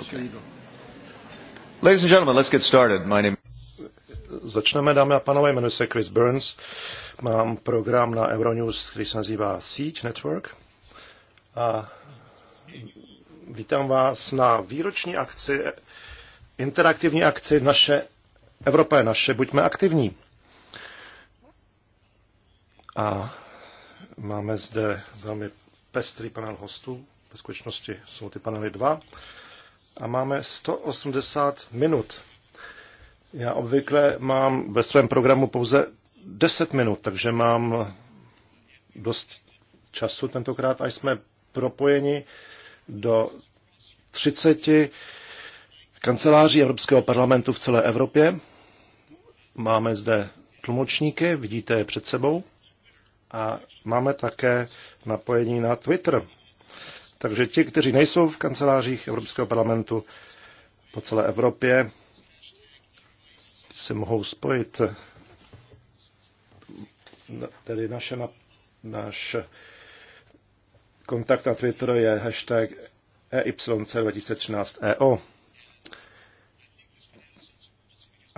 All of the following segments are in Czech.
Okay. Ladies and gentlemen, let's get started. My name... Začneme, dámy a pánové, jmenuji se Chris Burns. Mám program na Euronews, který se nazývá Seed Network. A vítám vás na výroční akci, interaktivní akci Naše Evropa je naše, buďme aktivní. A máme zde velmi pestrý panel hostů, ve skutečnosti jsou ty panely dva a máme 180 minut. Já obvykle mám ve svém programu pouze 10 minut, takže mám dost času tentokrát a jsme propojeni do 30 kanceláří Evropského parlamentu v celé Evropě. Máme zde tlumočníky, vidíte je před sebou. A máme také napojení na Twitter. Takže ti, kteří nejsou v kancelářích Evropského parlamentu po celé Evropě, se mohou spojit no, tedy naše, na, naš kontakt na Twitteru je hashtag EYC2013EO. E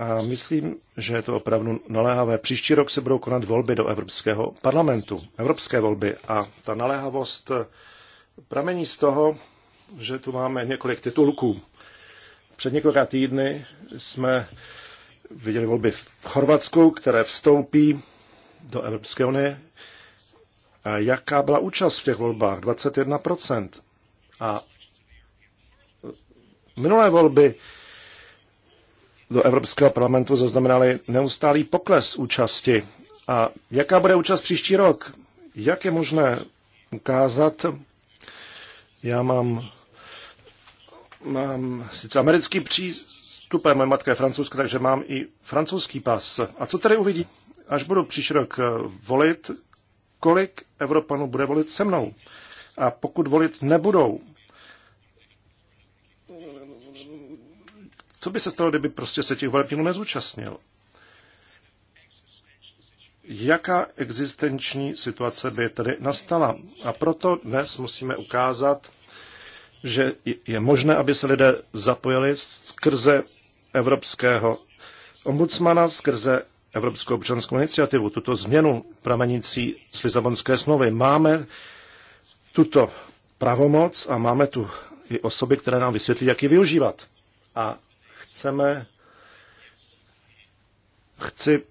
a myslím, že je to opravdu naléhavé. Příští rok se budou konat volby do Evropského parlamentu, evropské volby a ta naléhavost pramení z toho, že tu máme několik titulků. Před několika týdny jsme viděli volby v Chorvatsku, které vstoupí do Evropské unie. A jaká byla účast v těch volbách? 21%. A minulé volby do Evropského parlamentu zaznamenaly neustálý pokles účasti. A jaká bude účast příští rok? Jak je možné ukázat já mám, mám sice americký přístup, moje matka je francouzka, takže mám i francouzský pas. A co tady uvidí, až budu příští rok eh, volit, kolik Evropanů bude volit se mnou? A pokud volit nebudou, co by se stalo, kdyby prostě se těch voleb nezúčastnil? jaká existenční situace by tedy nastala. A proto dnes musíme ukázat, že je možné, aby se lidé zapojili skrze evropského ombudsmana, skrze Evropskou občanskou iniciativu, tuto změnu pramenící z Lisabonské smlouvy. Máme tuto pravomoc a máme tu i osoby, které nám vysvětlí, jak ji využívat. A chceme, chci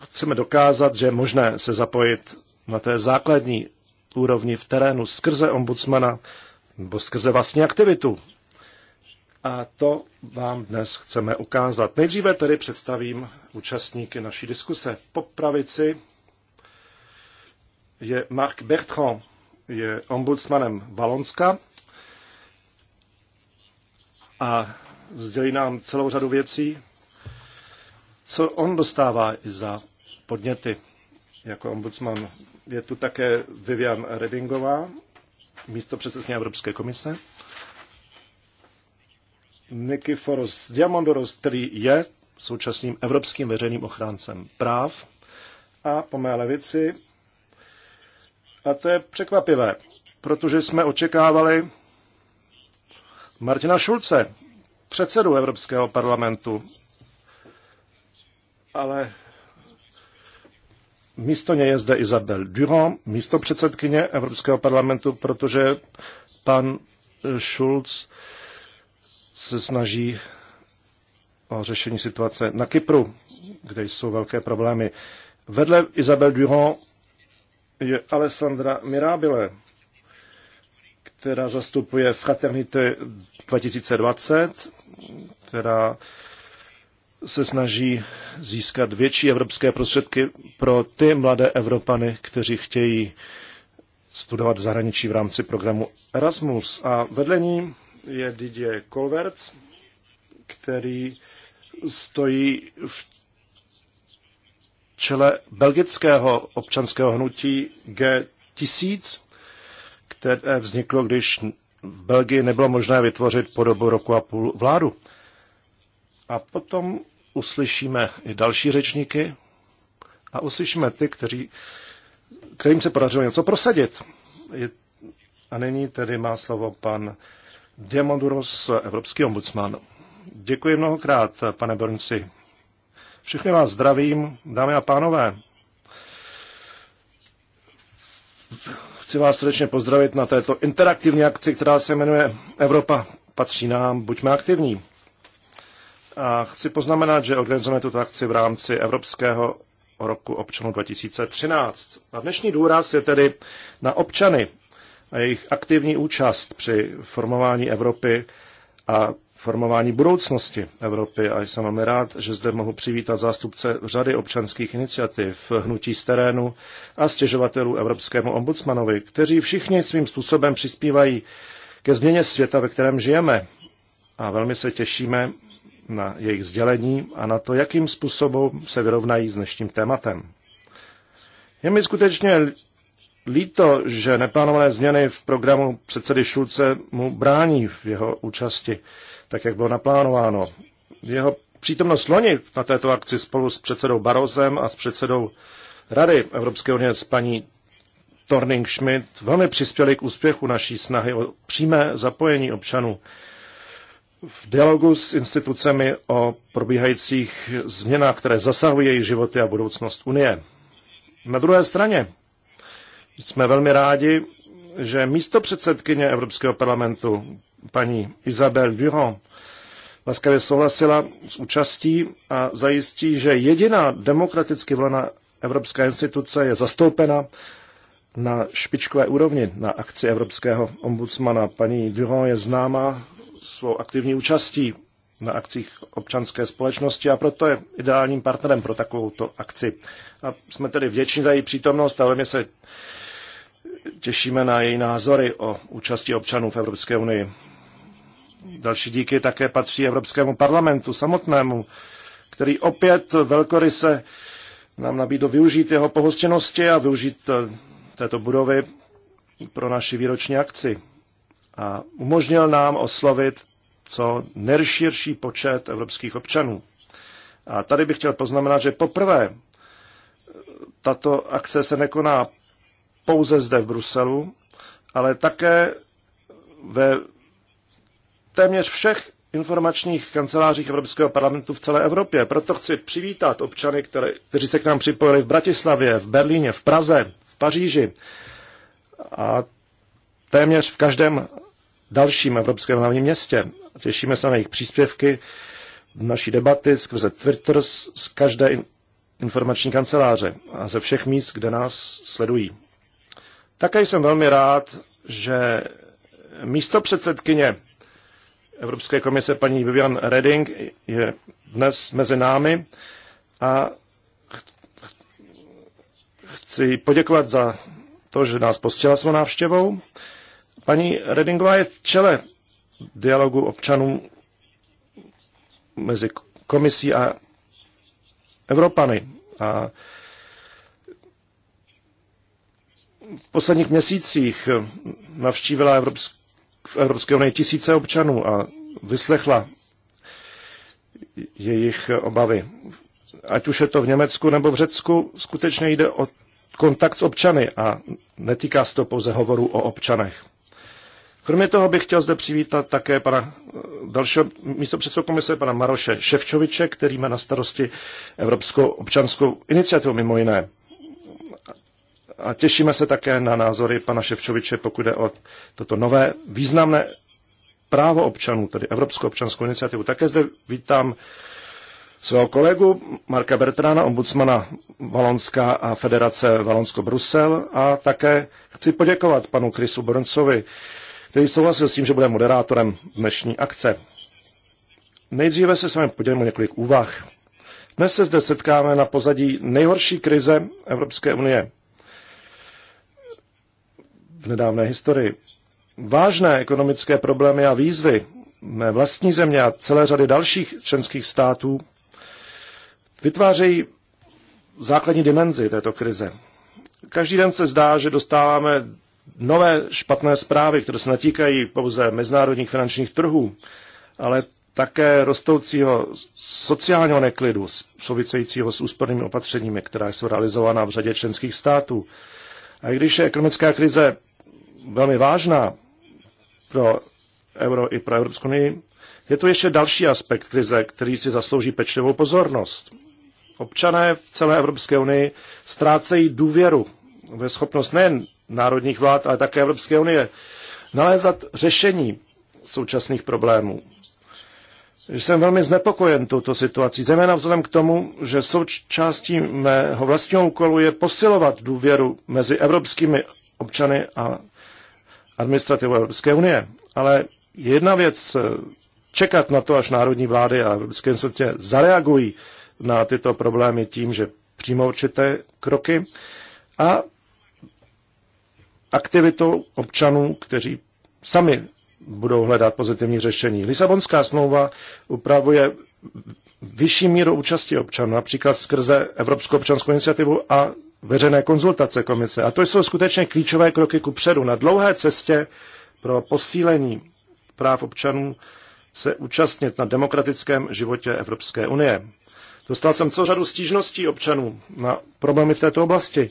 chceme dokázat, že je možné se zapojit na té základní úrovni v terénu skrze ombudsmana nebo skrze vlastní aktivitu. A to vám dnes chceme ukázat. Nejdříve tedy představím účastníky naší diskuse. Po pravici je Marc Bertrand, je ombudsmanem Valonska a vzdělí nám celou řadu věcí co on dostává i za podněty jako ombudsman. Je tu také Vivian Redingová, místo předsedkyně Evropské komise. Nikiforos Diamondoros, který je současným evropským veřejným ochráncem práv. A po mé levici, a to je překvapivé, protože jsme očekávali Martina Šulce, předsedu Evropského parlamentu, ale místo něj je zde Isabel Durand, místo předsedkyně Evropského parlamentu, protože pan eh, Schulz se snaží o řešení situace na Kypru, kde jsou velké problémy. Vedle Isabel Durand je Alessandra Mirabile, která zastupuje Fraternité 2020, která se snaží získat větší evropské prostředky pro ty mladé Evropany, kteří chtějí studovat v zahraničí v rámci programu Erasmus. A vedle ní je Didier Kolverc, který stojí v čele belgického občanského hnutí G1000, které vzniklo, když v Belgii nebylo možné vytvořit po dobu roku a půl vládu. A potom uslyšíme i další řečníky a uslyšíme ty, kteří, kterým se podařilo něco prosadit. A nyní tedy má slovo pan Diamanduros, evropský ombudsman. Děkuji mnohokrát, pane Brnci. Všechny vás zdravím, dámy a pánové. Chci vás srdečně pozdravit na této interaktivní akci, která se jmenuje Evropa patří nám, buďme aktivní. A chci poznamenat, že organizujeme tuto akci v rámci Evropského roku občanů 2013. A dnešní důraz je tedy na občany a jejich aktivní účast při formování Evropy a formování budoucnosti Evropy. A jsem velmi rád, že zde mohu přivítat zástupce řady občanských iniciativ, hnutí z terénu a stěžovatelů Evropskému ombudsmanovi, kteří všichni svým způsobem přispívají ke změně světa, ve kterém žijeme. A velmi se těšíme, na jejich sdělení a na to, jakým způsobem se vyrovnají s dnešním tématem. Je mi skutečně líto, že neplánované změny v programu předsedy Šulce mu brání v jeho účasti, tak jak bylo naplánováno. Jeho přítomnost loni na této akci spolu s předsedou Barozem a s předsedou Rady Evropské unie s paní Torning Schmidt velmi přispěli k úspěchu naší snahy o přímé zapojení občanů v dialogu s institucemi o probíhajících změnách, které zasahují jejich životy a budoucnost Unie. Na druhé straně jsme velmi rádi, že místo předsedkyně Evropského parlamentu paní Isabel Duhon laskavě souhlasila s účastí a zajistí, že jediná demokraticky volená evropská instituce je zastoupena na špičkové úrovni na akci evropského ombudsmana. Paní Duhon je známá svou aktivní účastí na akcích občanské společnosti a proto je ideálním partnerem pro takovouto akci. A jsme tedy vděční za její přítomnost a velmi se těšíme na její názory o účasti občanů v Evropské unii. Další díky také patří Evropskému parlamentu samotnému, který opět velkoryse nám nabídl využít jeho pohostinnosti a využít eh, této budovy pro naši výroční akci a umožnil nám oslovit co nejširší počet evropských občanů. A tady bych chtěl poznamenat, že poprvé tato akce se nekoná pouze zde v Bruselu, ale také ve téměř všech informačních kancelářích Evropského parlamentu v celé Evropě. Proto chci přivítat občany, které, kteří se k nám připojili v Bratislavě, v Berlíně, v Praze, v Paříži a téměř v každém dalším evropském hlavním městě. Těšíme se na jejich příspěvky, naší debaty skrze Twitter, z každé informační kanceláře a ze všech míst, kde nás sledují. Také jsem velmi rád, že místo předsedkyně Evropské komise paní Vivian Redding je dnes mezi námi a chci poděkovat za to, že nás postihla svou návštěvou Paní Redingová je v čele dialogu občanů mezi komisí a Evropany. A v posledních měsících navštívila Evropsk- v Evropské unii tisíce občanů a vyslechla jejich obavy. Ať už je to v Německu nebo v Řecku, skutečně jde o kontakt s občany a netýká se to pouze hovoru o občanech. Kromě toho bych chtěl zde přivítat také pana eh, dalšího místo předsedu komise, pana Maroše Ševčoviče, který má na starosti Evropskou občanskou iniciativu mimo jiné. A těšíme se také na názory pana Ševčoviče, pokud jde o toto nové významné právo občanů, tedy Evropskou občanskou iniciativu. Také zde vítám svého kolegu Marka Bertrana, ombudsmana Valonska a Federace Valonsko-Brusel a také chci poděkovat panu Krisu Broncovi, který souhlasil s tím, že bude moderátorem dnešní akce. Nejdříve se s vámi podělím o několik úvah. Dnes se zde setkáme na pozadí nejhorší krize Evropské unie v nedávné historii. Vážné ekonomické problémy a výzvy mé vlastní země a celé řady dalších členských států vytvářejí základní dimenzi této krize. Každý den se zdá, že dostáváme nové špatné zprávy, které se netýkají pouze mezinárodních finančních trhů, ale také rostoucího sociálního neklidu souvisejícího s úspornými opatřeními, která jsou realizována v řadě členských států. A i když je ekonomická krize velmi vážná pro euro i pro Evropskou unii, je tu ještě další aspekt krize, který si zaslouží pečlivou pozornost. Občané v celé Evropské unii ztrácejí důvěru ve schopnost nejen národních vlád, ale také Evropské unie. Nalézat řešení současných problémů. Jsem velmi znepokojen touto situací, zejména vzhledem k tomu, že součástí mého vlastního úkolu je posilovat důvěru mezi evropskými občany a administrativou Evropské unie. Ale jedna věc, čekat na to, až národní vlády a Evropské instituce zareagují na tyto problémy tím, že přijmou určité kroky. A aktivitou občanů, kteří sami budou hledat pozitivní řešení. Lisabonská smlouva upravuje vyšší míru účasti občanů, například skrze Evropskou občanskou iniciativu a veřejné konzultace komise. A to jsou skutečně klíčové kroky ku předu. Na dlouhé cestě pro posílení práv občanů se účastnit na demokratickém životě Evropské unie. Dostal jsem co řadu stížností občanů na problémy v této oblasti.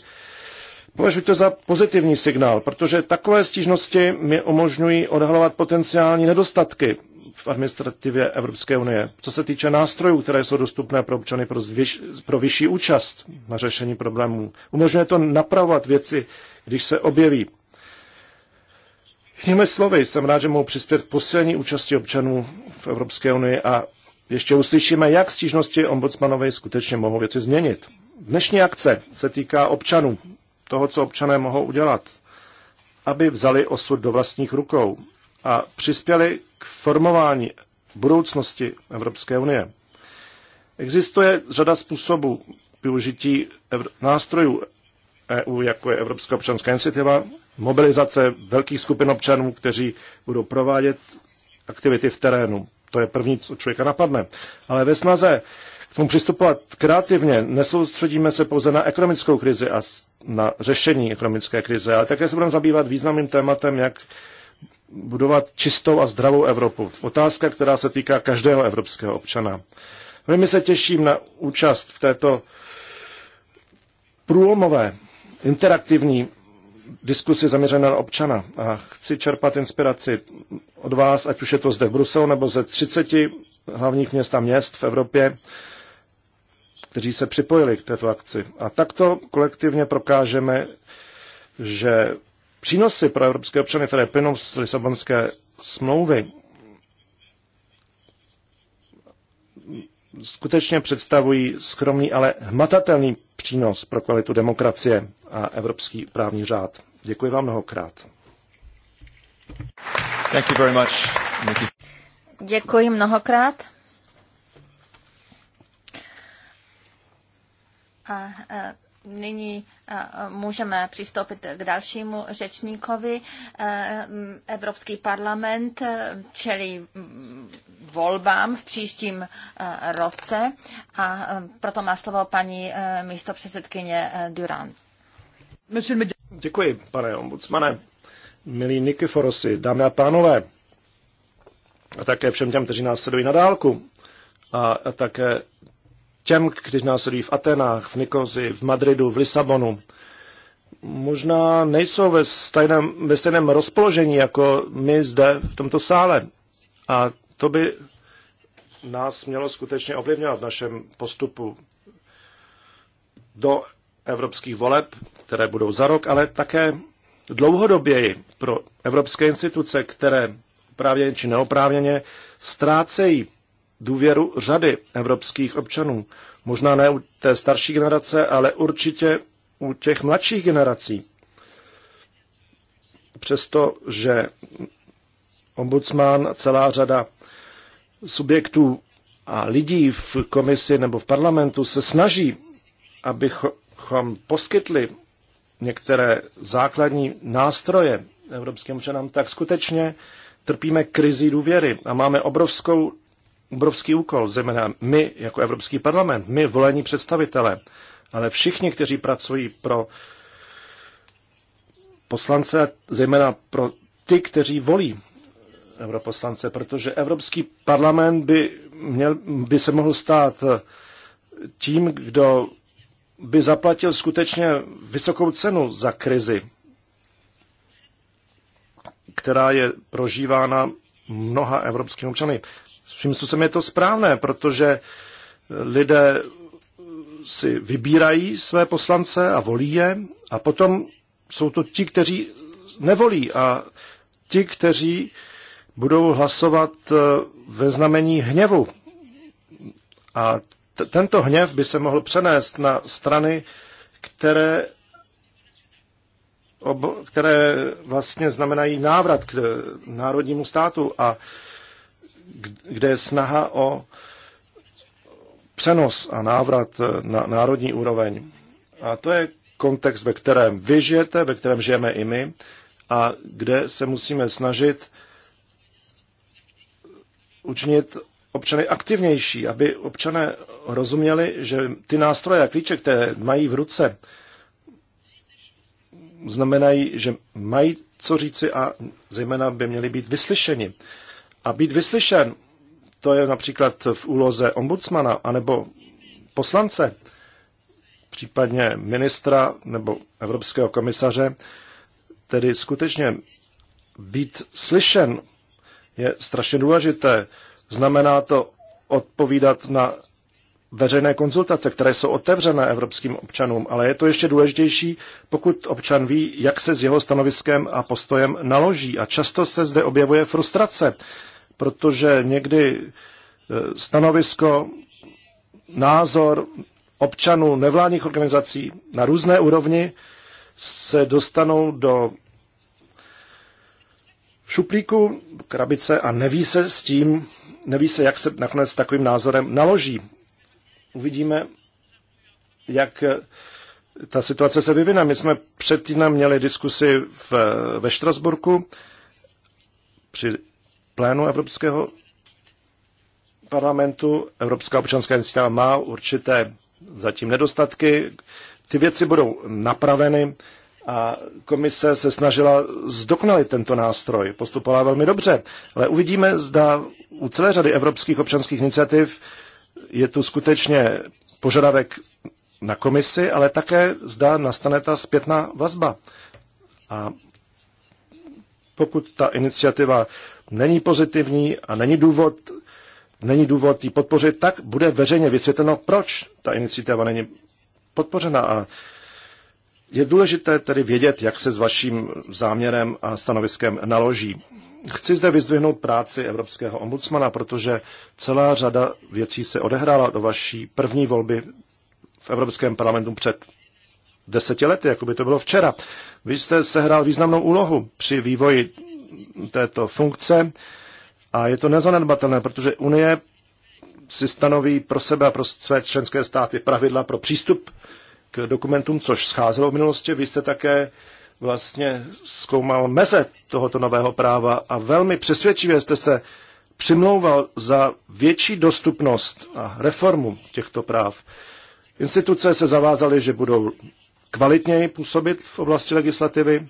Považuji to za pozitivní signál, protože takové stížnosti mi umožňují odhalovat potenciální nedostatky v administrativě Evropské unie. Co se týče nástrojů, které jsou dostupné pro občany pro, pro vyšší účast na řešení problémů, umožňuje to napravovat věci, když se objeví. Jinými slovy, jsem rád, že mohu přispět k posílení účasti občanů v Evropské unii a ještě uslyšíme, jak stížnosti ombudsmanovi skutečně mohou věci změnit. Dnešní akce se týká občanů, toho, co občané mohou udělat, aby vzali osud do vlastních rukou a přispěli k formování budoucnosti Evropské unie. Existuje řada způsobů využití nástrojů EU, jako je Evropská občanská iniciativa, mobilizace velkých skupin občanů, kteří budou provádět aktivity v terénu. To je první, co člověka napadne. Ale ve snaze k tomu přistupovat kreativně. Nesoustředíme se pouze na ekonomickou krizi a na řešení ekonomické krize, ale také se budeme zabývat významným tématem, jak budovat čistou a zdravou Evropu. Otázka, která se týká každého evropského občana. Velmi se těším na účast v této průlomové, interaktivní diskusi zaměřené na občana a chci čerpat inspiraci od vás, ať už je to zde v Bruselu nebo ze 30 hlavních měst a měst v Evropě, kteří se připojili k této akci. A takto kolektivně prokážeme, že přínosy pro evropské občany, které plynou z Lisabonské smlouvy, skutečně představují skromný, ale hmatatelný přínos pro kvalitu demokracie a evropský právní řád. Děkuji vám mnohokrát. Thank you very much, Děkuji mnohokrát. A e, nyní e, můžeme přistoupit k dalšímu řečníkovi. E, Evropský parlament čelí volbám v příštím roce a proto má slovo paní místopředsedkyně Durand. Děkuji, pane ombudsmane. Milí Nikiforosi, dámy a pánové, a také všem těm, kteří nás sledují na dálku, a, a také těm, kteří následují v Atenách, v Nikozi, v Madridu, v Lisabonu, možná nejsou ve stejném, ve stejném rozpoložení jako my zde v tomto sále. A to by nás mělo skutečně ovlivňovat v našem postupu do evropských voleb, které budou za rok, ale také dlouhodoběji pro evropské instituce, které právě či neoprávněně ztrácejí důvěru řady evropských občanů. Možná ne u té starší generace, ale určitě u těch mladších generací. Přestože ombudsman, celá řada subjektů a lidí v komisi nebo v parlamentu se snaží, abychom poskytli některé základní nástroje evropským občanům, tak skutečně trpíme krizi důvěry a máme obrovskou obrovský úkol, zejména my jako Evropský parlament, my volení představitele, ale všichni, kteří pracují pro poslance, zejména pro ty, kteří volí europoslance, protože Evropský parlament by, měl, by se mohl stát tím, kdo by zaplatil skutečně vysokou cenu za krizi, která je prožívána mnoha evropskými občany. Svým způsobem je to správné, protože lidé si vybírají své poslance a volí je a potom jsou to ti, kteří nevolí a ti, kteří budou hlasovat eh, ve znamení hněvu. A tento hněv by se mohl přenést na strany, které, které vlastně znamenají návrat k národnímu státu a kde je snaha o přenos a návrat na národní úroveň. A to je kontext, ve kterém vy žijete, ve kterém žijeme i my a kde se musíme snažit učinit občany aktivnější, aby občané rozuměli, že ty nástroje a klíče, které mají v ruce, znamenají, že mají co říci a zejména by měli být vyslyšeni a být vyslyšen, to je například v úloze ombudsmana anebo poslance, případně ministra nebo evropského komisaře, tedy skutečně být slyšen je strašně důležité. Znamená to odpovídat na veřejné konzultace, které jsou otevřené evropským občanům, ale je to ještě důležitější, pokud občan ví, jak se s jeho stanoviskem a postojem naloží. A často se zde objevuje frustrace, protože někdy e, stanovisko, názor občanů nevládních organizací na různé úrovni se dostanou do šuplíku, krabice a neví se s tím, neví se, jak se nakonec s takovým názorem naloží. Uvidíme, jak e, ta situace se vyvine. My jsme před týdnem měli diskusi v, e, ve Štrasburku při plénu Evropského parlamentu. Evropská občanská iniciativa má určité zatím nedostatky. Ty věci budou napraveny a komise se snažila zdokonalit tento nástroj. Postupovala velmi dobře, ale uvidíme, zda u celé řady evropských občanských iniciativ je tu skutečně požadavek na komisi, ale také zda nastane ta zpětná vazba. A pokud ta iniciativa není pozitivní a není důvod, není důvod ji podpořit, tak bude veřejně vysvětleno, proč ta iniciativa není podpořena. A je důležité tedy vědět, jak se s vaším záměrem a stanoviskem naloží. Chci zde vyzdvihnout práci Evropského ombudsmana, protože celá řada věcí se odehrála do vaší první volby v Evropském parlamentu před deseti lety, jako by to bylo včera. Vy jste sehrál významnou úlohu při vývoji této funkce a je to nezanedbatelné, protože Unie si stanoví pro sebe a pro své členské státy pravidla pro přístup k dokumentům, což scházelo v minulosti. Vy jste také vlastně zkoumal meze tohoto nového práva a velmi přesvědčivě jste se přimlouval za větší dostupnost a reformu těchto práv. Instituce se zavázaly, že budou kvalitněji působit v oblasti legislativy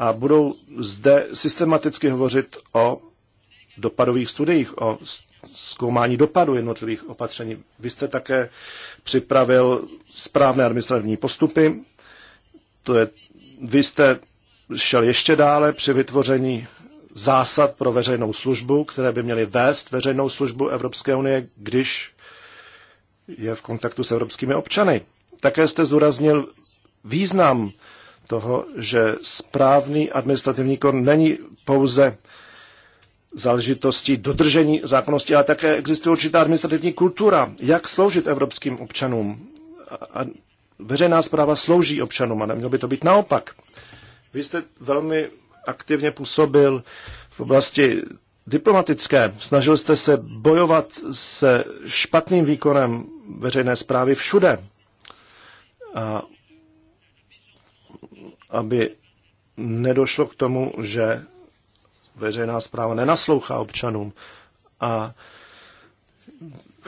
a budou zde systematicky hovořit o dopadových studiích, o zkoumání dopadu jednotlivých opatření. Vy jste také připravil správné administrativní postupy. To je, vy jste šel ještě dále při vytvoření zásad pro veřejnou službu, které by měly vést veřejnou službu Evropské unie, když je v kontaktu s evropskými občany. Také jste zúraznil význam toho, že správný administrativní kon není pouze záležitostí dodržení zákonnosti, ale také existuje určitá administrativní kultura, jak sloužit evropským občanům. A veřejná zpráva slouží občanům a nemělo by to být naopak. Vy jste velmi aktivně působil v oblasti diplomatické. Snažil jste se bojovat se špatným výkonem veřejné zprávy všude. A aby nedošlo k tomu, že veřejná zpráva nenaslouchá občanům. A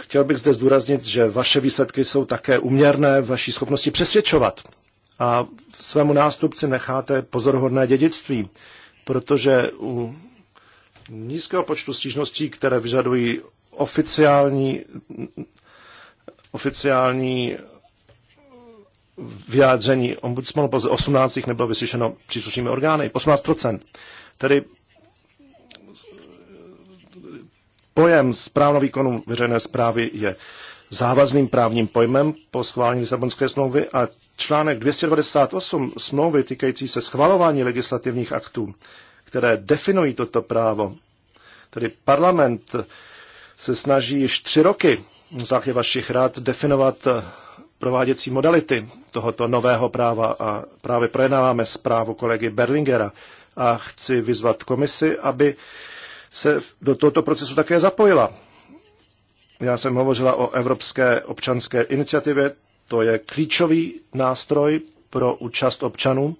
chtěl bych zde zdůraznit, že vaše výsledky jsou také uměrné vaší schopnosti přesvědčovat. A svému nástupci necháte pozorhodné dědictví, protože u nízkého počtu stížností, které vyžadují oficiální, oficiální vyjádření ombudsmanu, po 18 nebylo vyslyšeno příslušnými orgány, 18%. Tedy pojem správno výkonu veřejné zprávy je závazným právním pojmem po schválení Lisabonské smlouvy a článek 298 smlouvy týkající se schvalování legislativních aktů, které definují toto právo. Tedy parlament se snaží již tři roky základě vašich rád definovat prováděcí modality tohoto nového práva a právě projednáváme zprávu kolegy Berlingera a chci vyzvat komisi, aby se do tohoto procesu také zapojila. Já jsem hovořila o Evropské občanské iniciativě, to je klíčový nástroj pro účast občanů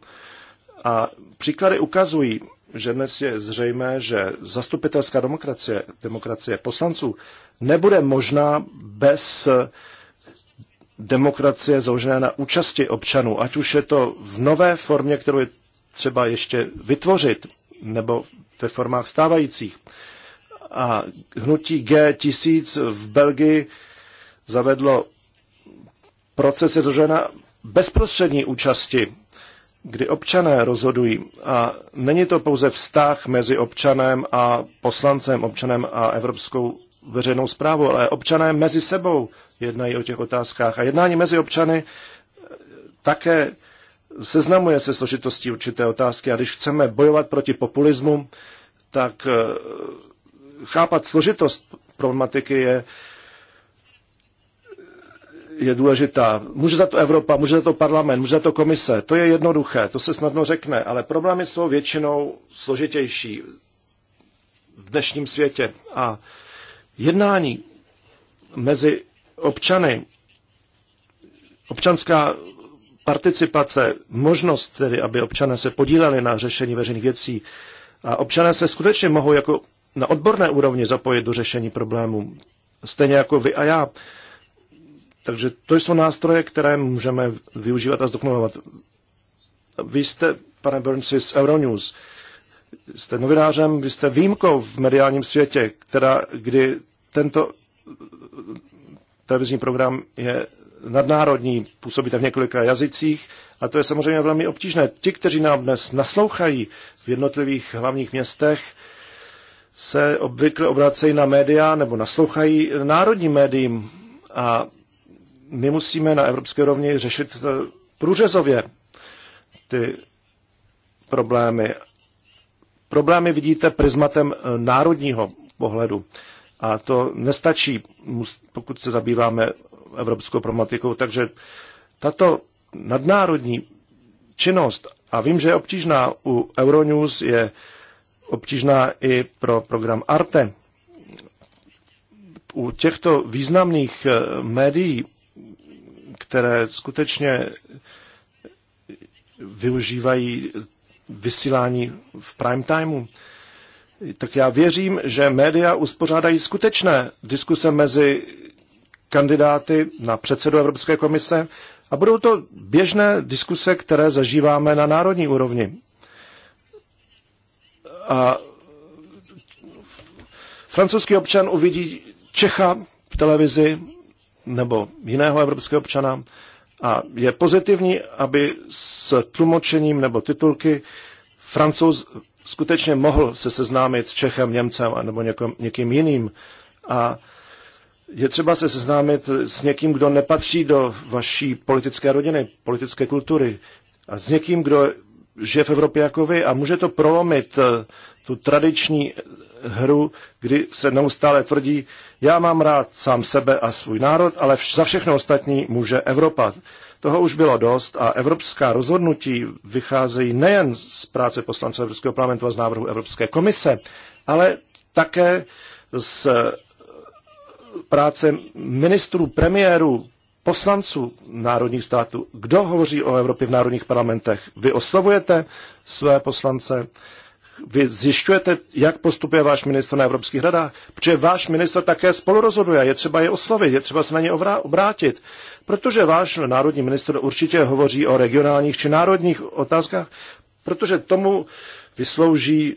a příklady ukazují, že dnes je zřejmé, že zastupitelská demokracie, demokracie poslanců, nebude možná bez demokracie založené na účasti občanů, ať už je to v nové formě, kterou je třeba ještě vytvořit, nebo ve formách stávajících. A hnutí G1000 v Belgii zavedlo procesy založené na bezprostřední účasti, kdy občané rozhodují. A není to pouze vztah mezi občanem a poslancem, občanem a Evropskou veřejnou zprávou, ale občané mezi sebou jednají o těch otázkách. A jednání mezi občany eh, také seznamuje se složitostí určité otázky. A když chceme bojovat proti populismu, tak eh, chápat složitost problematiky je, je důležitá. Může za to Evropa, může za to parlament, může za to komise. To je jednoduché, to se snadno řekne, ale problémy jsou většinou složitější v dnešním světě. A jednání mezi občany. Občanská participace, možnost tedy, aby občané se podíleli na řešení veřejných věcí a občané se skutečně mohou jako na odborné úrovni zapojit do řešení problémů, stejně jako vy a já. Takže to jsou nástroje, které můžeme využívat a zdokonalovat. Vy jste, pane Burnsi, z Euronews. Jste novinářem, vy jste výjimkou v mediálním světě, která, kdy tento televizní program je nadnárodní, působíte v několika jazycích a to je samozřejmě velmi obtížné. Ti, kteří nám dnes naslouchají v jednotlivých hlavních městech, se obvykle obracejí na média nebo naslouchají národním médiím a my musíme na evropské rovni řešit eh, průřezově ty problémy. Problémy vidíte prismatem eh, národního pohledu. A to nestačí, pokud se zabýváme evropskou problematikou. Takže tato nadnárodní činnost, a vím, že je obtížná u Euronews, je obtížná i pro program Arte. U těchto významných eh, médií, které skutečně využívají vysílání v prime timeu, tak já věřím, že média uspořádají skutečné diskuse mezi kandidáty na předsedu Evropské komise a budou to běžné diskuse, které zažíváme na národní úrovni. A francouzský občan uvidí Čecha v televizi nebo jiného evropského občana a je pozitivní, aby s tlumočením nebo titulky francouz skutečně mohl se seznámit s Čechem, Němcem nebo někom, někým jiným. A je třeba se seznámit s někým, kdo nepatří do vaší politické rodiny, politické kultury. A s někým, kdo žije v Evropě jako vy a může to prolomit eh, tu tradiční hru, kdy se neustále tvrdí, já mám rád sám sebe a svůj národ, ale za všechno ostatní může Evropa. Toho už bylo dost a evropská rozhodnutí vycházejí nejen z práce poslanců Evropského parlamentu a z návrhu Evropské komise, ale také z práce ministrů, premiérů, poslanců národních států. Kdo hovoří o Evropě v národních parlamentech? Vy oslovujete své poslance? vy zjišťujete, jak postupuje váš ministr na Evropských radách, protože váš ministr také spolurozhoduje, je třeba je oslovit, je třeba se na ně obrátit, protože váš národní ministr určitě hovoří o regionálních či národních otázkách, protože tomu vyslouží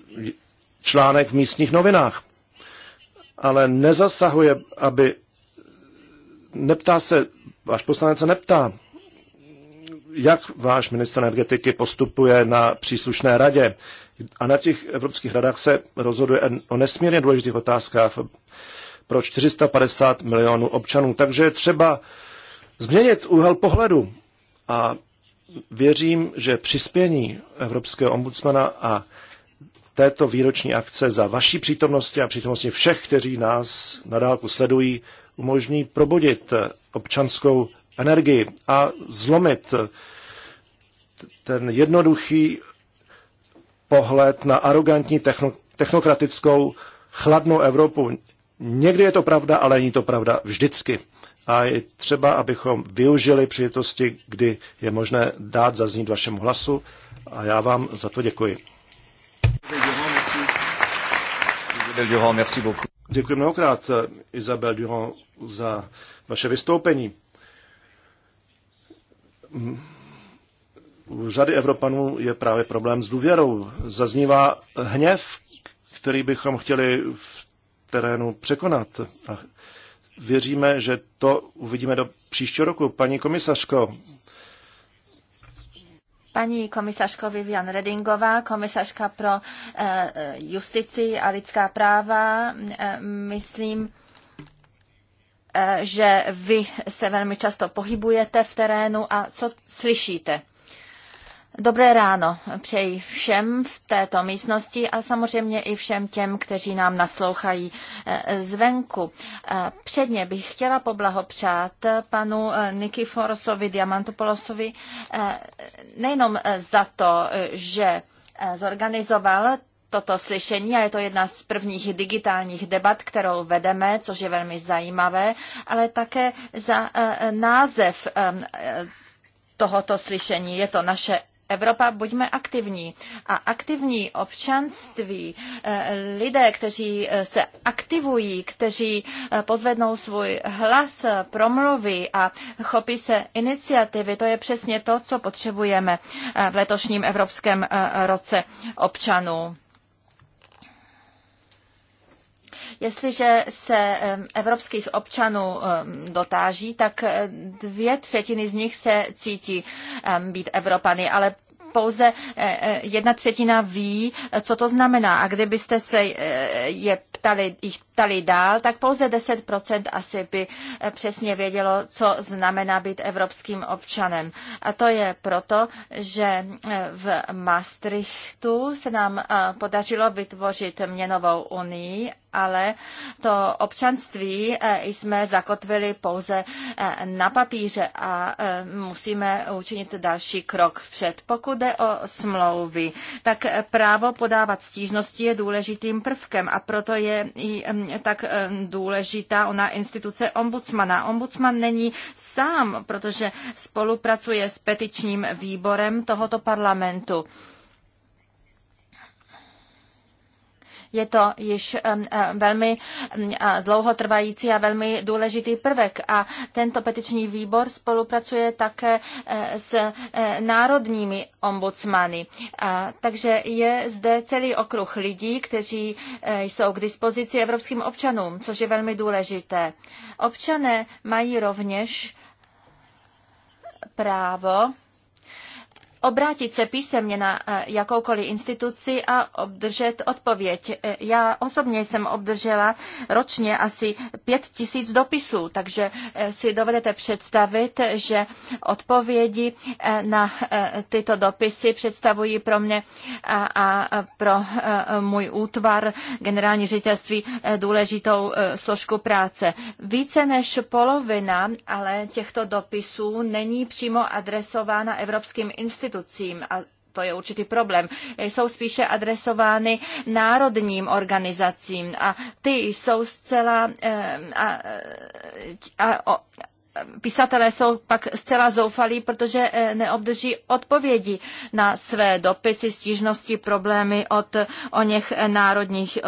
článek v místních novinách. Ale nezasahuje, aby neptá se, váš poslanec se neptá, jak váš ministr energetiky postupuje na příslušné radě a na těch evropských radách se rozhoduje o nesmírně důležitých otázkách pro 450 milionů občanů. Takže třeba změnit úhel pohledu a věřím, že přispění Evropského ombudsmana a této výroční akce za vaší přítomnosti a přítomnosti všech, kteří nás nadálku sledují, umožní probudit občanskou energii a zlomit ten jednoduchý pohled na arrogantní technokratickou chladnou Evropu. Někdy je to pravda, ale není to pravda vždycky. A je třeba, abychom využili přijetosti, kdy je možné dát zaznít vašemu hlasu. A já vám za to děkuji. Děkuji mnohokrát, eh, Isabel Durand, za vaše vystoupení. Hmm u řady Evropanů je právě problém s důvěrou. Zaznívá hněv, který bychom chtěli v terénu překonat. A věříme, že to uvidíme do příštího roku. Paní komisařko, paní komisařko Vivian Redingová, komisařka pro eh, justici a lidská práva. Eh, myslím, eh, že vy se velmi často pohybujete v terénu a co slyšíte? Dobré ráno přeji všem v této místnosti a samozřejmě i všem těm, kteří nám naslouchají eh, zvenku. Eh, předně bych chtěla poblahopřát eh, panu Nikiforosovi, Diamantopolosovi nejenom za to, že zorganizoval toto slyšení a je to jedna z prvních digitálních debat, kterou vedeme, což je velmi zajímavé, ale také za název tohoto slyšení. Je to naše Evropa, buďme aktivní. A aktivní občanství, eh, lidé, kteří eh, se aktivují, kteří eh, pozvednou svůj hlas, promluví a chopí se iniciativy, to je přesně to, co potřebujeme v letošním Evropském roce občanů. Jestliže se evropských občanů dotáží, tak eh, dvě třetiny z nich se cítí být Evropany, ale pouze eh, eh, jedna třetina ví, co to znamená. A kdybyste se je ptali, jich ptali dál, tak pouze 10% asi by přesně vědělo, co znamená být evropským občanem. A to je proto, že v Maastrichtu se nám podařilo vytvořit měnovou unii ale to občanství eh, jsme zakotvili pouze eh, na papíře a eh, musíme učinit další krok vpřed. Pokud jde o smlouvy, tak právo podávat stížnosti je důležitým prvkem a proto je i mm, tak důležitá ona instituce ombudsmana. Ombudsman není sám, protože spolupracuje s petičním výborem tohoto parlamentu. Je to již velmi dlouhotrvající a velmi důležitý prvek a tento petiční výbor spolupracuje také e, s e, národními ombudsmany. Takže je zde celý okruh lidí, kteří e, jsou k dispozici evropským občanům, což je velmi důležité. Občané mají rovněž právo obrátit se písemně na eh, jakoukoliv instituci a obdržet odpověď. Eh, já osobně jsem obdržela ročně asi pět tisíc dopisů, takže eh, si dovedete představit, že odpovědi na tyto dopisy představují pro mě a pro můj útvar generální ředitelství důležitou složku práce. Více než polovina ale těchto dopisů není přímo adresována evropským institucím institucím a to je určitý problém, jsou spíše adresovány národním organizacím a ty jsou zcela eh, a, eh, a, a, Písatelé jsou pak zcela zoufalí, protože eh, neobdrží odpovědi na své dopisy, stížnosti, problémy od o něch národních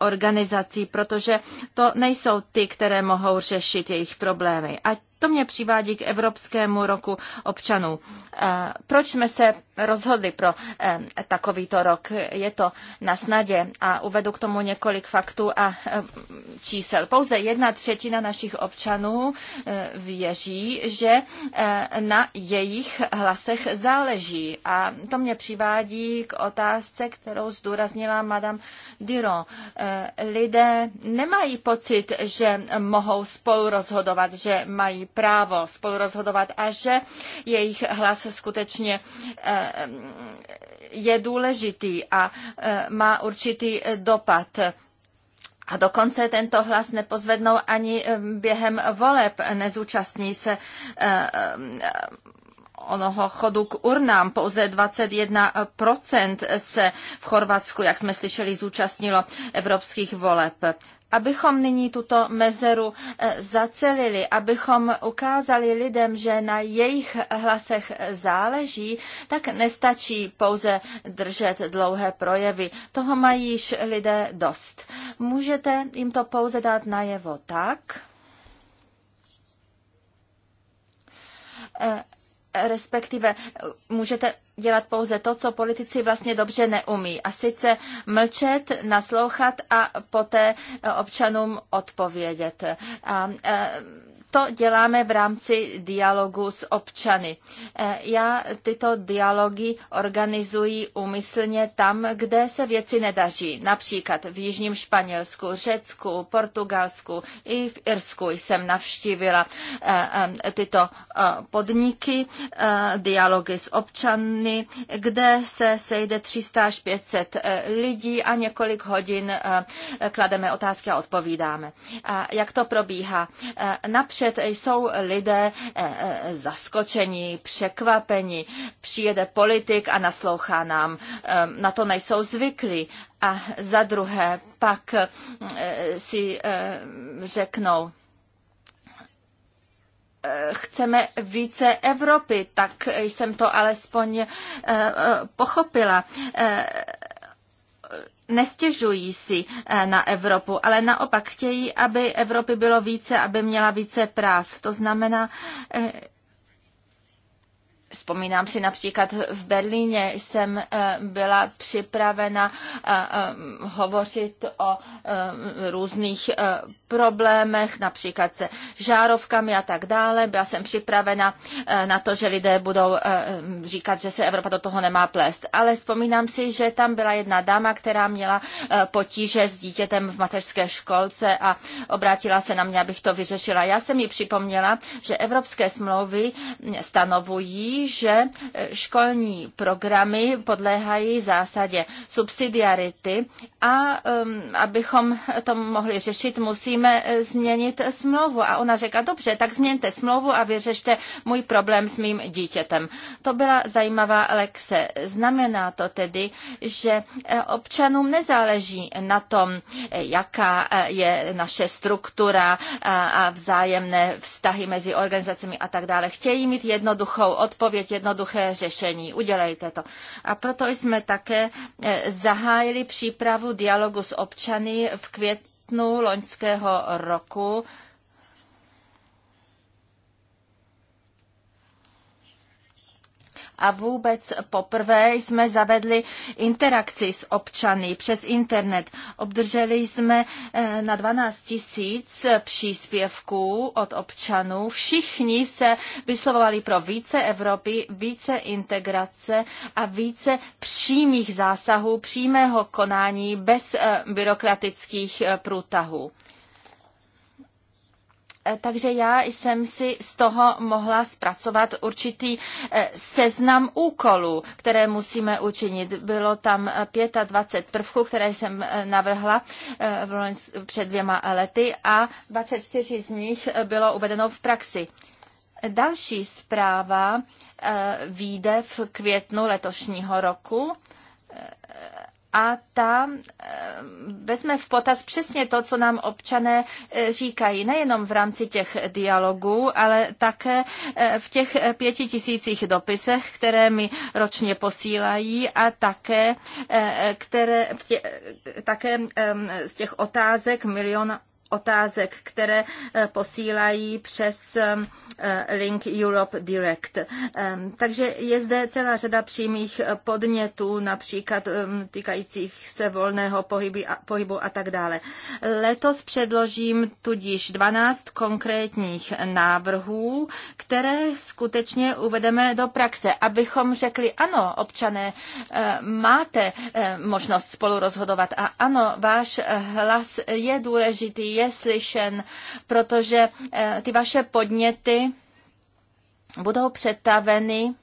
organizací, protože to nejsou ty, které mohou řešit jejich problémy. A to mě přivádí k Evropskému roku občanů. Eh, proč jsme se rozhodli pro eh, takovýto rok? Je to na snadě a uvedu k tomu několik faktů a eh, čísel. Pouze jedna třetina našich občanů věří, že na jejich hlasech záleží. A to mě přivádí k otázce, kterou zdůraznila Madame Diro. Lidé nemají pocit, že mohou spolu rozhodovat, že mají právo spolurozhodovat a že jejich hlas skutečně eh, je důležitý a eh, má určitý eh, dopad. A dokonce tento hlas nepozvednou ani během voleb, nezúčastní se onoho chodu k urnám. Pouze 21% se v Chorvatsku, jak jsme slyšeli, zúčastnilo evropských voleb. Abychom nyní tuto mezeru eh, zacelili, abychom ukázali lidem, že na jejich hlasech eh, záleží, tak nestačí pouze držet dlouhé projevy. Toho mají již lidé dost. Můžete jim to pouze dát najevo tak, eh, respektive můžete dělat pouze to, co politici vlastně dobře neumí. A sice mlčet, naslouchat a poté občanům odpovědět. A, a e, to děláme v rámci dialogu s občany. E, já tyto dialogy organizuji úmyslně tam, kde se věci nedaří. Například v Jižním Španělsku, Řecku, Portugalsku i v Irsku jsem navštívila e, e, tyto podniky, dialogy s občany, kde se sejde 300 až 500 lidí a několik hodin klademe otázky a odpovídáme. Jak to probíhá? Například napřed jsou lidé eh, eh, zaskočení, překvapení. Přijede politik a naslouchá nám. Ehm, na to nejsou zvyklí. A za druhé pak eh, si řeknou, chceme více Evropy, tak jsem to alespoň pochopila nestěžují si eh, na Evropu, ale naopak chtějí, aby Evropy bylo více, aby měla více práv. To znamená, eh, Vzpomínám si například v Berlíně jsem eh, byla připravena eh, eh, hovořit o různých problémech, například se žárovkami a tak dále. Byla jsem připravena na to, že lidé budou říkat, že se Evropa do toho nemá plést. Ale vzpomínám si, že tam byla jedna dáma, která měla potíže s dítětem v mateřské školce a obrátila se na mě, abych to vyřešila. Já jsem ji připomněla, že evropské smlouvy stanovují, že eh, školní programy podléhají zásadě subsidiarity a um, abychom to mohli řešit, musíme eh, změnit smlouvu. A ona řekla, dobře, tak změňte smlouvu a vyřešte můj problém s mým dítětem. To byla zajímavá lekce. Znamená to tedy, že eh, občanům nezáleží na tom, jaká je naše struktura a vzájemné vztahy mezi organizacemi a tak dále. Chtějí mít jednoduchou odpověď odpověď jednoduché řešení. Udělejte to. A proto jsme také eh, zahájili přípravu dialogu s občany v květnu loňského roku a vůbec poprvé jsme zavedli interakci s občany přes internet. Obdrželi jsme eh, na 12 tisíc příspěvků od občanů. Všichni se vyslovovali pro více Evropy, více integrace a více přímých zásahů, přímého konání bez eh, byrokratických eh, průtahů takže já jsem si z toho mohla zpracovat určitý eh, seznam úkolů, které musíme učinit. Bylo tam 25 eh, prvků, které jsem eh, navrhla před dvěma lety a 24 z nich bylo uvedeno v praxi. Další zpráva vyjde v květnu letošního roku a ta eh, vezme v potaz přesně to, co nám občané eh, říkají, nejenom v rámci těch dialogů, ale také eh, v těch pěti tisících dopisech, které mi ročně posílají a také, které, tě, také z těch otázek miliona otázek, které eh, posílají přes eh, Link Europe Direct. Eh, takže je zde celá řada přímých podnětů, například týkajících se volného pohybu a tak dále. Letos předložím tudíž 12 konkrétních návrhů, které skutečně uvedeme do praxe, abychom řekli, ano, občané, máte možnost spolu rozhodovat a ano, váš hlas je důležitý, je slyšen, protože eh, ty vaše podněty budou přetaveny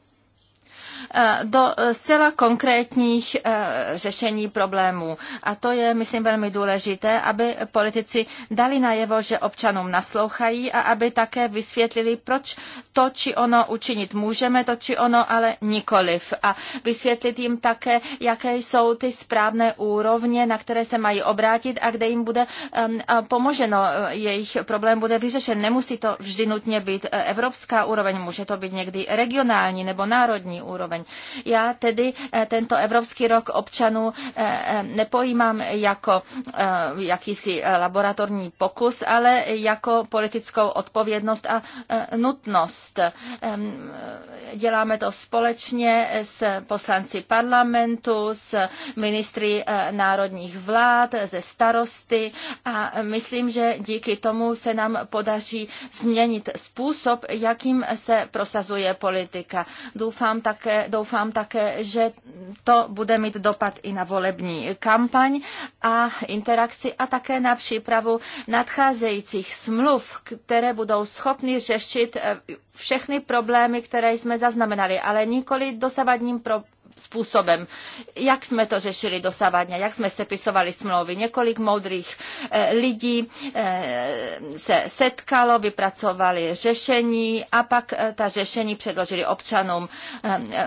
Eh, do eh, zcela konkrétních eh, řešení problémů. A to je, myslím, velmi důležité, aby politici dali najevo, že občanům naslouchají a aby také vysvětlili, proč to či ono učinit můžeme, to či ono ale nikoliv. A vysvětlit jim také, jaké jsou ty správné úrovně, na které se mají obrátit a kde jim bude pomoženo, jejich problém bude vyřešen. Nemusí to vždy nutně být evropská úroveň, může to být někdy regionální nebo národní úroveň. Já tedy eh, tento Evropský rok občanů eh, eh, nepojímám jako jakýsi laboratorní pokus, ale jako politickou odpovědnost a nutnost. Děláme to společně s poslanci parlamentu, s ministry národních vlád, ze starosty a myslím, že díky tomu se nám podaří změnit způsob, jakým se prosazuje politika. Doufám také, doufám také, že to bude mít dopad i na volební kampaň a interakci a také na přípravu nadcházejících smluv, které budou schopny řešit eh, všechny problémy, které jsme zaznamenali, ale nikoli dosavadním pro- způsobem. Jak jsme to řešili dosavadně, jak jsme sepisovali smlouvy. Několik moudrých eh, lidí eh, se setkalo, vypracovali řešení a pak eh, ta řešení předložili občanům.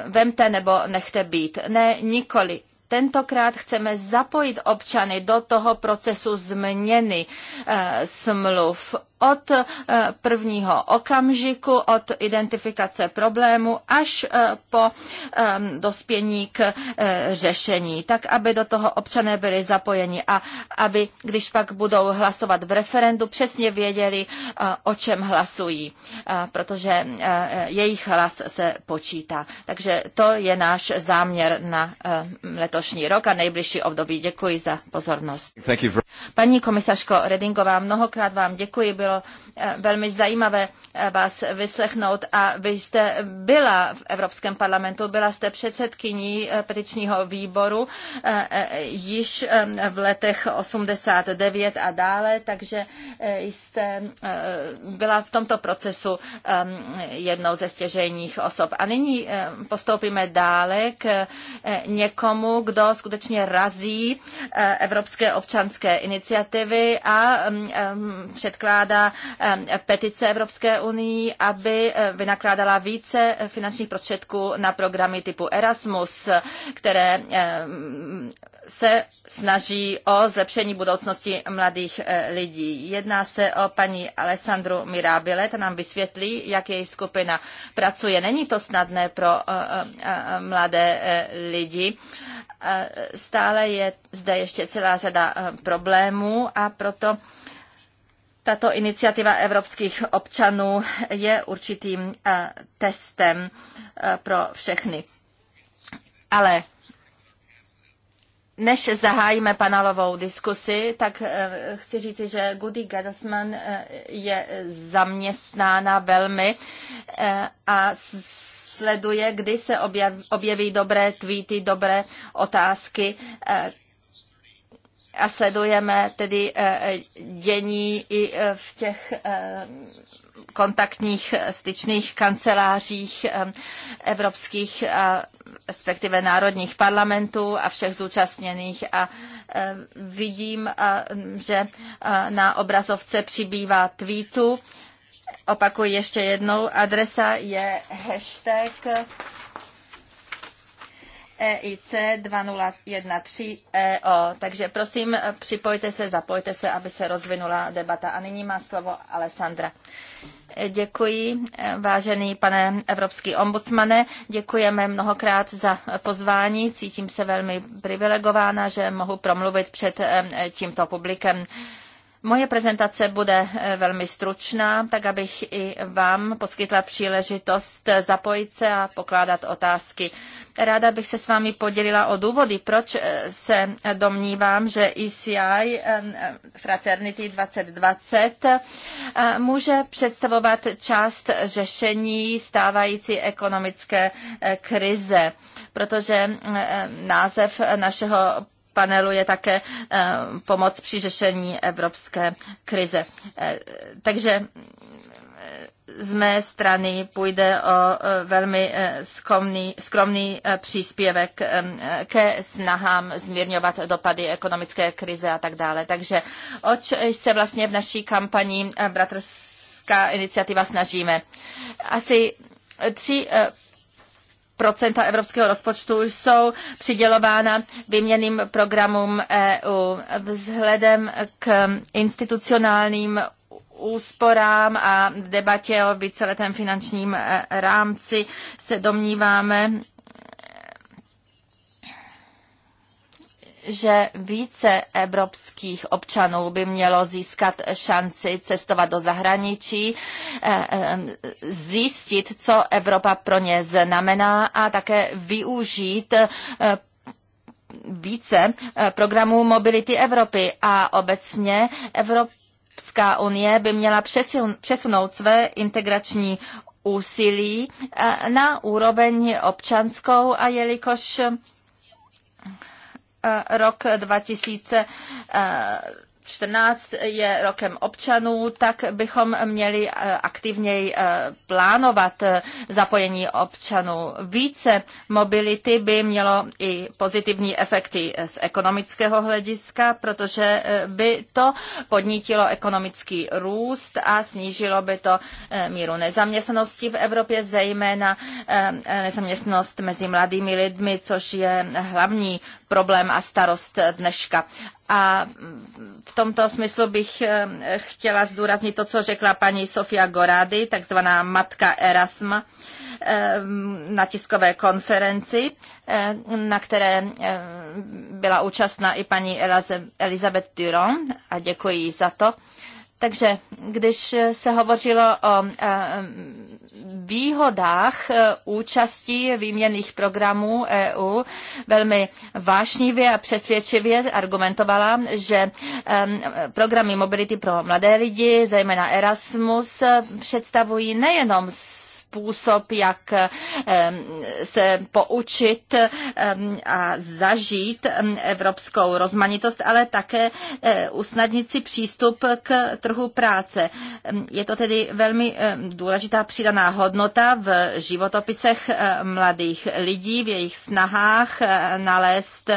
Vemte nebo nechte být. Ne, nikoli. Tentokrát chceme zapojit občany do toho procesu změny e, smluv od eh, prvního okamžiku, od identifikace problému až eh, po ehm, dospění k eh, řešení, tak aby do toho občané byli zapojeni a aby, když pak budou hlasovat v referendu, přesně věděli, o čem hlasují, protože jejich hlas se počítá. Takže to je náš záměr na letošní rok a nejbližší období. Děkuji za pozornost. Paní komisařko Redingová, mnohokrát vám děkuji. Bylo bylo eh, velmi zajímavé eh, vás vyslechnout a vy jste byla v Evropském parlamentu, byla jste předsedkyní eh, petičního výboru již v letech 89 a dále, takže jste byla v tomto procesu jednou ze stěžejních osob. A nyní postoupíme dále k někomu, kdo skutečně razí Evropské občanské iniciativy a mm, předkládá na petice Evropské unii, aby eh, vynakládala více finančních prostředků na programy typu Erasmus, které se snaží o zlepšení budoucnosti mladých eh, lidí. Jedná se o paní Alessandru Mirabile, ta nám vysvětlí, jak její skupina pracuje. Není to snadné pro eh, mladé lidi. Stále je zde ještě celá řada problémů a proto tato iniciativa evropských občanů je určitým eh, testem eh, pro všechny. Ale než zahájíme panelovou diskusi, tak eh, chci říci, že Goody Gadasman je zaměstnána velmi a sleduje, kdy se objeví dobré tweety, dobré otázky, a sledujeme tedy eh, dění i eh, v těch eh, kontaktních styčných kancelářích evropských, respektive národních parlamentů a všech zúčastněných. A vidím, že na obrazovce přibývá tweetu. Opakuji ještě jednou, adresa je hashtag EIC 2013 EO. Takže prosím, připojte se, zapojte se, aby se rozvinula debata. A nyní má slovo Alessandra. Děkuji, vážený pane evropský ombudsmane. Děkujeme mnohokrát za pozvání. Cítím se velmi privilegována, že mohu promluvit před eh, tímto publikem. Moje prezentace bude eh, velmi stručná, tak abych i vám poskytla příležitost zapojit se a pokládat otázky. Ráda bych se s vámi podělila o důvody, proč eh, se domnívám, že ECI eh, Fraternity 2020 může představovat část řešení stávající ekonomické krize, protože název našeho panelu je také eh, pomoc při řešení evropské krize. Eh, takže mm, z mé strany půjde o eh, velmi skromný, skromný příspěvek ke snahám zmírňovat dopady ekonomické krize a tak dále. Takže oč se vlastně v naší kampani Bratrská iniciativa snažíme? Asi tři procenta evropského rozpočtu jsou přidělována výměným programům EU. Vzhledem k institucionálním úsporám a debatě o víceletém finančním eh, rámci se domníváme, že více evropských občanů by mělo získat šanci cestovat do zahraničí, eh, eh, zjistit, co Evropa pro ně znamená a také využít eh, více programů mobility Evropy a obecně Evropská unie by měla přesunout své integrační úsilí na úroveň občanskou a jelikož Eh, rok 2014 eh, je rokem občanů, tak bychom měli eh, aktivněji plánovat zapojení občanů. Více mobility by mělo i pozitivní efekty z ekonomického hlediska, protože by to podnítilo ekonomický růst a snížilo by to míru nezaměstnanosti v Evropě, zejména nezaměstnost mezi mladými lidmi, což je hlavní problém a starost dneška. A v tomto smyslu bych eh, chtěla zdůraznit to, co řekla paní Sofia Gorady, takzvaná matka Erasma, eh, na tiskové konferenci, eh, na které byla účastná i paní Elizabeth Duron a děkuji za to. Takže když se hovořilo o eh, výhodách eh, účastí výměných programů EU, velmi vášnivě a přesvědčivě argumentovala, že eh, programy mobility pro mladé lidi, zejména Erasmus, představují nejenom způsob, jak se poučit a zažít evropskou rozmanitost, ale také eh, usnadnit si přístup k trhu práce. Je to tedy velmi důležitá přidaná hodnota v životopisech mladých lidí, v jejich snahách eh, nalézt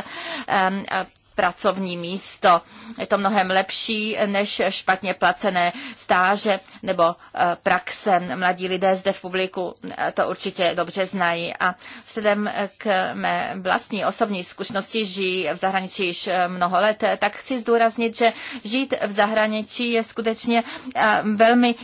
pracovní místo. Je to mnohem lepší než špatně placené stáže nebo eh, praxe. Mladí lidé zde v publiku eh, to určitě dobře znají. A vzhledem eh, k mé vlastní osobní zkušenosti žijí v zahraničí již mnoho let, tak chci zdůraznit, že žít v zahraničí je skutečně velmi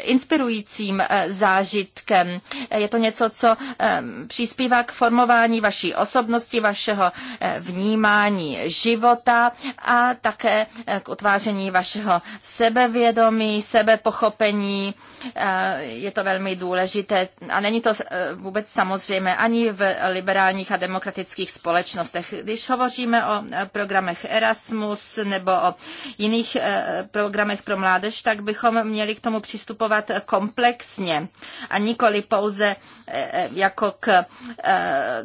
inspirujícím eh, zážitkem. Je to něco, co eh, přispívá k formování vaší osobnosti, vašeho eh, vnímání života a také k utváření vašeho sebevědomí, sebepochopení. Je to velmi důležité a není to vůbec samozřejmé ani v liberálních a demokratických společnostech. Když hovoříme o programech Erasmus nebo o jiných programech pro mládež, tak bychom měli k tomu přistupovat přistupovat komplexně a nikoli pouze eh, eh, jako k eh,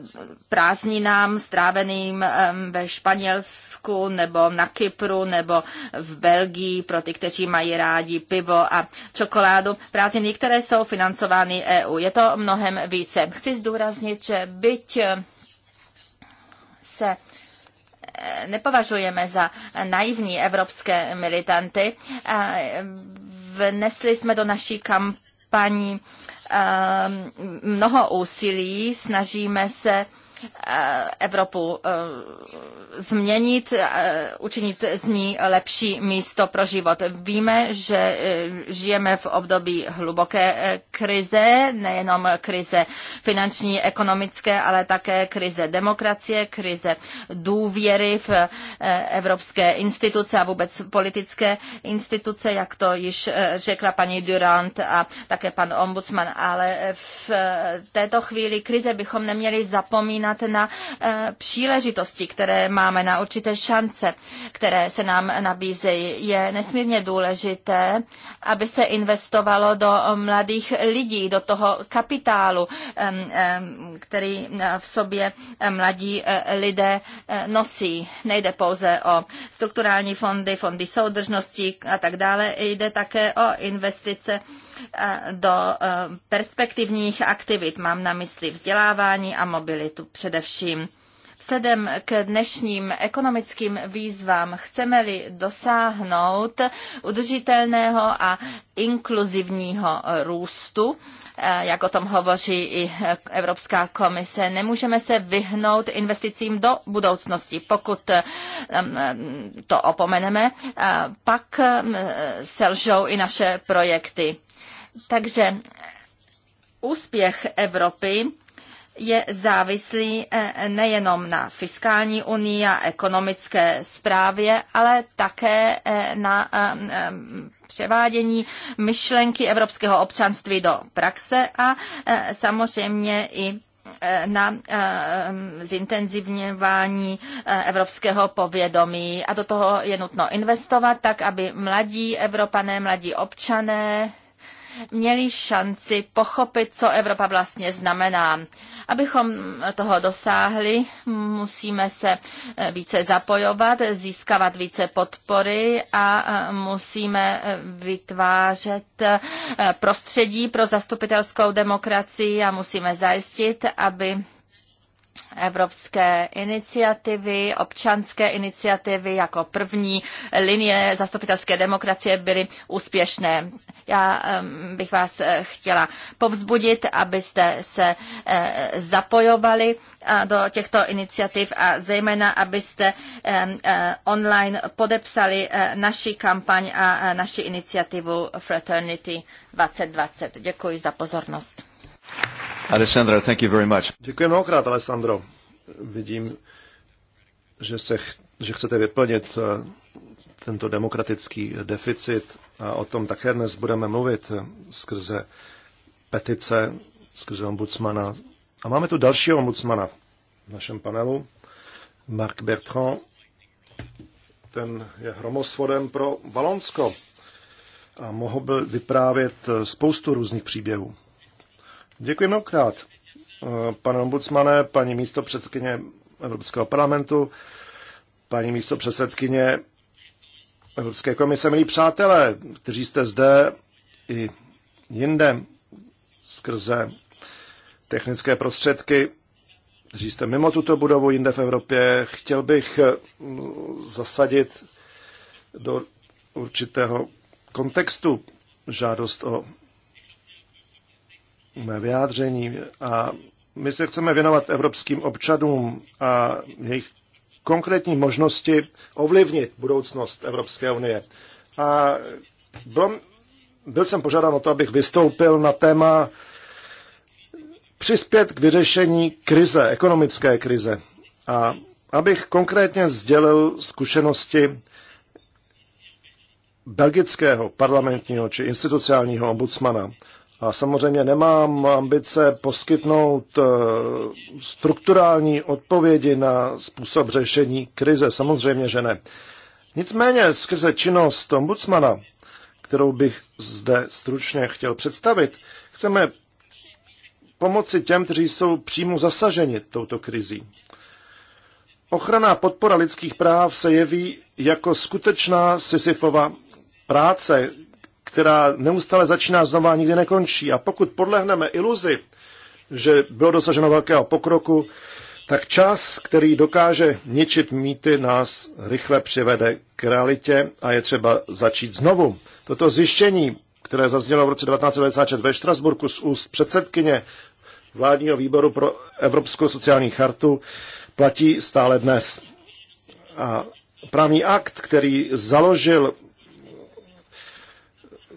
prázdninám stráveným ve Španělsku nebo na Kypru nebo v Belgii pro ty, kteří mají rádi pivo a čokoládu. Prázdniny, které jsou financovány EU. Je to mnohem více. Chci zdůraznit, že byť se nepovažujeme za naivní evropské militanty vnesli jsme do naší kampaní Ehm, mnoho úsilí, snažíme se eh, Evropu eh, změnit, eh, učinit z ní lepší místo pro život. Víme, že žijeme v období hluboké krize, nejenom krize finanční, ekonomické, ale také krize demokracie, krize důvěry v evropské instituce a vůbec politické instituce, jak to již řekla paní Durant a také pan ombudsman ale v eh, této chvíli krize bychom neměli zapomínat na eh, příležitosti, které máme, na určité šance, které se nám nabízejí. Je nesmírně důležité, aby se investovalo do mladých lidí, do toho kapitálu, který eh, v sobě mladí lidé nosí. Nejde pouze o strukturální fondy, fondy soudržnosti a tak dále, jde také o investice Eh, do eh, perspektivních aktivit. Mám na mysli vzdělávání a mobilitu především. Vzhledem k dnešním ekonomickým výzvám chceme-li dosáhnout udržitelného a inkluzivního růstu, eh, jak o tom hovoří i Evropská komise, nemůžeme se vyhnout investicím do budoucnosti. Pokud to opomeneme, pak selžou i naše projekty. Takže úspěch Evropy je závislý eh, nejenom na fiskální unii a ekonomické správě, ale také eh, na eh, převádění myšlenky evropského občanství do praxe a samozřejmě i na zintenzivňování evropského povědomí. A do toho je nutno investovat tak, aby mladí Evropané, mladí občané měli šanci pochopit, co Evropa vlastně znamená. Abychom toho dosáhli, musíme se více zapojovat, získávat více podpory a musíme vytvářet prostředí pro zastupitelskou demokracii a musíme zajistit, aby evropské iniciativy, občanské iniciativy jako první linie zastupitelské demokracie byly úspěšné. Já bych vás eh, chtěla povzbudit, abyste se eh, zapojovali eh, do těchto iniciativ a zejména, abyste online podepsali naši kampaň a naši iniciativu Fraternity 2020. Děkuji za pozornost. Alessandro, thank you very much. Děkuji mnohokrát, Alessandro. Vidím, že, se, že chcete vyplnit eh, tento demokratický deficit a o tom také dnes budeme mluvit eh, skrze petice, skrze ombudsmana. A máme tu dalšího ombudsmana v našem panelu, Marc Bertrand. Ten je hromosvodem pro Valonsko a mohl by vyprávět eh, spoustu různých příběhů. Děkuji mnohokrát, eh, pane ombudsmane, paní místo předsedkyně Evropského parlamentu, paní místo předsedkyně Evropské komise, milí přátelé, kteří jste zde i jinde skrze technické prostředky, kteří jste mimo tuto budovu jinde v Evropě, chtěl bych eh, zasadit do určitého kontextu žádost o mé vyjádření. A my se chceme věnovat evropským občanům a jejich konkrétní možnosti ovlivnit budoucnost Evropské unie. A byl, byl jsem požádán o to, abych vystoupil na téma přispět k vyřešení krize, ekonomické krize. A abych konkrétně sdělil zkušenosti belgického parlamentního či institucionálního ombudsmana. A samozřejmě nemám ambice poskytnout eh, strukturální odpovědi na způsob řešení krize, samozřejmě, že ne. Nicméně skrze činnost ombudsmana, kterou bych zde stručně chtěl představit, chceme pomoci těm, kteří jsou přímo zasaženi touto krizí. Ochrana a podpora lidských práv se jeví jako skutečná Sisyfova práce, která neustále začíná znova a nikdy nekončí. A pokud podlehneme iluzi, že bylo dosaženo velkého pokroku, tak čas, který dokáže ničit mýty, nás rychle přivede k realitě a je třeba začít znovu. Toto zjištění, které zaznělo v roce 1996 ve Štrasburku z úst předsedkyně vládního výboru pro Evropskou sociální chartu, platí stále dnes. A právní akt, který založil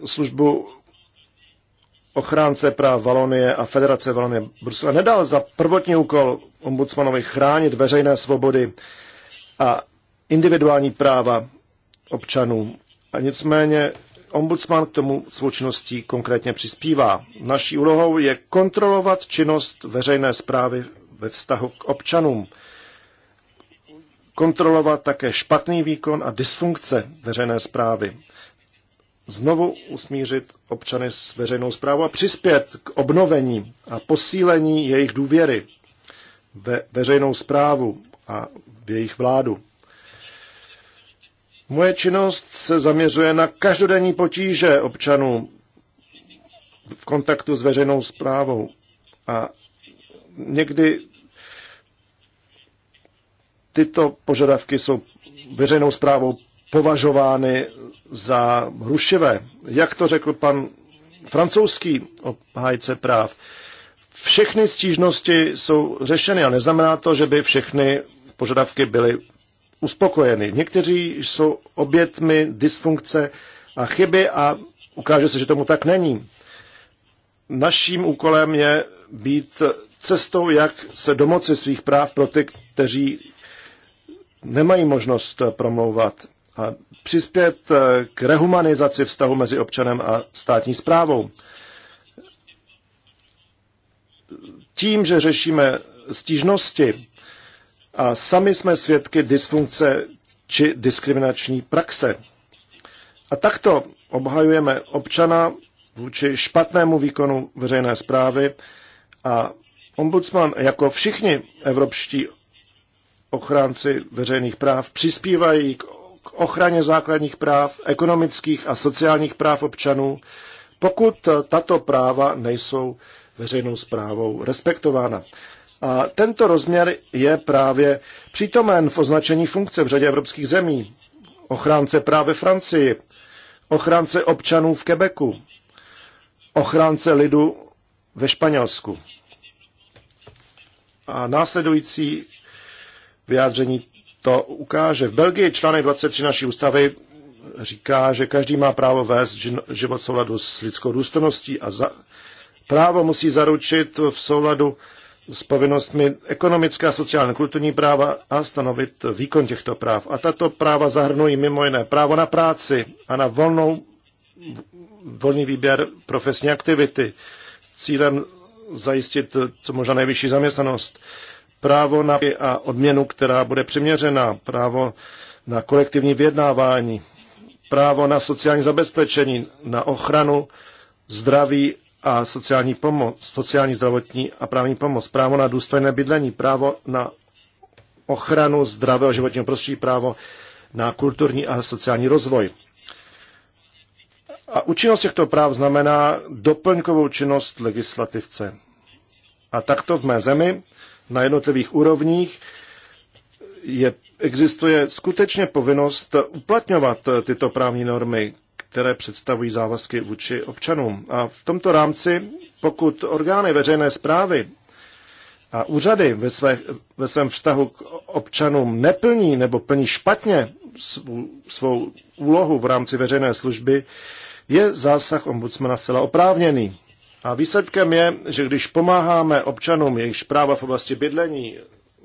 službu ochránce práv Valonie a Federace Valonie Brusela nedal za prvotní úkol ombudsmanovi chránit veřejné svobody a individuální práva občanů. A nicméně ombudsman k tomu svou činností konkrétně přispívá. Naší úlohou je kontrolovat činnost veřejné zprávy ve vztahu k občanům. Kontrolovat také špatný výkon a dysfunkce veřejné zprávy znovu usmířit občany s veřejnou zprávou a přispět k obnovení a posílení jejich důvěry ve veřejnou zprávu a v jejich vládu. Moje činnost se zaměřuje na každodenní potíže občanů v kontaktu s veřejnou zprávou a někdy tyto požadavky jsou veřejnou zprávou považovány za hrušivé. Jak to řekl pan francouzský obhájce práv, všechny stížnosti jsou řešeny a neznamená to, že by všechny požadavky byly uspokojeny. Někteří jsou obětmi dysfunkce a chyby a ukáže se, že tomu tak není. Naším úkolem je být cestou, jak se domoci svých práv pro ty, kteří nemají možnost promlouvat. A přispět eh, k rehumanizaci vztahu mezi občanem a státní zprávou. Tím, že řešíme stížnosti a sami jsme svědky dysfunkce či diskriminační praxe. A takto obhajujeme občana vůči špatnému výkonu veřejné zprávy a ombudsman, jako všichni evropští ochránci veřejných práv, přispívají k ochraně základních práv, ekonomických a sociálních práv občanů, pokud tato práva nejsou veřejnou zprávou respektována. A tento rozměr je právě přítomen v označení funkce v řadě evropských zemí. Ochránce práv ve Francii, ochránce občanů v Quebecu, ochránce lidu ve Španělsku. A následující vyjádření to ukáže. V Belgii článek 23 naší ústavy říká, že každý má právo vést život v souladu s lidskou důstojností a za, právo musí zaručit v souladu s povinnostmi ekonomická, a sociální, kulturní práva a stanovit výkon těchto práv. A tato práva zahrnují mimo jiné právo na práci a na volnou, volný výběr profesní aktivity s cílem zajistit co možná nejvyšší zaměstnanost právo na a odměnu, která bude přiměřená, právo na kolektivní vyjednávání, právo na sociální zabezpečení, na ochranu zdraví a sociální pomoc, sociální, zdravotní a právní pomoc, právo na důstojné bydlení, právo na ochranu zdravého životního prostředí, právo na kulturní a sociální rozvoj. A účinnost těchto práv znamená doplňkovou činnost legislativce. A takto v mé zemi na jednotlivých úrovních je, existuje skutečně povinnost uplatňovat tyto právní normy, které představují závazky vůči občanům. A v tomto rámci, pokud orgány veřejné zprávy a úřady ve, své, ve svém vztahu k občanům neplní nebo plní špatně svou, svou úlohu v rámci veřejné služby, je zásah ombudsmana zcela oprávněný. A výsledkem je, že když pomáháme občanům, jejichž práva v oblasti bydlení,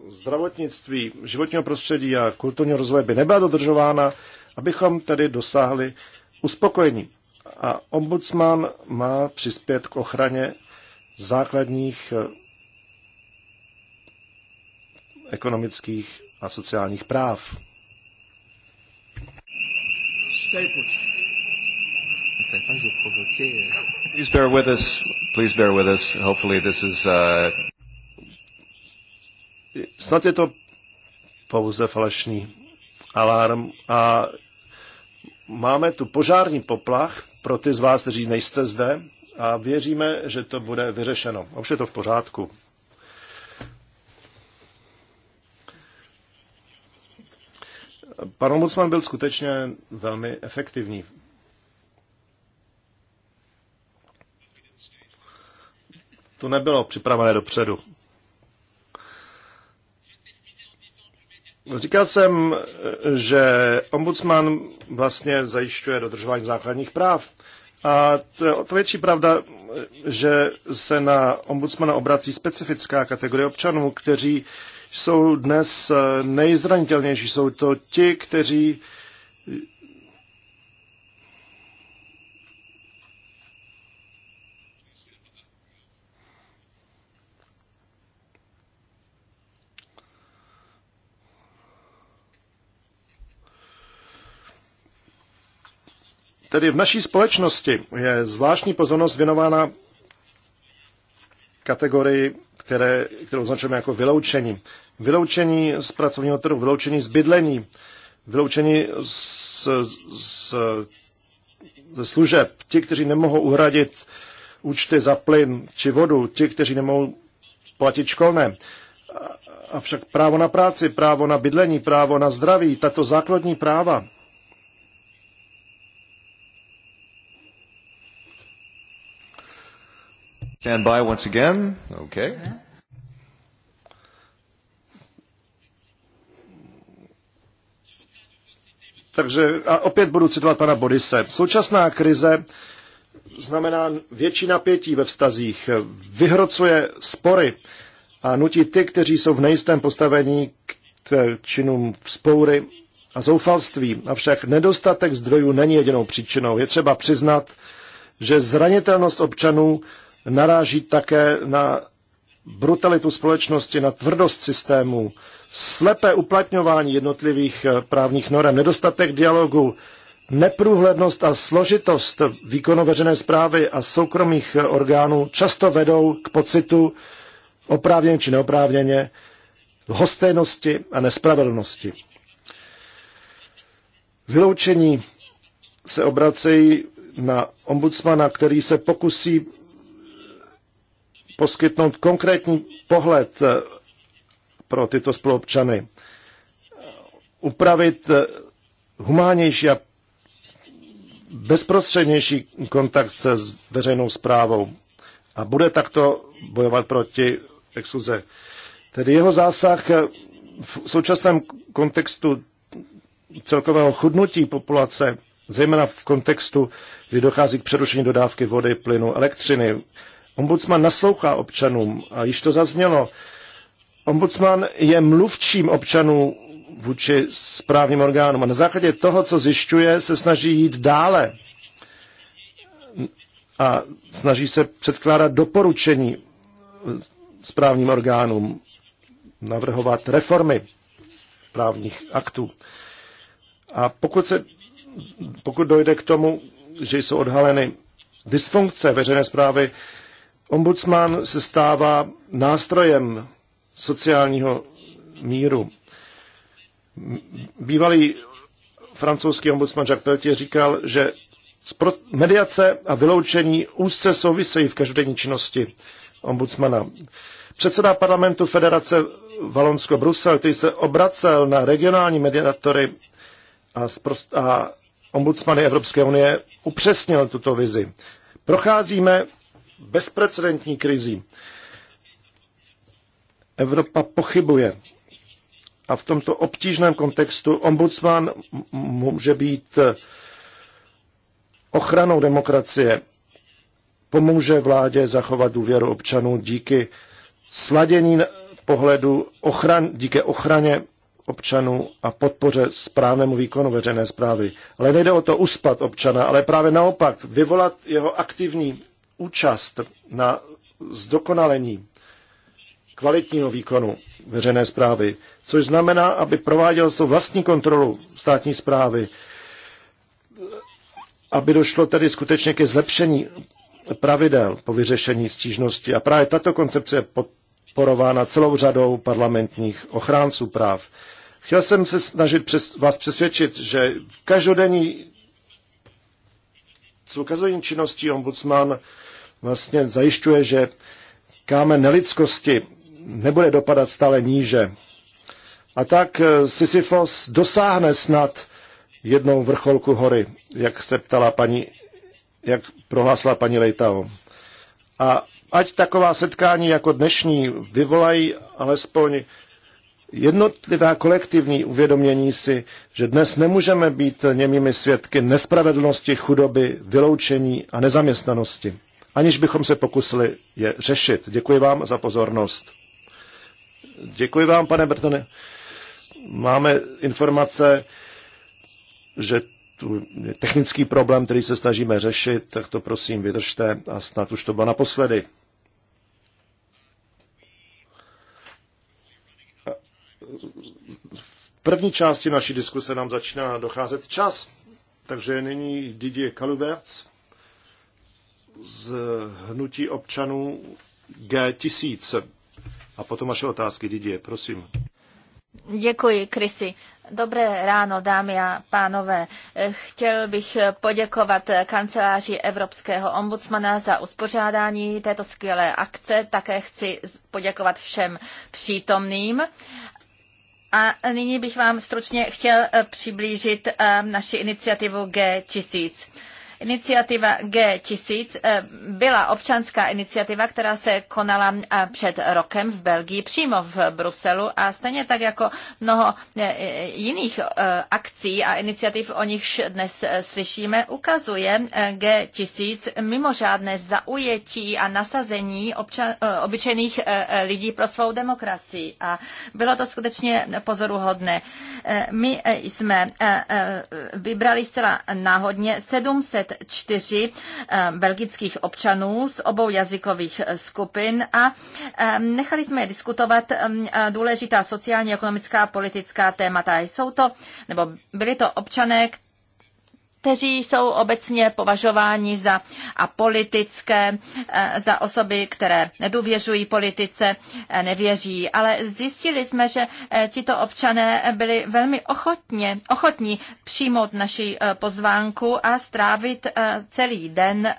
zdravotnictví, životního prostředí a kulturního rozvoje by nebyla dodržována, abychom tedy dosáhli uspokojení. A ombudsman má přispět k ochraně základních eh, ekonomických a sociálních práv. Please bear with us. Please bear with us. Hopefully this is... Uh, Snad je to pouze falešný alarm a máme tu požární poplach pro ty z vás, kteří nejste zde a věříme, že to bude vyřešeno. Už je to v pořádku. Pan ombudsman byl skutečně velmi efektivní To nebylo připravené dopředu. Říkal jsem, že ombudsman vlastně zajišťuje dodržování základních práv. A to je o to větší pravda, že se na ombudsmana obrací specifická kategorie občanů, kteří jsou dnes nejzranitelnější. Jsou to ti, kteří Tedy v naší společnosti je zvláštní pozornost věnována kategorii, které, kterou označujeme jako vyloučení. Vyloučení z pracovního trhu, vyloučení z bydlení, vyloučení z, z, ze služeb, ti, kteří nemohou uhradit účty za plyn či vodu, ti, kteří nemohou platit školné. Avšak právo na práci, právo na bydlení, právo na zdraví, tato základní práva Stand by once again. Okay. Takže a opět budu citovat pana Bodise. Současná krize znamená větší napětí ve vztazích, vyhrocuje spory a nutí ty, kteří jsou v nejistém postavení k činům spoury a zoufalství. Avšak nedostatek zdrojů není jedinou příčinou. Je třeba přiznat, že zranitelnost občanů naráží také na brutalitu společnosti, na tvrdost systému, slepé uplatňování jednotlivých eh, právních norem, nedostatek dialogu, neprůhlednost a složitost výkonu veřejné zprávy a soukromých eh, orgánů často vedou k pocitu oprávněně či neoprávněně hostejnosti a nespravedlnosti. Vyloučení se obracejí na ombudsmana, který se pokusí poskytnout konkrétní pohled eh, pro tyto spoluobčany, upravit eh, humánější a bezprostřednější kontakt se s veřejnou zprávou a bude takto bojovat proti exuze. Tedy jeho zásah eh, v současném kontextu celkového chudnutí populace, zejména v kontextu, kdy dochází k přerušení dodávky vody, plynu, elektřiny, Ombudsman naslouchá občanům a již to zaznělo. Ombudsman je mluvčím občanů vůči správním orgánům a na základě toho, co zjišťuje, se snaží jít dále a snaží se předkládat doporučení správním orgánům, navrhovat reformy právních aktů. A pokud, se, pokud dojde k tomu, že jsou odhaleny dysfunkce veřejné zprávy, Ombudsman se stává nástrojem sociálního míru. Bývalý francouzský ombudsman Jacques Pelletier říkal, že mediace a vyloučení úzce souvisejí v každodenní činnosti ombudsmana. Předseda parlamentu Federace Valonsko-Brusel, který se obracel na regionální mediatory a, a ombudsmany Evropské unie, upřesnil tuto vizi. Procházíme bezprecedentní krizí. Evropa pochybuje. A v tomto obtížném kontextu ombudsman může být ochranou demokracie. Pomůže vládě zachovat důvěru občanů díky sladění pohledu ochran, díky ochraně občanů a podpoře správnému výkonu veřejné zprávy. Ale nejde o to uspat občana, ale právě naopak vyvolat jeho aktivní účast na zdokonalení kvalitního výkonu veřejné zprávy, což znamená, aby prováděl svou vlastní kontrolu státní zprávy, aby došlo tedy skutečně ke zlepšení pravidel po vyřešení stížnosti. A právě tato koncepce je podporována celou řadou parlamentních ochránců práv. Chtěl jsem se snažit přes, vás přesvědčit, že každodenní s ukazovým činností ombudsman vlastně zajišťuje, že kámen nelidskosti nebude dopadat stále níže. A tak eh, Sisyfos dosáhne snad jednou vrcholku hory, jak se ptala paní, jak prohlásila paní Lejtao. A ať taková setkání jako dnešní vyvolají alespoň jednotlivá kolektivní uvědomění si, že dnes nemůžeme být němými svědky nespravedlnosti, chudoby, vyloučení a nezaměstnanosti aniž bychom se pokusili je řešit. Děkuji vám za pozornost. Děkuji vám, pane Bertone. Máme informace, že tu je technický problém, který se snažíme řešit, tak to prosím vydržte a snad už to bylo naposledy. V první části naší diskuse nám začíná docházet čas, takže nyní Didier Kaluverc z hnutí občanů G1000. A potom vaše otázky, Didier, prosím. Děkuji, Krisi. Dobré ráno, dámy a pánové. Chtěl bych poděkovat kanceláři Evropského ombudsmana za uspořádání této skvělé akce. Také chci poděkovat všem přítomným. A nyní bych vám stručně chtěl přiblížit eh, naši iniciativu G1000. Iniciativa G1000 eh, byla občanská iniciativa, která se konala eh, před rokem v Belgii, přímo v Bruselu a stejně tak jako mnoho eh, jiných akcí a iniciativ, o nichž dnes slyšíme, ukazuje G1000 mimořádné zaujetí a nasazení občan, obyčejných lidí pro svou demokracii. A bylo to skutečně pozoruhodné. My jsme vybrali zcela náhodně 700 24 eh, belgických občanů z obou jazykových eh, skupin a eh, nechali jsme je diskutovat důležitá sociální, ekonomická a politická témata. Jsou to, nebo byli to občané, kteří jsou obecně považováni za apolitické, eh, za osoby, které nedůvěřují politice, eh, nevěří. Ale zjistili jsme, že eh, tito občané byli velmi ochotně, ochotní přijmout naši pozvánku a strávit celý den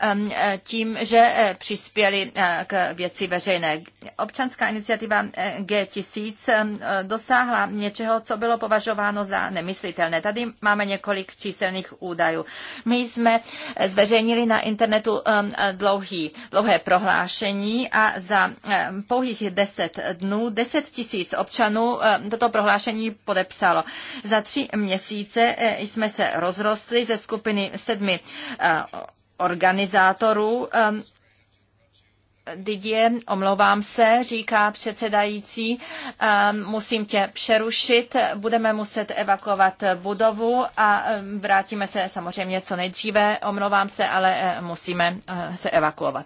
tím, že přispěli k věci veřejné. Občanská iniciativa G1000 dosáhla něčeho, co bylo považováno za nemyslitelné. Tady máme několik číselných údajů údajů. My jsme zveřejnili na internetu um, dlouhý, dlouhé prohlášení a za um, pouhých 10 dnů 10 tisíc občanů um, toto prohlášení podepsalo. Za tři měsíce eh, jsme se rozrostli ze skupiny sedmi eh, organizátorů Didě, omlouvám se, říká předsedající, um, musím tě přerušit, budeme muset evakuovat budovu a um, vrátíme se samozřejmě co nejdříve, omlouvám se, ale uh, musíme uh, se evakuovat.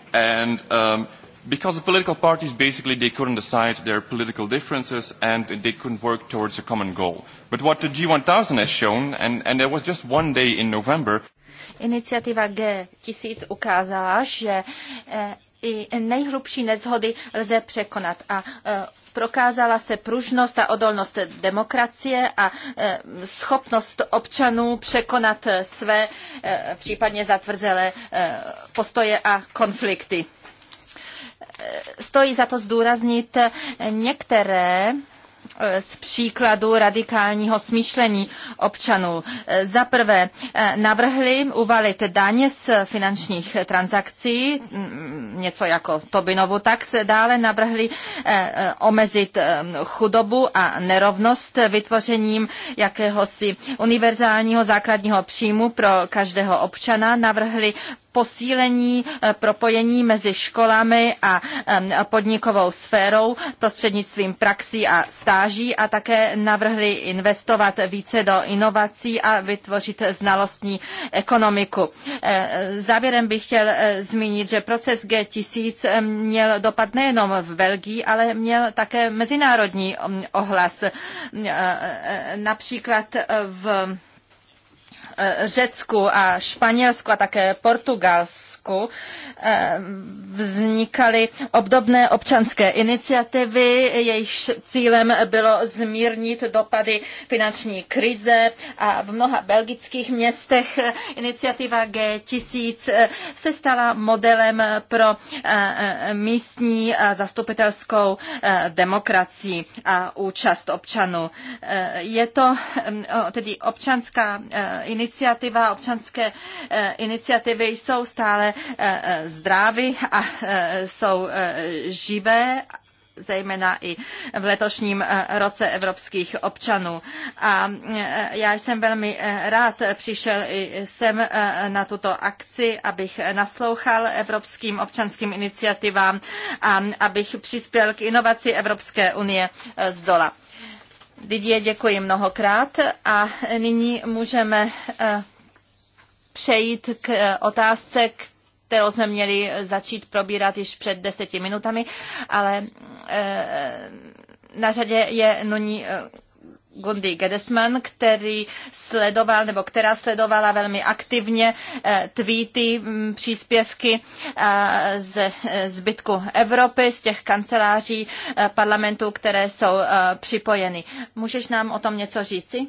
And um, because the political parties basically they couldn't decide their political differences and they couldn't work towards a common goal. But what the G1000 has shown, and, and there was just one day in November. Iniciativa G1000 ukázala, že eh, i nejhlubší nezhody lze překonat. A eh, prokázala se pružnost a odolnost demokracie a eh, schopnost občanů překonat eh, své eh, případně zatvrzelé postoje a konflikty. Stojí za to zdůraznit některé Eh, z příkladu radikálního smýšlení občanů. Eh, za prvé eh, navrhli uvalit daně z finančních transakcí, mm, něco jako Tobinovu tax, dále navrhli omezit chudobu a nerovnost vytvořením jakéhosi univerzálního základního příjmu pro každého občana, navrhli posílení eh, propojení mezi školami a eh, podnikovou sférou prostřednictvím praxí a stáží a také navrhli investovat více do inovací a vytvořit znalostní ekonomiku. Eh, závěrem bych chtěl zmínit, že proces G1000 měl dopad nejenom v Belgii, ale měl také mezinárodní mm, ohlas. Například v Řecku a Španělsku a také Portugalsku Polsku eh, vznikaly obdobné občanské iniciativy, jejichž cílem bylo zmírnit dopady finanční krize a v mnoha belgických městech iniciativa G1000 eh, se stala modelem pro eh, místní a zastupitelskou demokracii a účast občanů. Je to hm, tedy občanská iniciativa, občanské iniciativy jsou stále Eh, eh, zdraví a eh, jsou živé zejména i v letošním roce evropských občanů. A já jsem velmi rád přišel i sem na tuto akci, abych naslouchal evropským občanským iniciativám a abych přispěl k inovaci Evropské unie z dola. Didier, děkuji mnohokrát a nyní můžeme přejít k otázce, k kterou jsme měli začít probírat již před deseti minutami, ale eh, na řadě je nyní eh, Gundy Gedesman, který sledoval, nebo která sledovala velmi aktivně eh, tweety, mm, příspěvky z zbytku Evropy, z těch kanceláří parlamentů, které jsou připojeny. Můžeš nám o tom něco říci?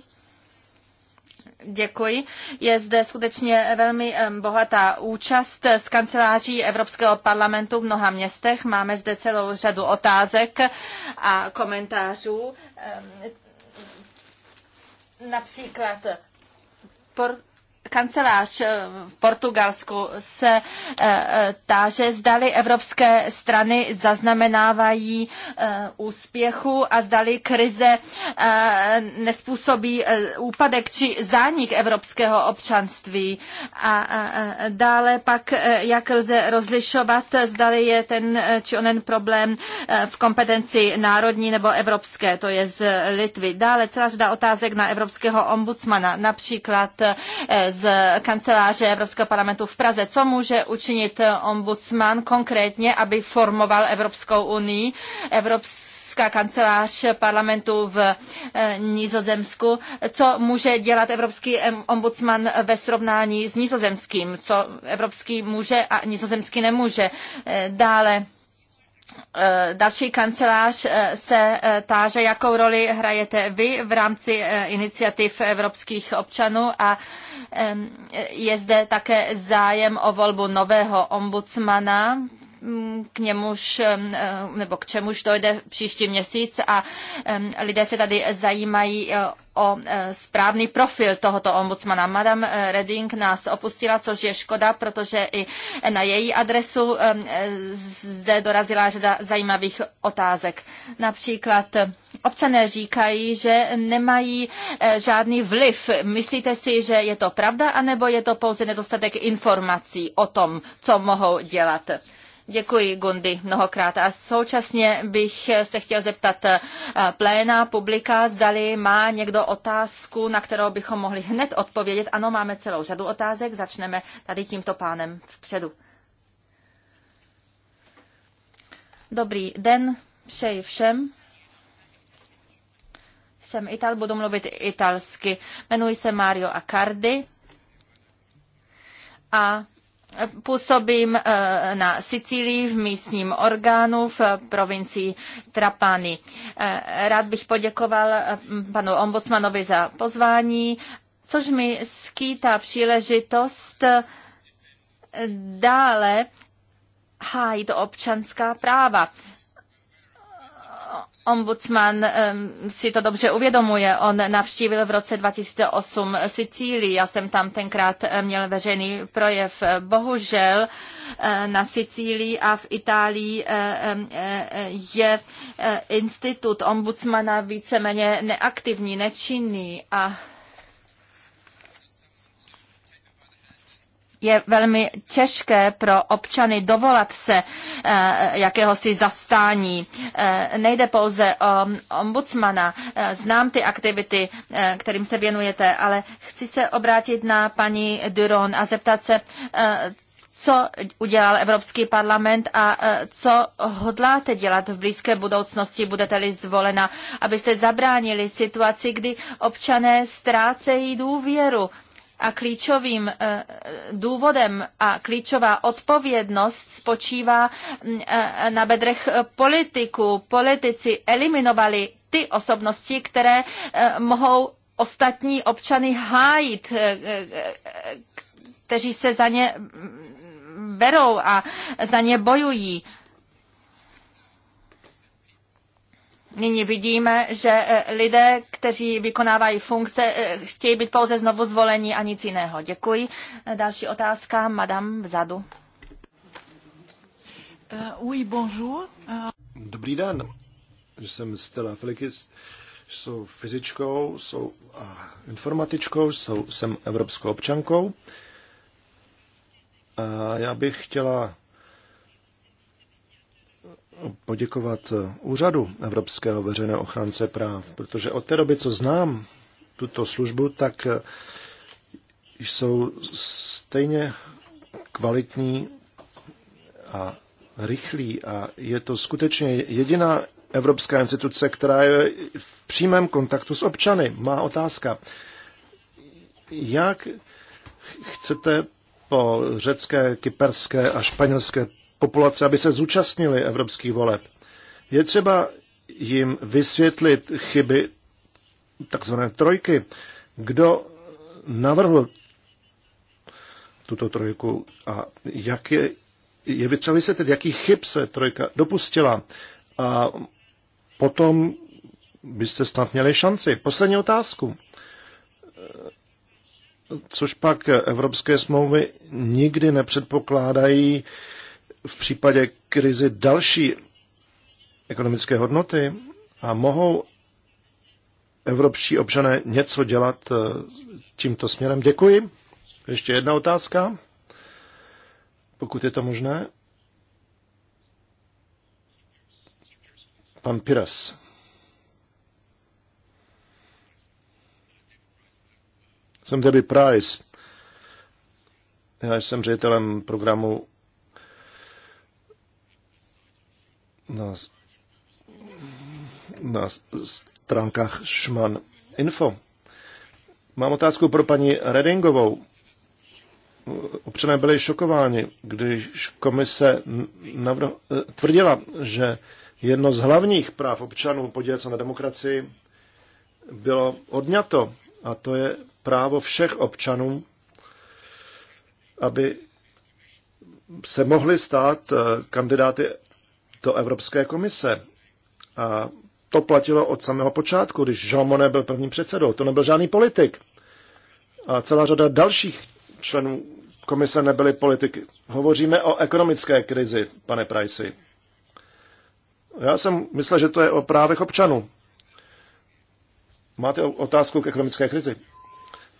Děkuji. Je zde skutečně velmi bohatá účast z kanceláří Evropského parlamentu v mnoha městech. Máme zde celou řadu otázek a komentářů. Například por- kancelář eh, v Portugalsku se eh, eh, táže, zdali evropské strany zaznamenávají úspěchu a zdali krize nespůsobí úpadek či zánik evropského občanství. A dále pak, jak lze rozlišovat, zdali je ten či onen problém v kompetenci národní nebo evropské, to je z Litvy. Dále celá řada otázek na evropského ombudsmana, například z z kanceláře Evropského parlamentu v Praze. Co může učinit ombudsman konkrétně, aby formoval Evropskou unii, Evropskou Evropská kancelář parlamentu v eh, Nizozemsku. Co může dělat Evropský ombudsman ve srovnání s nizozemským? Co evropský může a nizozemský nemůže? Eh, dále Eh, další kancelář eh, se eh, táže, jakou roli hrajete vy v rámci iniciativ evropských občanů a je zde také zájem o volbu nového ombudsmana Mm, k němuž mm, eh, nebo k čemuž dojde příští měsíc a mm, lidé se tady zajímají eh, o eh, správný profil tohoto ombudsmana. Madame Reding nás opustila, což je škoda, protože i na její adresu zde dorazila řada zajímavých otázek. Například občané říkají, že nemají žádný vliv. Myslíte si, že je to pravda, anebo je to pouze nedostatek informací o tom, co mohou dělat? Děkuji, Gondy, mnohokrát. A současně bych se chtěl zeptat eh, pléna, publika, zdali má někdo otázku, na kterou bychom mohli hned odpovědět. Ano, máme celou řadu otázek, začneme tady tímto pánem vpředu. Dobrý den, přeji všem. Jsem Ital, budu mluvit italsky. Jmenuji se Mario Accardi a Působím eh, na Sicílii v místním orgánu v eh, provincii Trapani. Eh, rád bych poděkoval panu ombudsmanovi za pozvání, což mi skýtá příležitost dále hájit občanská práva. Ombudsman si to dobře uvědomuje. On navštívil v roce 2008 Sicílii. Já jsem tam tenkrát eh, měl veřejný projev. Bohužel eh, na Sicílii a v Itálii eh, je institut ombudsmana víceméně neaktivní, nečinný a je velmi těžké pro občany dovolat se eh, jakéhosi zastání. Eh, nejde pouze o ombudsmana, eh, znám ty aktivity, kterým se věnujete, ale chci se obrátit na paní Duron a zeptat se, co udělal Evropský parlament a co hodláte dělat v blízké budoucnosti, budete-li zvolena, abyste zabránili situaci, kdy občané ztrácejí důvěru a klíčovým eh, důvodem a klíčová odpovědnost spočívá mm, eh, na bedrech politiků. Politici eliminovali ty osobnosti, které eh, mohou ostatní občany hájit, kteří se za ně mm, berou a za ně bojují. Nyní vidíme, že e, lidé, kteří vykonávají funkce, e, chtějí být pouze znovu zvolení a nic jiného. Děkuji. E, další otázka, madam vzadu. Uh, oui, bonjour. Uh... Dobrý den, jsem Stella Felikis, jsou fyzičkou, jsou a informatičkou, jsou, jsem evropskou občankou. A já bych chtěla poděkovat úřadu Evropského veřejného ochránce práv, protože od té doby, co znám tuto službu, tak jsou stejně kvalitní a rychlí a je to skutečně jediná evropská instituce, která je v přímém kontaktu s občany. Má otázka, jak chcete po řecké, kyperské a španělské populace, aby se zúčastnili evropských voleb. Je třeba jim vysvětlit chyby takzvané trojky. Kdo navrhl tuto trojku a jak je, je vytřeba vysvětlit, jaký chyb se trojka dopustila a potom byste snad měli šanci. Poslední otázku. Což pak evropské smlouvy nikdy nepředpokládají v případě krizi další ekonomické hodnoty a mohou evropští občané něco dělat eh, tímto směrem. Děkuji. Ještě jedna otázka, pokud je to možné. Pan Pires. Jsem Debbie Price. Já jsem ředitelem programu na, na stránkách Šman Info. Mám otázku pro paní Redingovou. Občané byli šokováni, když komise navr- tvrdila, že jedno z hlavních práv občanů podílet se na demokracii bylo odňato. A to je právo všech občanů, aby se mohli stát eh, kandidáty do Evropské komise. A to platilo od samého počátku, když Jean Monnet byl prvním předsedou. To nebyl žádný politik. A celá řada dalších členů komise nebyly politiky. Hovoříme o ekonomické krizi, pane Pricey. Já jsem myslel, že to je o právech občanů. Máte otázku k ekonomické krizi?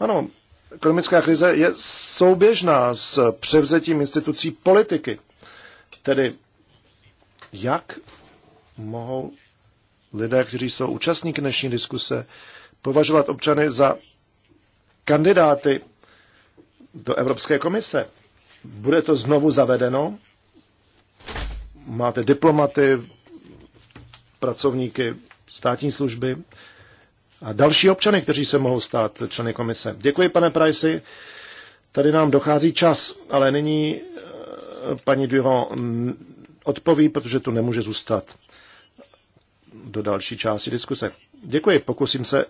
Ano, ekonomická krize je souběžná s převzetím institucí politiky. Tedy jak mohou lidé, kteří jsou účastníky dnešní diskuse, považovat občany za kandidáty do Evropské komise? Bude to znovu zavedeno? Máte diplomaty, pracovníky státní služby a další občany, kteří se mohou stát členy komise. Děkuji, pane Pricey. Tady nám dochází čas, ale nyní eh, paní Duho, odpoví, protože tu nemůže zůstat do další části diskuse. Děkuji, pokusím se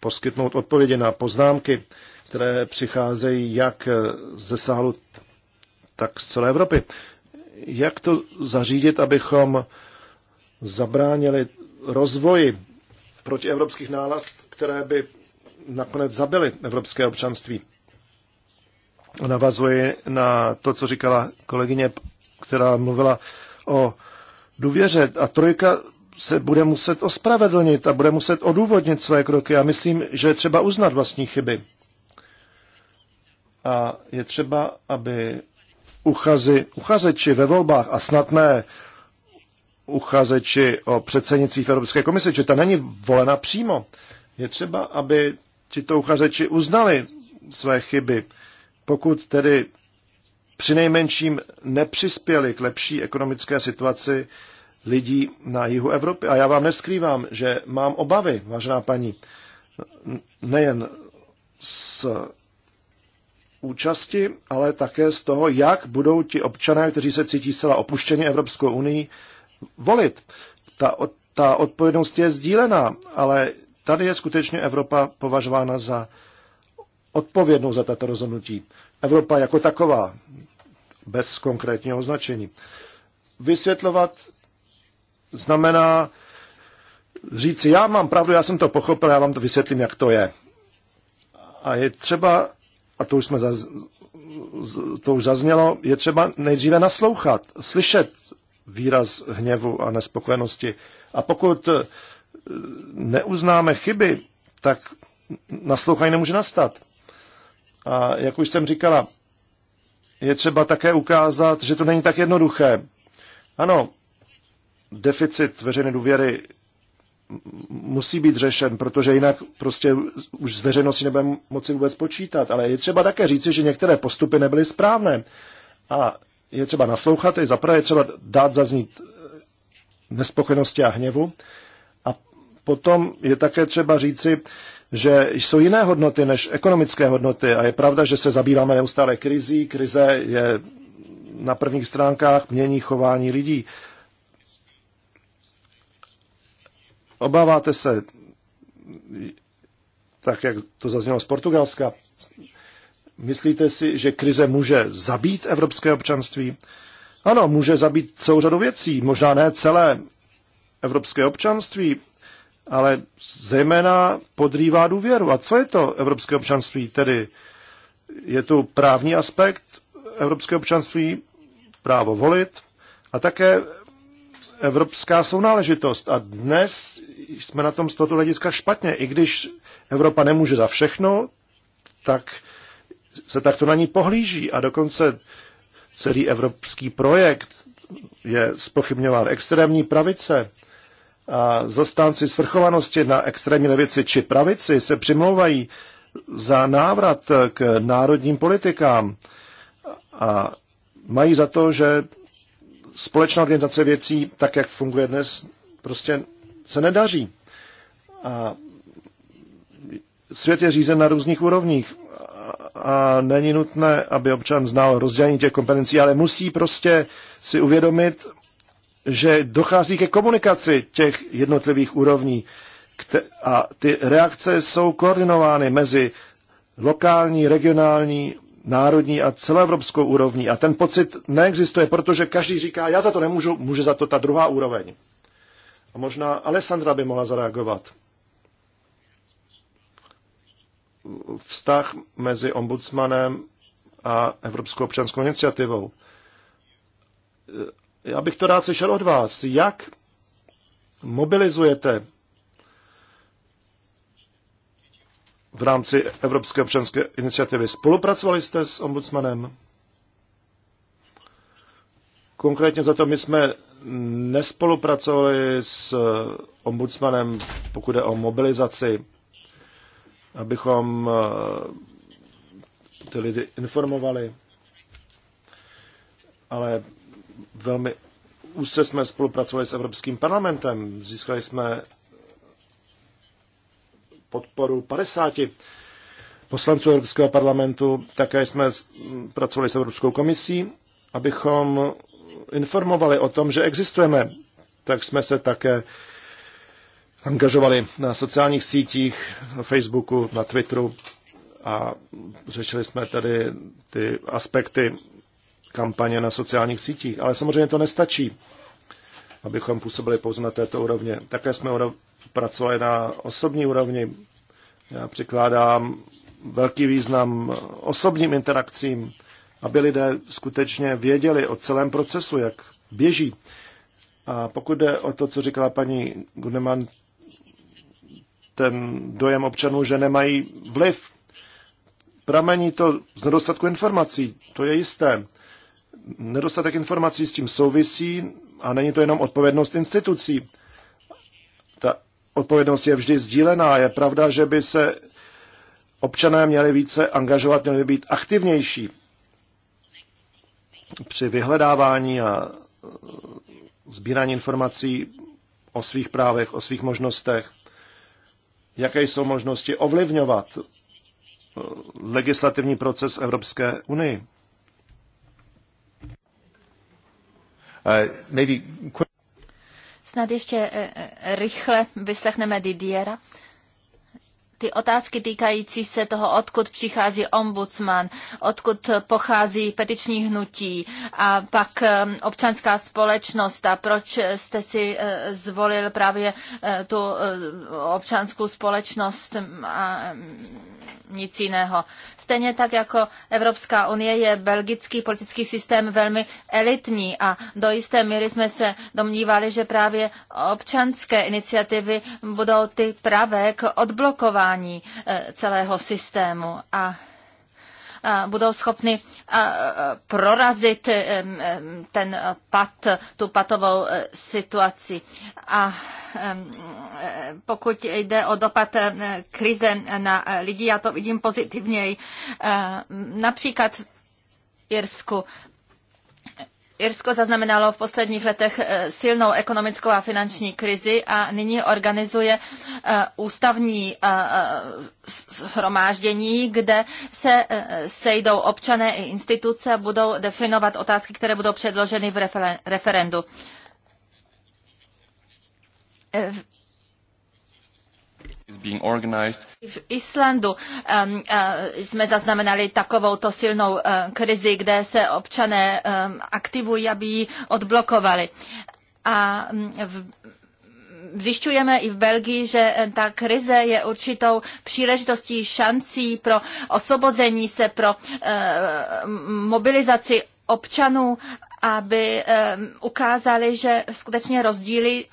poskytnout odpovědi na poznámky, které přicházejí jak ze sálu, tak z celé Evropy. Jak to zařídit, abychom zabránili rozvoji proti evropských nálad, které by nakonec zabily evropské občanství? Navazuji na to, co říkala kolegyně, která mluvila o důvěře a trojka se bude muset ospravedlnit a bude muset odůvodnit své kroky. A myslím, že je třeba uznat vlastní chyby. A je třeba, aby uchazi, uchazeči ve volbách a snad ne uchazeči o předsednictví v Evropské komisi, že ta není volena přímo. Je třeba, aby tito uchazeči uznali své chyby. Pokud tedy přinejmenším nepřispěli k lepší ekonomické situaci lidí na jihu Evropy. A já vám neskrývám, že mám obavy, vážená paní, nejen z účasti, ale také z toho, jak budou ti občané, kteří se cítí zcela opuštěni Evropskou unii, volit. Ta, ta odpovědnost je sdílená, ale tady je skutečně Evropa považována za odpovědnou za tato rozhodnutí. Evropa jako taková, bez konkrétního označení. Vysvětlovat znamená říci, já mám pravdu, já jsem to pochopil, já vám to vysvětlím, jak to je. A je třeba, a to už, jsme zaz, to už zaznělo, je třeba nejdříve naslouchat, slyšet výraz hněvu a nespokojenosti. A pokud eh, neuznáme chyby, tak naslouchání nemůže nastat. A jak už jsem říkala, je třeba také ukázat, že to není tak jednoduché. Ano, deficit veřejné důvěry musí být řešen, protože jinak prostě už z veřejnosti nebudeme moci vůbec počítat. Ale je třeba také říci, že některé postupy nebyly správné. A je třeba naslouchat, je zaprvé je třeba dát zaznít eh, nespokojenosti a hněvu. A potom je také třeba říci, že jsou jiné hodnoty než ekonomické hodnoty a je pravda, že se zabýváme neustále krizí. Krize je na prvních stránkách mění chování lidí. Obáváte se, tak jak to zaznělo z Portugalska, myslíte si, že krize může zabít evropské občanství? Ano, může zabít celou řadu věcí, možná ne celé evropské občanství, ale zejména podrývá důvěru. A co je to evropské občanství? Tedy je tu právní aspekt evropské občanství, právo volit a také evropská sounáležitost. A dnes jsme na tom z tohoto hlediska špatně. I když Evropa nemůže za všechno, tak se takto na ní pohlíží a dokonce celý evropský projekt je spochybňován extrémní pravice a zastánci svrchovanosti na extrémní levici či pravici se přimlouvají za návrat k národním politikám a mají za to, že společná organizace věcí, tak jak funguje dnes, prostě se nedaří. A svět je řízen na různých úrovních a není nutné, aby občan znal rozdělení těch kompetencí, ale musí prostě si uvědomit, že dochází ke komunikaci těch jednotlivých úrovní a ty reakce jsou koordinovány mezi lokální, regionální, národní a celoevropskou úrovní. A ten pocit neexistuje, protože každý říká, já za to nemůžu, může za to ta druhá úroveň. A možná Alessandra by mohla zareagovat. Vztah mezi ombudsmanem a Evropskou občanskou iniciativou já bych to rád slyšel od vás. Jak mobilizujete v rámci Evropské občanské iniciativy? Spolupracovali jste s ombudsmanem? Konkrétně za to my jsme nespolupracovali s ombudsmanem, pokud je o mobilizaci, abychom eh, ty lidi informovali. Ale velmi úzce jsme spolupracovali s Evropským parlamentem. Získali jsme podporu 50 poslanců Evropského parlamentu. Také jsme pracovali s Evropskou komisí, abychom informovali o tom, že existujeme. Tak jsme se také angažovali na sociálních sítích, na Facebooku, na Twitteru a řešili jsme tady ty aspekty kampaně na sociálních sítích. Ale samozřejmě to nestačí, abychom působili pouze na této úrovně. Také jsme pracovali na osobní úrovni. Já přikládám velký význam osobním interakcím, aby lidé skutečně věděli o celém procesu, jak běží. A pokud jde o to, co říkala paní Gudeman, ten dojem občanů, že nemají vliv. Pramení to z nedostatku informací, to je jisté. Nedostatek informací s tím souvisí a není to jenom odpovědnost institucí. Ta odpovědnost je vždy sdílená. Je pravda, že by se občané měli více angažovat, měli by být aktivnější při vyhledávání a e, sbírání informací o svých právech, o svých možnostech, jaké jsou možnosti ovlivňovat e, legislativní proces Evropské unii. Uh, Snad ještě eh, eh, rychle vyslechneme Didiera ty otázky týkající se toho, odkud přichází ombudsman, odkud pochází petiční hnutí a pak um, občanská společnost a proč jste si uh, zvolil právě uh, tu uh, občanskou společnost um, a um, nic jiného. Stejně tak jako Evropská unie je belgický politický systém velmi elitní a do jisté míry jsme se domnívali, že právě občanské iniciativy budou ty pravé k odblokování fungování eh, celého systému a budou schopny eh, prorazit eh, ten pat, tu patovou situaci. A pokud jde o dopad krize na lidi, já to vidím pozitivněji. Například v Irsku Irsko zaznamenalo v posledních letech eh, silnou ekonomickou a finanční krizi a nyní organizuje eh, ústavní eh, shromáždění, kde se sejdou občané i instituce a budou definovat otázky, které budou předloženy v referendu v Islandu um, uh, jsme zaznamenali takovouto silnou uh, krizi, kde se občané um, aktivují, aby ji odblokovali. A um, v, zjišťujeme i v Belgii, že eh, ta krize je určitou příležitostí, šancí pro osvobození se, pro eh, mobilizaci občanů, aby eh, ukázali, že skutečně rozdíly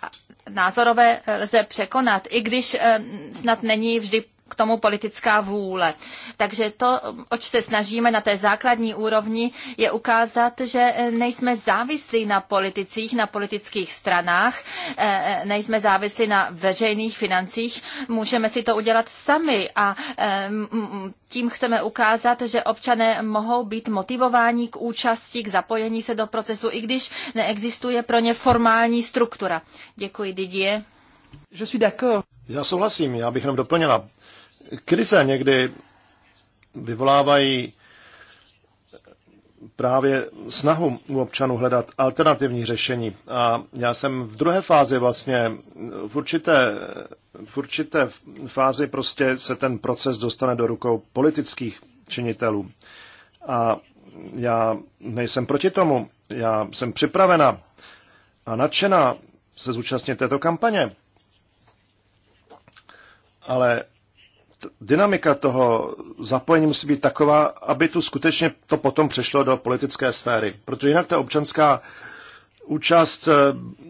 názorové lze překonat, i když eh, snad není vždy k tomu politická vůle. Takže to, oč se snažíme na té základní úrovni, je ukázat, že eh, nejsme závislí na politicích, na politických stranách, eh, eh, nejsme závislí na veřejných financích, můžeme si to udělat sami a tím chceme ukázat, že občané mohou být motivováni k účasti, k zapojení se do procesu, i když neexistuje pro ně formální struktura. Děkuji, Didier. Já souhlasím, já bych jenom doplnila. Krize někdy vyvolávají právě snahu u občanů hledat alternativní řešení. A já jsem v druhé fázi vlastně, v určité, v určité fázi prostě se ten proces dostane do rukou politických činitelů. A já nejsem proti tomu, já jsem připravena a nadšená se zúčastnit této kampaně. Ale dynamika toho zapojení musí být taková, aby tu skutečně to potom přešlo do politické sféry. Protože jinak ta občanská účast eh,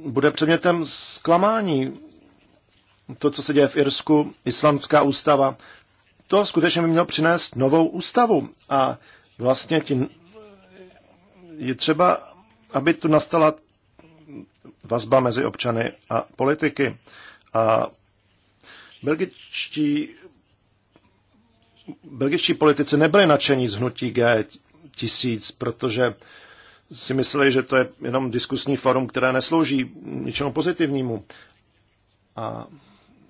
bude předmětem zklamání. To, co se děje v Irsku, islandská ústava, to skutečně by mělo přinést novou ústavu. A vlastně ti, je třeba, aby tu nastala vazba mezi občany a politiky. A belgičtí belgičtí politici nebyli nadšení z hnutí G1000, protože si mysleli, že to je jenom diskusní forum, které neslouží ničemu pozitivnímu. A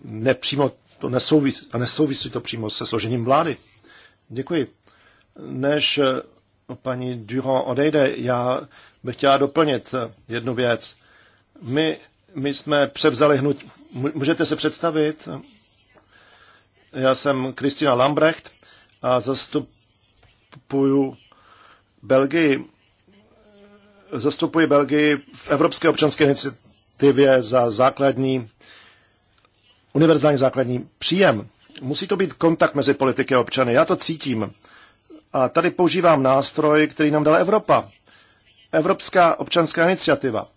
nepřímo to nesouvisí, a nesouvisí to přímo se složením vlády. Děkuji. Než eh, paní Durand odejde, já bych chtěla doplnit eh, jednu věc. My, my jsme převzali hnutí. Můžete se představit? Já jsem Kristina Lambrecht a zastupuju Belgii. Zastupuji Belgii v Evropské občanské iniciativě za základní, univerzální základní příjem. Musí to být kontakt mezi politiky a občany. Já to cítím. A tady používám nástroj, který nám dala Evropa. Evropská občanská iniciativa.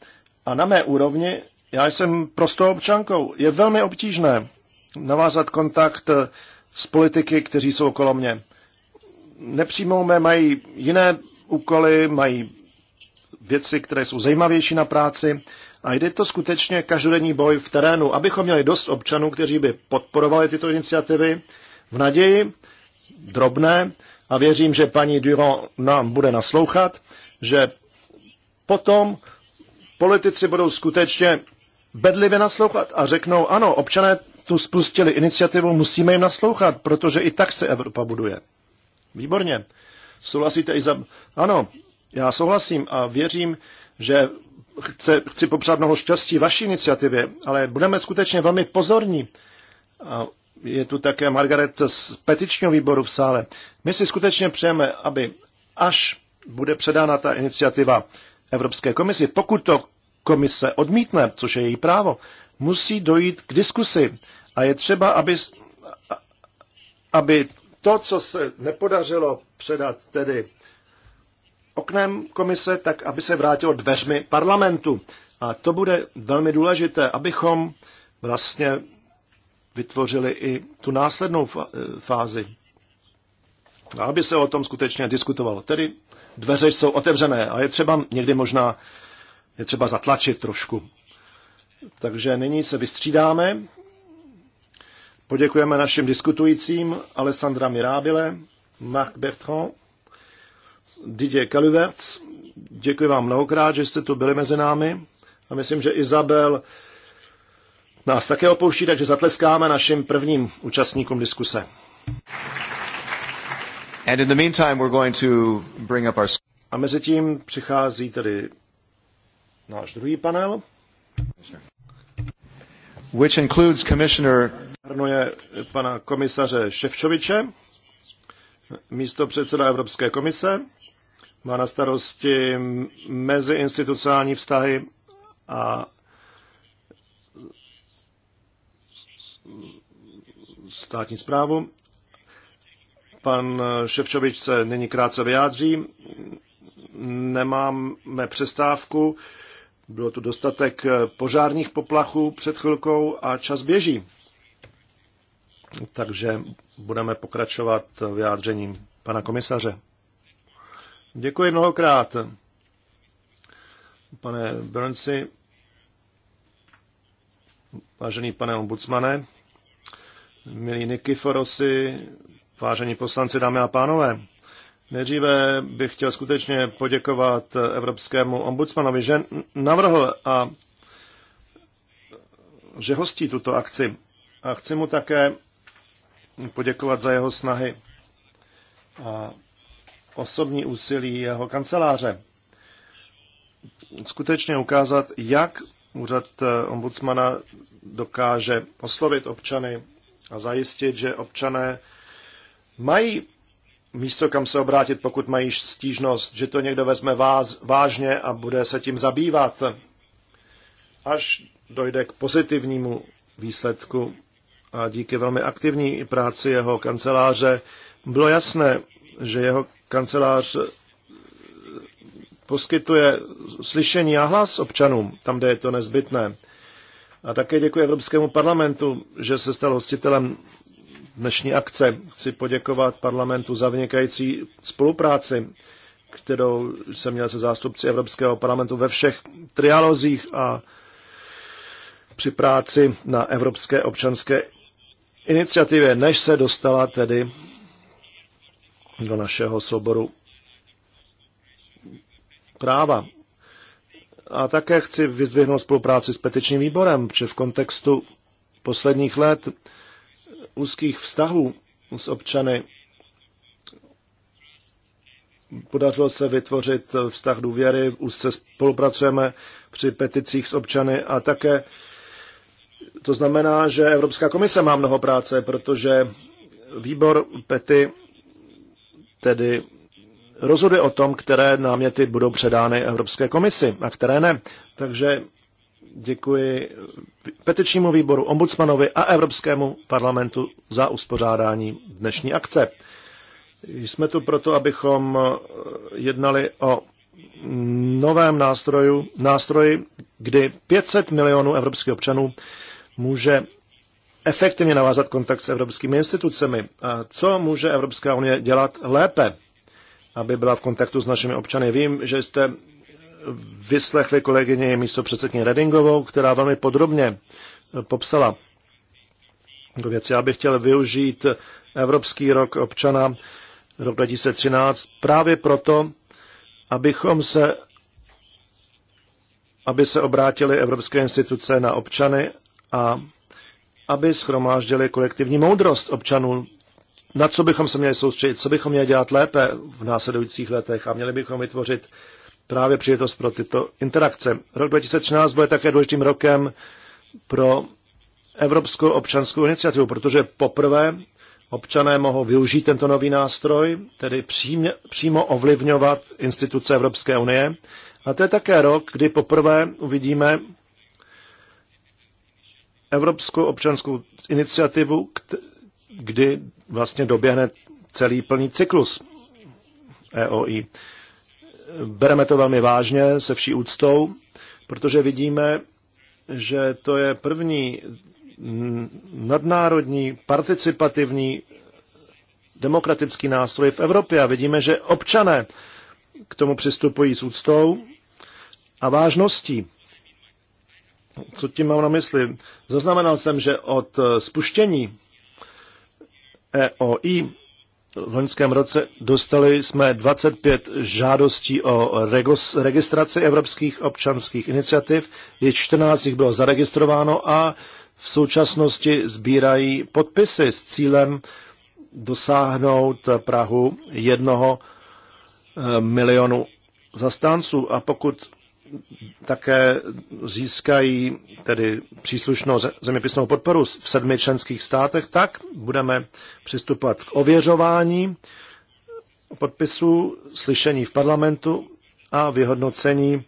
A na mé úrovni, já jsem prostou občankou, je velmi obtížné navázat kontakt eh, s politiky, kteří jsou okolo mě. Nepřímou mé mají jiné úkoly, mají věci, které jsou zajímavější na práci a jde to skutečně každodenní boj v terénu, abychom měli dost občanů, kteří by podporovali tyto iniciativy v naději, drobné, a věřím, že paní Duro nám bude naslouchat, že potom politici budou skutečně bedlivě naslouchat a řeknou, ano, občané tu spustili iniciativu, musíme jim naslouchat, protože i tak se Evropa buduje. Výborně. Souhlasíte i za... Ano, já souhlasím a věřím, že chce, chci popřát mnoho štěstí vaší iniciativě, ale budeme skutečně velmi pozorní. A je tu také Margaret z petičního výboru v sále. My si skutečně přejeme, aby až bude předána ta iniciativa Evropské komisi, pokud to komise odmítne, což je její právo, musí dojít k diskusi a je třeba, aby, aby to, co se nepodařilo předat tedy oknem komise, tak aby se vrátilo dveřmi parlamentu. A to bude velmi důležité, abychom vlastně vytvořili i tu následnou fázi. A aby se o tom skutečně diskutovalo. Tedy dveře jsou otevřené a je třeba někdy možná je třeba zatlačit trošku. Takže nyní se vystřídáme. Poděkujeme našim diskutujícím Alessandra Mirábile, Marc Bertrand, Didier Kaluverc. Děkuji vám mnohokrát, že jste tu byli mezi námi. A myslím, že Izabel nás také opouští, takže zatleskáme našim prvním účastníkům diskuse. And in the meantime, we're going to bring up our... A mezi tím přichází tedy náš druhý panel which includes Commissioner pana komisaře Ševčoviče, místo předseda Evropské komise, má na starosti meziinstitucionální vztahy a státní zprávu. Pan Ševčovič se nyní krátce vyjádří. Nemáme přestávku. Bylo tu dostatek eh, požárních poplachů před chvilkou a čas běží. Takže budeme pokračovat vyjádřením pana komisaře. Děkuji mnohokrát. Pane Brnci, vážený pane ombudsmane, milí Nikiforosi, vážení poslanci, dámy a pánové, Nejdříve bych chtěl skutečně poděkovat evropskému ombudsmanovi, že navrhl a že hostí tuto akci. A chci mu také poděkovat za jeho snahy a osobní úsilí jeho kanceláře. Skutečně ukázat, jak úřad ombudsmana dokáže oslovit občany a zajistit, že občané mají místo, kam se obrátit, pokud mají stížnost, že to někdo vezme váz, vážně a bude se tím zabývat, až dojde k pozitivnímu výsledku. A díky velmi aktivní práci jeho kanceláře bylo jasné, že jeho kancelář poskytuje slyšení a hlas občanům, tam, kde je to nezbytné. A také děkuji Evropskému parlamentu, že se stal hostitelem dnešní akce. Chci poděkovat parlamentu za vynikající spolupráci, kterou jsem měl se zástupci Evropského parlamentu ve všech trialozích a při práci na Evropské občanské iniciativě, než se dostala tedy do našeho souboru práva. A také chci vyzvihnout spolupráci s petičním výborem, protože v kontextu posledních let úzkých vztahů s občany podařilo se vytvořit vztah důvěry, úzce spolupracujeme při peticích s občany a také to znamená, že Evropská komise má mnoho práce, protože výbor pety tedy rozhoduje o tom, které náměty budou předány Evropské komisi a které ne. Takže Děkuji petičnímu výboru, ombudsmanovi a Evropskému parlamentu za uspořádání dnešní akce. Jsme tu proto, abychom jednali o novém nástroju, nástroji, kdy 500 milionů evropských občanů může efektivně navázat kontakt s evropskými institucemi. A co může Evropská unie dělat lépe, aby byla v kontaktu s našimi občany? Vím, že jste vyslechli kolegyně místo předsedkyně Redingovou, která velmi podrobně eh, popsala do věci. Já bych chtěl využít Evropský rok občana rok 2013 právě proto, abychom se aby se obrátili evropské instituce na občany a aby schromáždili kolektivní moudrost občanů, na co bychom se měli soustředit, co bychom měli dělat lépe v následujících letech a měli bychom vytvořit právě příležitost pro tyto interakce. Rok 2013 bude také důležitým rokem pro Evropskou občanskou iniciativu, protože poprvé občané mohou využít tento nový nástroj, tedy přímě, přímo ovlivňovat instituce Evropské unie. A to je také rok, kdy poprvé uvidíme Evropskou občanskou iniciativu, kdy vlastně doběhne celý plný cyklus EOI. Bereme to velmi vážně, se vší úctou, protože vidíme, že to je první nadnárodní, participativní demokratický nástroj v Evropě a vidíme, že občané k tomu přistupují s úctou a vážností. Co tím mám na mysli? Zaznamenal jsem, že od spuštění EOI v loňském roce dostali jsme 25 žádostí o registraci evropských občanských iniciativ, je 14 jich bylo zaregistrováno a v současnosti sbírají podpisy s cílem dosáhnout Prahu jednoho eh, milionu zastánců. A pokud také získají tedy příslušnou zeměpisnou podporu v sedmi členských státech, tak budeme přistupovat k ověřování podpisů, slyšení v parlamentu a vyhodnocení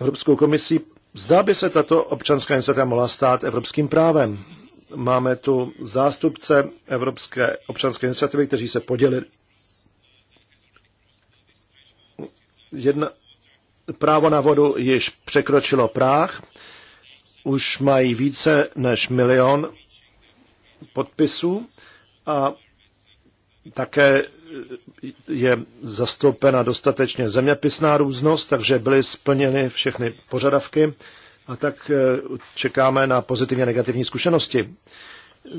Evropskou komisí. Zdá by se tato občanská iniciativa mohla stát evropským právem. Máme tu zástupce Evropské občanské iniciativy, kteří se podělili. Jedna, právo na vodu již překročilo práh, už mají více než milion podpisů a také je zastoupena dostatečně zeměpisná různost, takže byly splněny všechny požadavky a tak eh, čekáme na pozitivně a negativní zkušenosti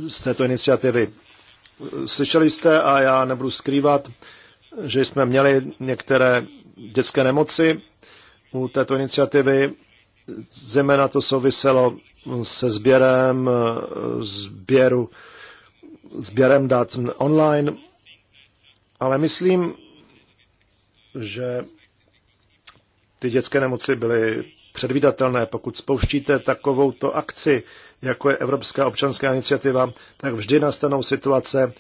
z této iniciativy. Slyšeli jste a já nebudu skrývat, že jsme měli některé dětské nemoci, u této iniciativy. Zejména to souviselo se sběrem, sběru, sběrem dat online, ale myslím, že ty dětské nemoci byly předvídatelné. Pokud spouštíte takovouto akci, jako je Evropská občanská iniciativa, tak vždy nastanou situace,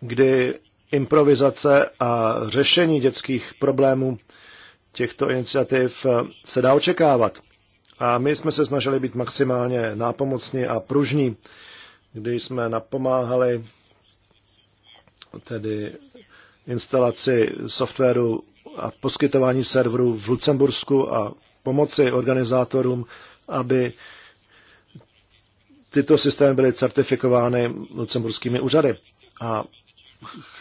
kdy improvizace a řešení dětských problémů těchto iniciativ eh, se dá očekávat. A my jsme se snažili být maximálně nápomocní a pružní, kdy jsme napomáhali tedy instalaci softwaru a poskytování serverů v Lucembursku a pomoci organizátorům, aby tyto systémy byly certifikovány lucemburskými úřady. A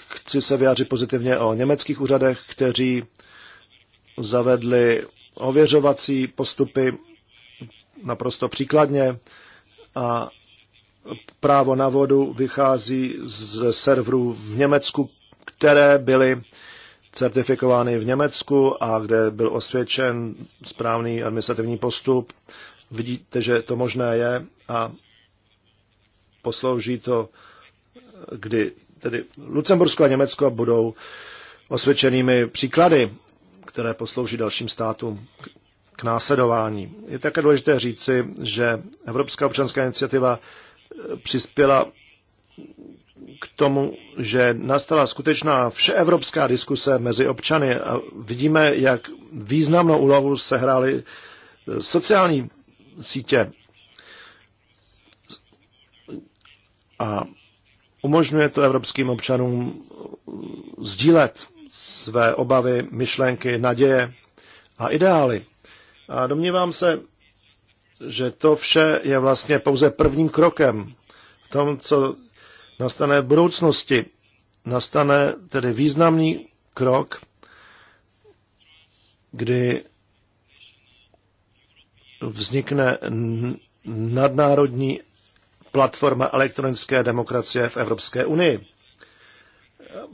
chci se vyjádřit pozitivně o německých úřadech, kteří zavedli ověřovací postupy naprosto příkladně a právo na vodu vychází ze serverů v Německu, které byly certifikovány v Německu a kde byl osvědčen správný administrativní postup. Vidíte, že to možné je a poslouží to, kdy tedy Lucembursko a Německo budou osvědčenými příklady které poslouží dalším státům k následování. Je také důležité říci, že Evropská občanská iniciativa eh, přispěla k tomu, že nastala skutečná všeevropská diskuse mezi občany a vidíme, jak významnou úlohu sehrály eh, sociální sítě a umožňuje to evropským občanům eh, sdílet své obavy, myšlenky, naděje a ideály. A domnívám se, že to vše je vlastně pouze prvním krokem v tom, co nastane v budoucnosti. Nastane tedy významný krok, kdy vznikne nadnárodní platforma elektronické demokracie v Evropské unii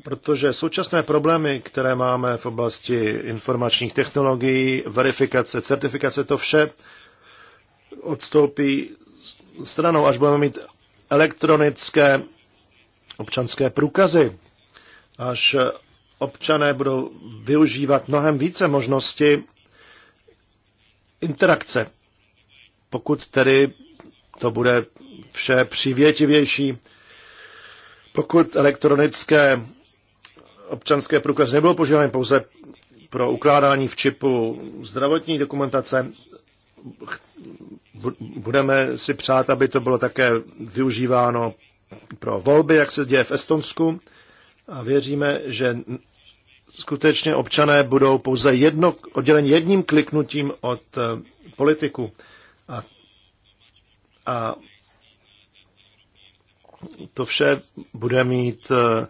protože současné problémy, které máme v oblasti informačních technologií, verifikace, certifikace, to vše odstoupí stranou, až budeme mít elektronické občanské průkazy, až občané budou využívat mnohem více možnosti interakce, pokud tedy to bude vše přivětivější pokud elektronické občanské průkaz nebylo požadováno pouze pro ukládání v čipu zdravotní dokumentace, budeme si přát, aby to bylo také využíváno pro volby, jak se děje v Estonsku. A věříme, že skutečně občané budou pouze jedno, odděleni jedním kliknutím od eh, politiku. A, a to vše bude mít eh,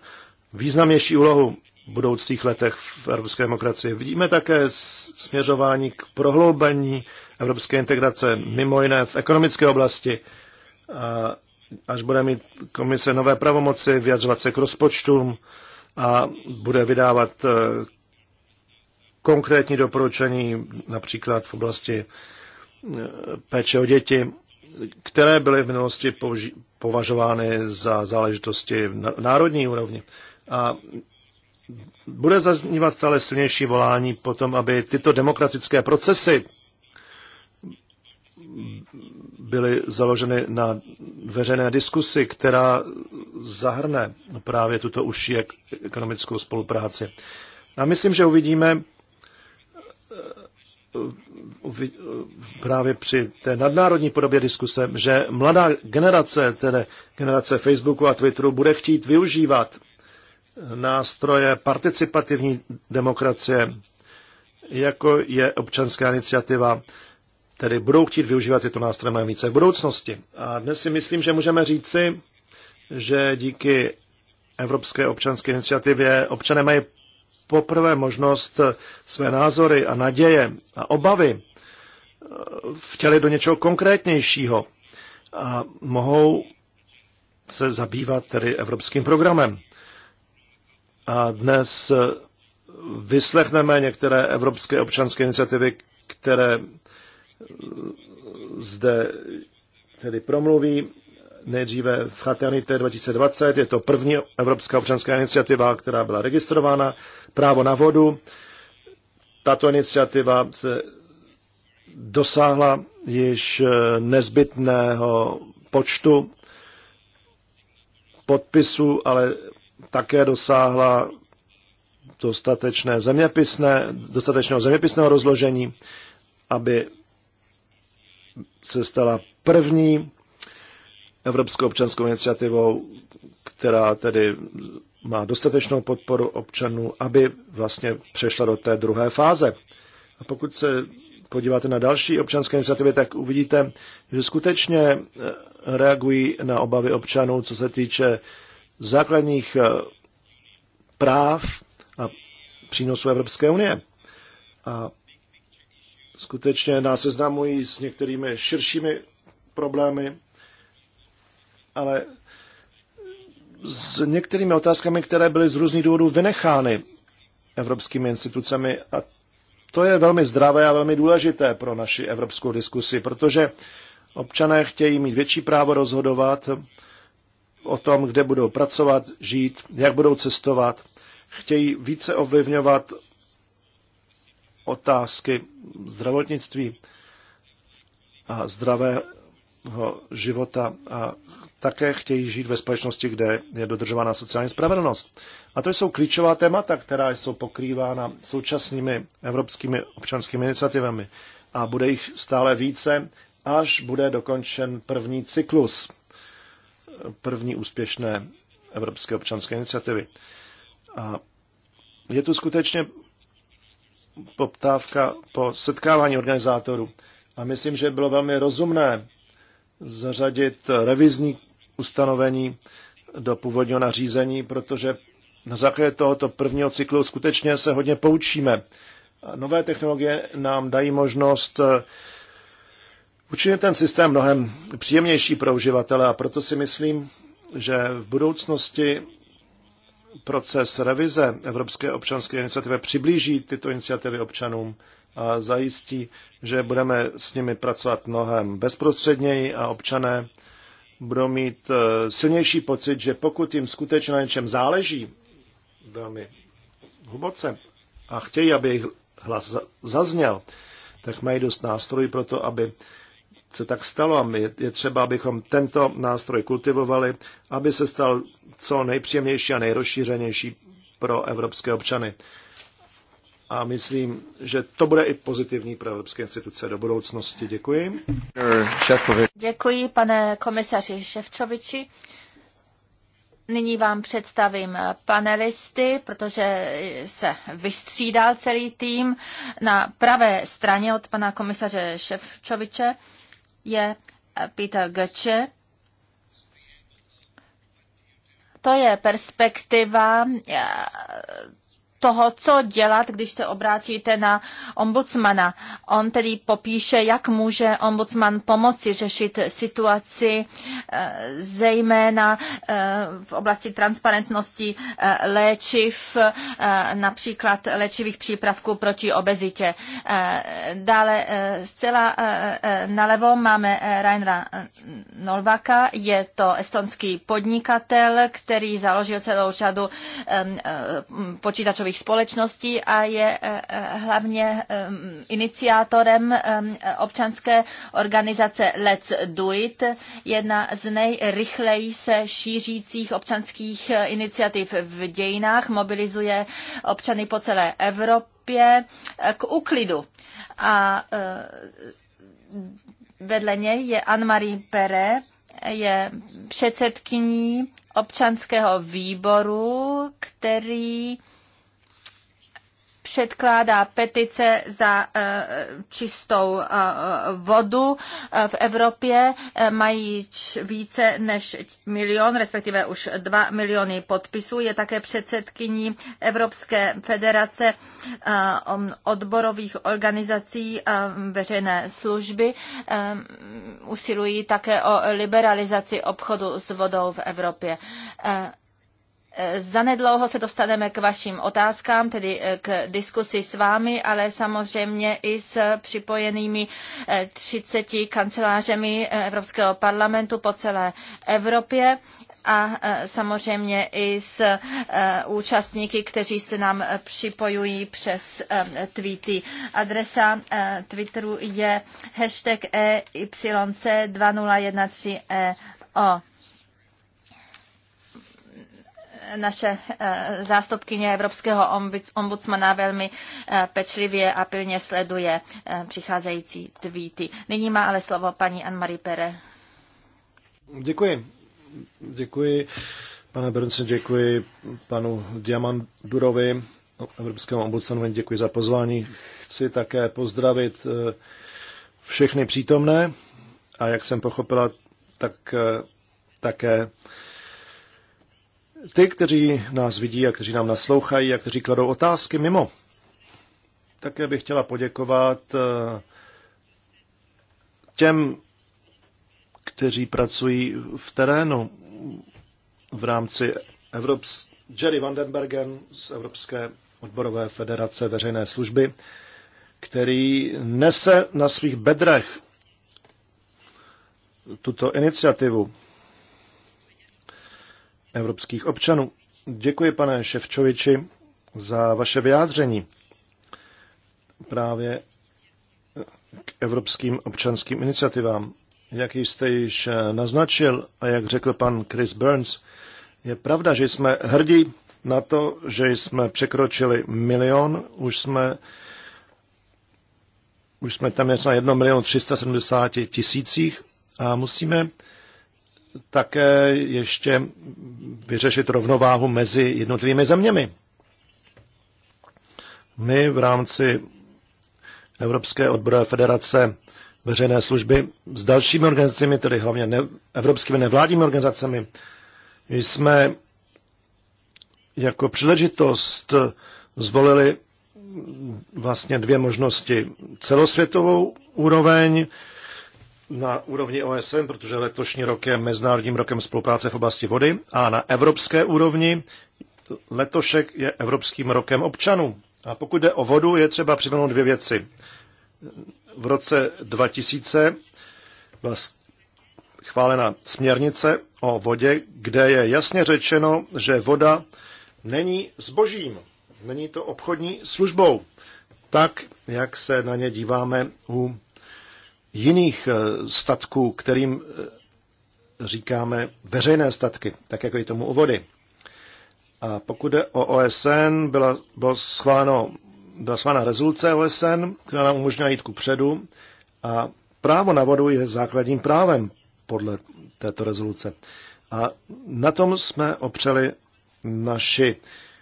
významnější úlohu v budoucích letech v evropské demokracii. Vidíme také směřování k prohloubení evropské integrace, mimo jiné v ekonomické oblasti. A až bude mít komise nové pravomoci vyjadřovat se k rozpočtům a bude vydávat eh, konkrétní doporučení například v oblasti eh, péče o děti, které byly v minulosti použi- považovány za záležitosti národní úrovni. A bude zaznívat stále silnější volání potom, aby tyto demokratické procesy byly založeny na veřejné diskusi, která zahrne právě tuto užší ekonomickou spolupráci. A myslím, že uvidíme právě při té nadnárodní podobě diskuse, že mladá generace, tedy generace Facebooku a Twitteru, bude chtít využívat nástroje participativní demokracie, jako je občanská iniciativa, tedy budou chtít využívat tyto nástroje mnohem více v budoucnosti. A dnes si myslím, že můžeme říci, že díky Evropské občanské iniciativě občané mají poprvé možnost své názory a naděje a obavy vtěli do něčeho konkrétnějšího a mohou se zabývat tedy evropským programem. A dnes eh, vyslechneme některé evropské občanské iniciativy, které eh, zde tedy promluví. Nejdříve v Fraternité 2020, je to první evropská občanská iniciativa, která byla registrována, právo na vodu. Tato iniciativa se dosáhla již eh, nezbytného počtu podpisů, ale také dosáhla dostatečné zeměpisné, dostatečného zeměpisného rozložení, aby se stala první Evropskou občanskou iniciativou, která tedy má dostatečnou podporu občanů, aby vlastně přešla do té druhé fáze. A pokud se podíváte na další občanské iniciativy, tak uvidíte, že skutečně eh, reagují na obavy občanů, co se týče základních eh, práv a přínosu Evropské unie. A skutečně nás seznamují s některými širšími problémy, ale s některými otázkami, které byly z různých důvodů vynechány evropskými institucemi a to je velmi zdravé a velmi důležité pro naši evropskou diskusi, protože občané chtějí mít větší právo rozhodovat o tom, kde budou pracovat, žít, jak budou cestovat. Chtějí více ovlivňovat otázky zdravotnictví a zdravé života a také chtějí žít ve společnosti, kde je dodržována sociální spravedlnost. A to jsou klíčová témata, která jsou pokrývána současnými evropskými občanskými iniciativami. A bude jich stále více, až bude dokončen první cyklus, první úspěšné evropské občanské iniciativy. A je tu skutečně poptávka po setkávání organizátorů. A myslím, že bylo velmi rozumné zařadit revizní ustanovení do původního nařízení, protože na základě tohoto prvního cyklu skutečně se hodně poučíme. A nové technologie nám dají možnost eh, učinit ten systém mnohem příjemnější pro uživatele a proto si myslím, že v budoucnosti proces revize Evropské občanské iniciativy přiblíží tyto iniciativy občanům a zajistí, že budeme s nimi pracovat mnohem bezprostředněji a občané budou mít e, silnější pocit, že pokud jim skutečně na něčem záleží velmi hluboce a chtějí, aby jejich hlas zazněl, tak mají dost nástrojů pro to, aby se tak stalo a my je třeba, abychom tento nástroj kultivovali, aby se stal co nejpříjemnější a nejrozšířenější pro evropské občany a myslím, že to bude i pozitivní pro evropské instituce do budoucnosti. Děkuji. Děkuji, pane komisaři Ševčoviči. Nyní vám představím panelisty, protože se vystřídal celý tým. Na pravé straně od pana komisaře Ševčoviče je Peter Götze, to je perspektiva toho, co dělat, když se obrátíte na ombudsmana. On tedy popíše, jak může ombudsman pomoci řešit situaci eh, zejména eh, v oblasti transparentnosti eh, léčiv, například léčivých přípravků proti obezitě. Dále zcela nalevo máme Reinra Nolvaka, je to estonský podnikatel, který založil celou řadu počítačových jejich společností a je eh, eh, hlavně ehm, iniciátorem ehm, občanské organizace Let's Do It, jedna z nejrychleji se šířících občanských eh, iniciativ v dějinách, mobilizuje občany po celé Evropě k úklidu. A vedle něj je Anne-Marie Pere, je předsedkyní občanského výboru, který předkládá petice za eh, čistou eh, vodu eh, v Evropě. Mají více než milion, respektive už dva miliony podpisů. Je také předsedkyní Evropské federace odborových organizací veřejné služby. Usilují také o liberalizaci obchodu s vodou v Evropě. Zanedlouho se dostaneme k vašim otázkám, tedy eh, k diskusi s vámi, ale samozřejmě i s připojenými 30 eh, kancelářemi eh, Evropského parlamentu po celé Evropě a samozřejmě i s účastníky, kteří se nám připojují přes tweety. Adresa Twitteru je hashtag EYC 2013EO naše eh, zástupkyně Evropského ombudsmana velmi eh, pečlivě a pilně sleduje eh, přicházející tweety. Nyní má ale slovo paní Anne-Marie Pere. Děkuji. Děkuji. Pane Brunce, děkuji panu Diamandurovi, Evropskému ombudsmanovi, děkuji za pozvání. Chci také pozdravit všechny přítomné a jak jsem pochopila, tak také ty, kteří nás vidí a kteří nám naslouchají a kteří kladou otázky mimo. Také bych chtěla poděkovat eh, těm, kteří pracují v terénu v rámci Evrops- Jerry Vandenbergen z Evropské odborové federace veřejné služby, který nese na svých bedrech tuto iniciativu evropských občanů. Děkuji, pane Ševčoviči, za vaše vyjádření právě k evropským občanským iniciativám. Jak jste již eh, naznačil a jak řekl pan Chris Burns, je pravda, že jsme hrdí na to, že jsme překročili milion, už jsme už jsme tam na 1 milion 370 tisících a musíme také ještě vyřešit rovnováhu mezi jednotlivými zeměmi. My v rámci Evropské odborové federace veřejné služby s dalšími organizacemi, tedy hlavně ne, evropskými nevládními organizacemi, jsme jako příležitost zvolili vlastně dvě možnosti. Celosvětovou úroveň, na úrovni OSN, protože letošní rok je Mezinárodním rokem spolupráce v oblasti vody, a na evropské úrovni letošek je Evropským rokem občanů. A pokud jde o vodu, je třeba připomenout dvě věci. V roce 2000 byla chválena směrnice o vodě, kde je jasně řečeno, že voda není zbožím, není to obchodní službou, tak jak se na ně díváme u jiných eh, statků, kterým eh, říkáme veřejné statky, tak jako je tomu u vody. A pokud jde o OSN, byla, bylo schváleno, byla schválena rezoluce OSN, která nám umožňuje jít ku předu a právo na vodu je základním právem podle této rezoluce. A na tom jsme opřeli naši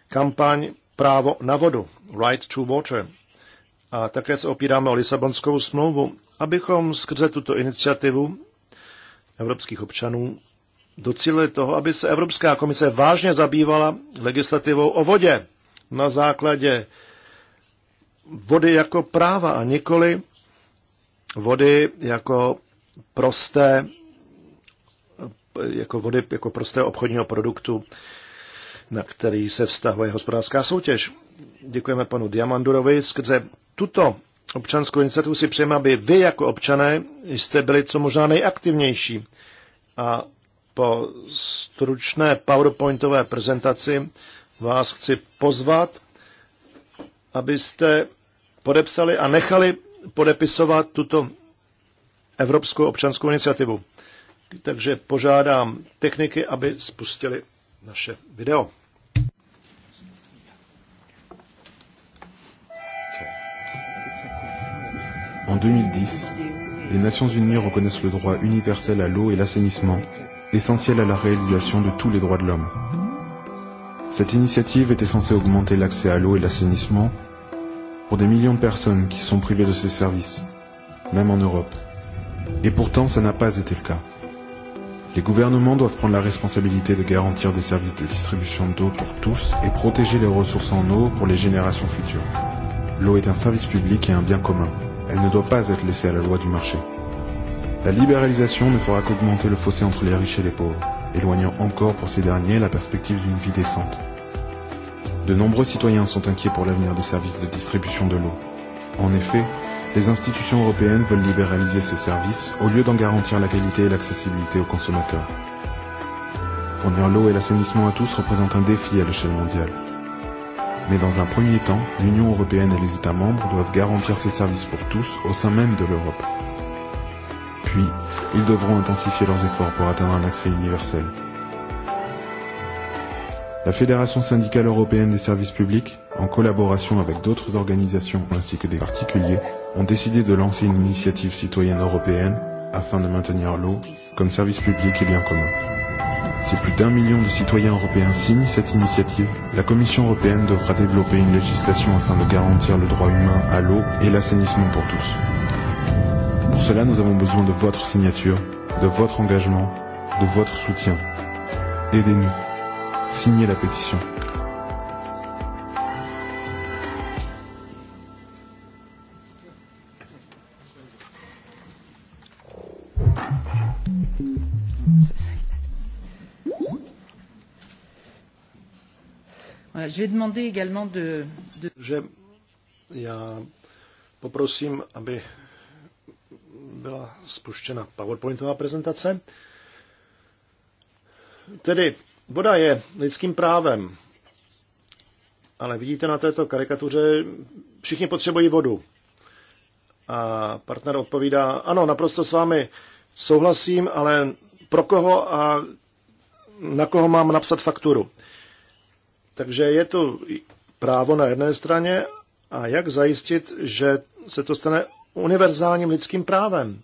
kampaň Právo na vodu, Right to Water. A také se opíráme o Lisabonskou smlouvu abychom skrze tuto iniciativu evropských občanů docílili toho, aby se Evropská komise vážně zabývala legislativou o vodě na základě vody jako práva a nikoli vody jako prosté jako vody jako prostého obchodního produktu, na který se vztahuje hospodářská soutěž. Děkujeme panu Diamandurovi skrze tuto občanskou iniciativu si přejeme, aby vy jako občané jste byli co možná nejaktivnější. A po stručné PowerPointové prezentaci vás chci pozvat, abyste podepsali a nechali podepisovat tuto Evropskou občanskou iniciativu. Takže požádám techniky, aby spustili naše video. En 2010, les Nations Unies reconnaissent le droit universel à l'eau et l'assainissement, essentiel à la réalisation de tous les droits de l'homme. Cette initiative était censée augmenter l'accès à l'eau et l'assainissement pour des millions de personnes qui sont privées de ces services, même en Europe. Et pourtant, ça n'a pas été le cas. Les gouvernements doivent prendre la responsabilité de garantir des services de distribution d'eau pour tous et protéger les ressources en eau pour les générations futures. L'eau est un service public et un bien commun elle ne doit pas être laissée à la loi du marché. La libéralisation ne fera qu'augmenter le fossé entre les riches et les pauvres, éloignant encore pour ces derniers la perspective d'une vie décente. De nombreux citoyens sont inquiets pour l'avenir des services de distribution de l'eau. En effet, les institutions européennes veulent libéraliser ces services au lieu d'en garantir la qualité et l'accessibilité aux consommateurs. Fournir l'eau et l'assainissement à tous représente un défi à l'échelle mondiale. Mais dans un premier temps, l'Union européenne et les États membres doivent garantir ces services pour tous au sein même de l'Europe. Puis, ils devront intensifier leurs efforts pour atteindre un accès universel. La Fédération syndicale européenne des services publics, en collaboration avec d'autres organisations ainsi que des particuliers, ont décidé de lancer une initiative citoyenne européenne afin de maintenir l'eau comme service public et bien commun. Si plus d'un million de citoyens européens signent cette initiative, la Commission européenne devra développer une législation afin de garantir le droit humain à l'eau et l'assainissement pour tous. Pour cela, nous avons besoin de votre signature, de votre engagement, de votre soutien. Aidez-nous. Signez la pétition. Že já poprosím, aby byla spuštěna PowerPointová prezentace. Tedy voda je lidským právem, ale vidíte na této karikatuře, všichni potřebují vodu. A partner odpovídá, ano, naprosto s vámi souhlasím, ale pro koho a na koho mám napsat fakturu? Takže je tu právo na jedné straně a jak zajistit, že se to stane univerzálním lidským právem.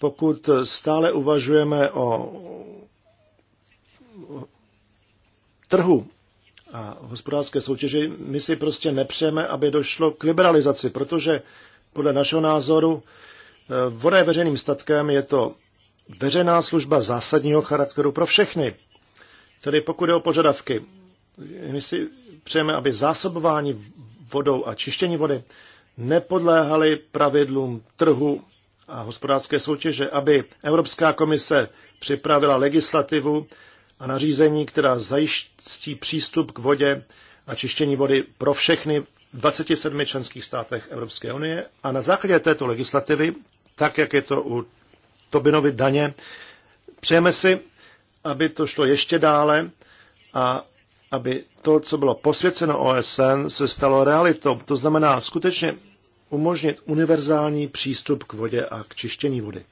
Pokud stále uvažujeme o trhu a hospodářské soutěži, my si prostě nepřejeme, aby došlo k liberalizaci, protože podle našeho názoru eh, voda je veřejným statkem, je to veřejná služba zásadního charakteru pro všechny. Tedy pokud je o požadavky my si přejeme, aby zásobování vodou a čištění vody nepodléhaly pravidlům trhu a hospodářské soutěže, aby Evropská komise připravila legislativu a nařízení, která zajistí přístup k vodě a čištění vody pro všechny v 27 členských státech Evropské unie a na základě této legislativy, tak jak je to u Tobinovy daně, přejeme si, aby to šlo ještě dále a aby to, co bylo posvěceno OSN, se stalo realitou. To znamená skutečně umožnit univerzální přístup k vodě a k čištění vody.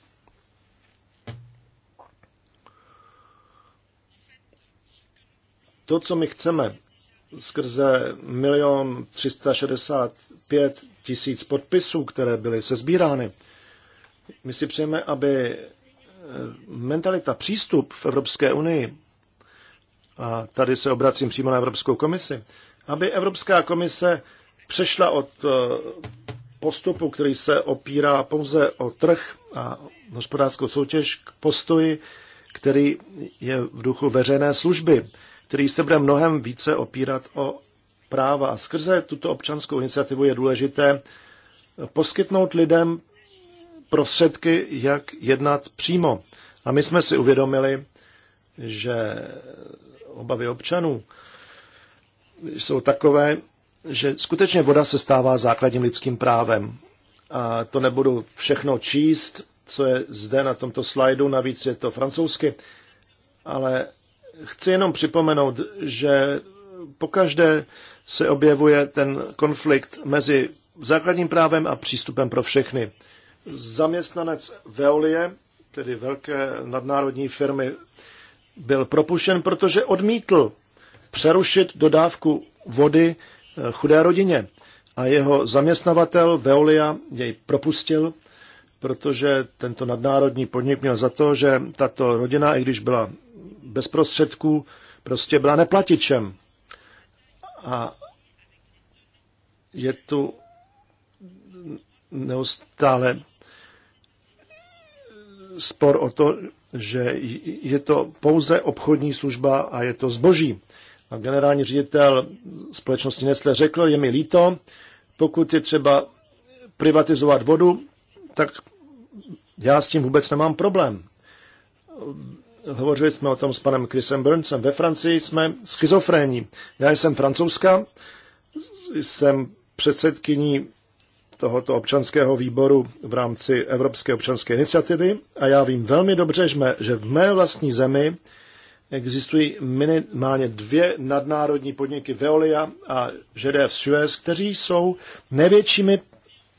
To, co my chceme skrze milion 365 tisíc podpisů, které byly sezbírány, my si přejeme, aby eh, mentalita, přístup v Evropské unii a tady se obracím přímo na Evropskou komisi, aby Evropská komise přešla od eh, postupu, který se opírá pouze o trh a hospodářskou soutěž k postoji, který je v duchu veřejné služby, který se bude mnohem více opírat o práva. A skrze tuto občanskou iniciativu je důležité poskytnout lidem prostředky, jak jednat přímo. A my jsme si uvědomili, že obavy občanů jsou takové, že skutečně voda se stává základním lidským právem. A to nebudu všechno číst, co je zde na tomto slajdu, navíc je to francouzsky, ale chci jenom připomenout, že pokaždé se objevuje ten konflikt mezi základním právem a přístupem pro všechny. Zaměstnanec Veolie, tedy velké nadnárodní firmy byl propuštěn, protože odmítl přerušit dodávku vody eh, chudé rodině. A jeho zaměstnavatel Veolia jej propustil, protože tento nadnárodní podnik měl za to, že tato rodina, i když byla bez prostředků, prostě byla neplatičem. A je tu neustále spor o to, že je to pouze obchodní služba a je to zboží. A generální ředitel společnosti Nestlé řekl, je mi líto, pokud je třeba privatizovat vodu, tak já s tím vůbec nemám problém. Hovořili jsme o tom s panem Chrisem Burnsem. Ve Francii jsme schizofrénní. Já jsem francouzská, jsem předsedkyní tohoto občanského výboru v rámci Evropské občanské iniciativy a já vím velmi dobře, že v mé vlastní zemi existují minimálně dvě nadnárodní podniky Veolia a ŽDF Suez, kteří jsou největšími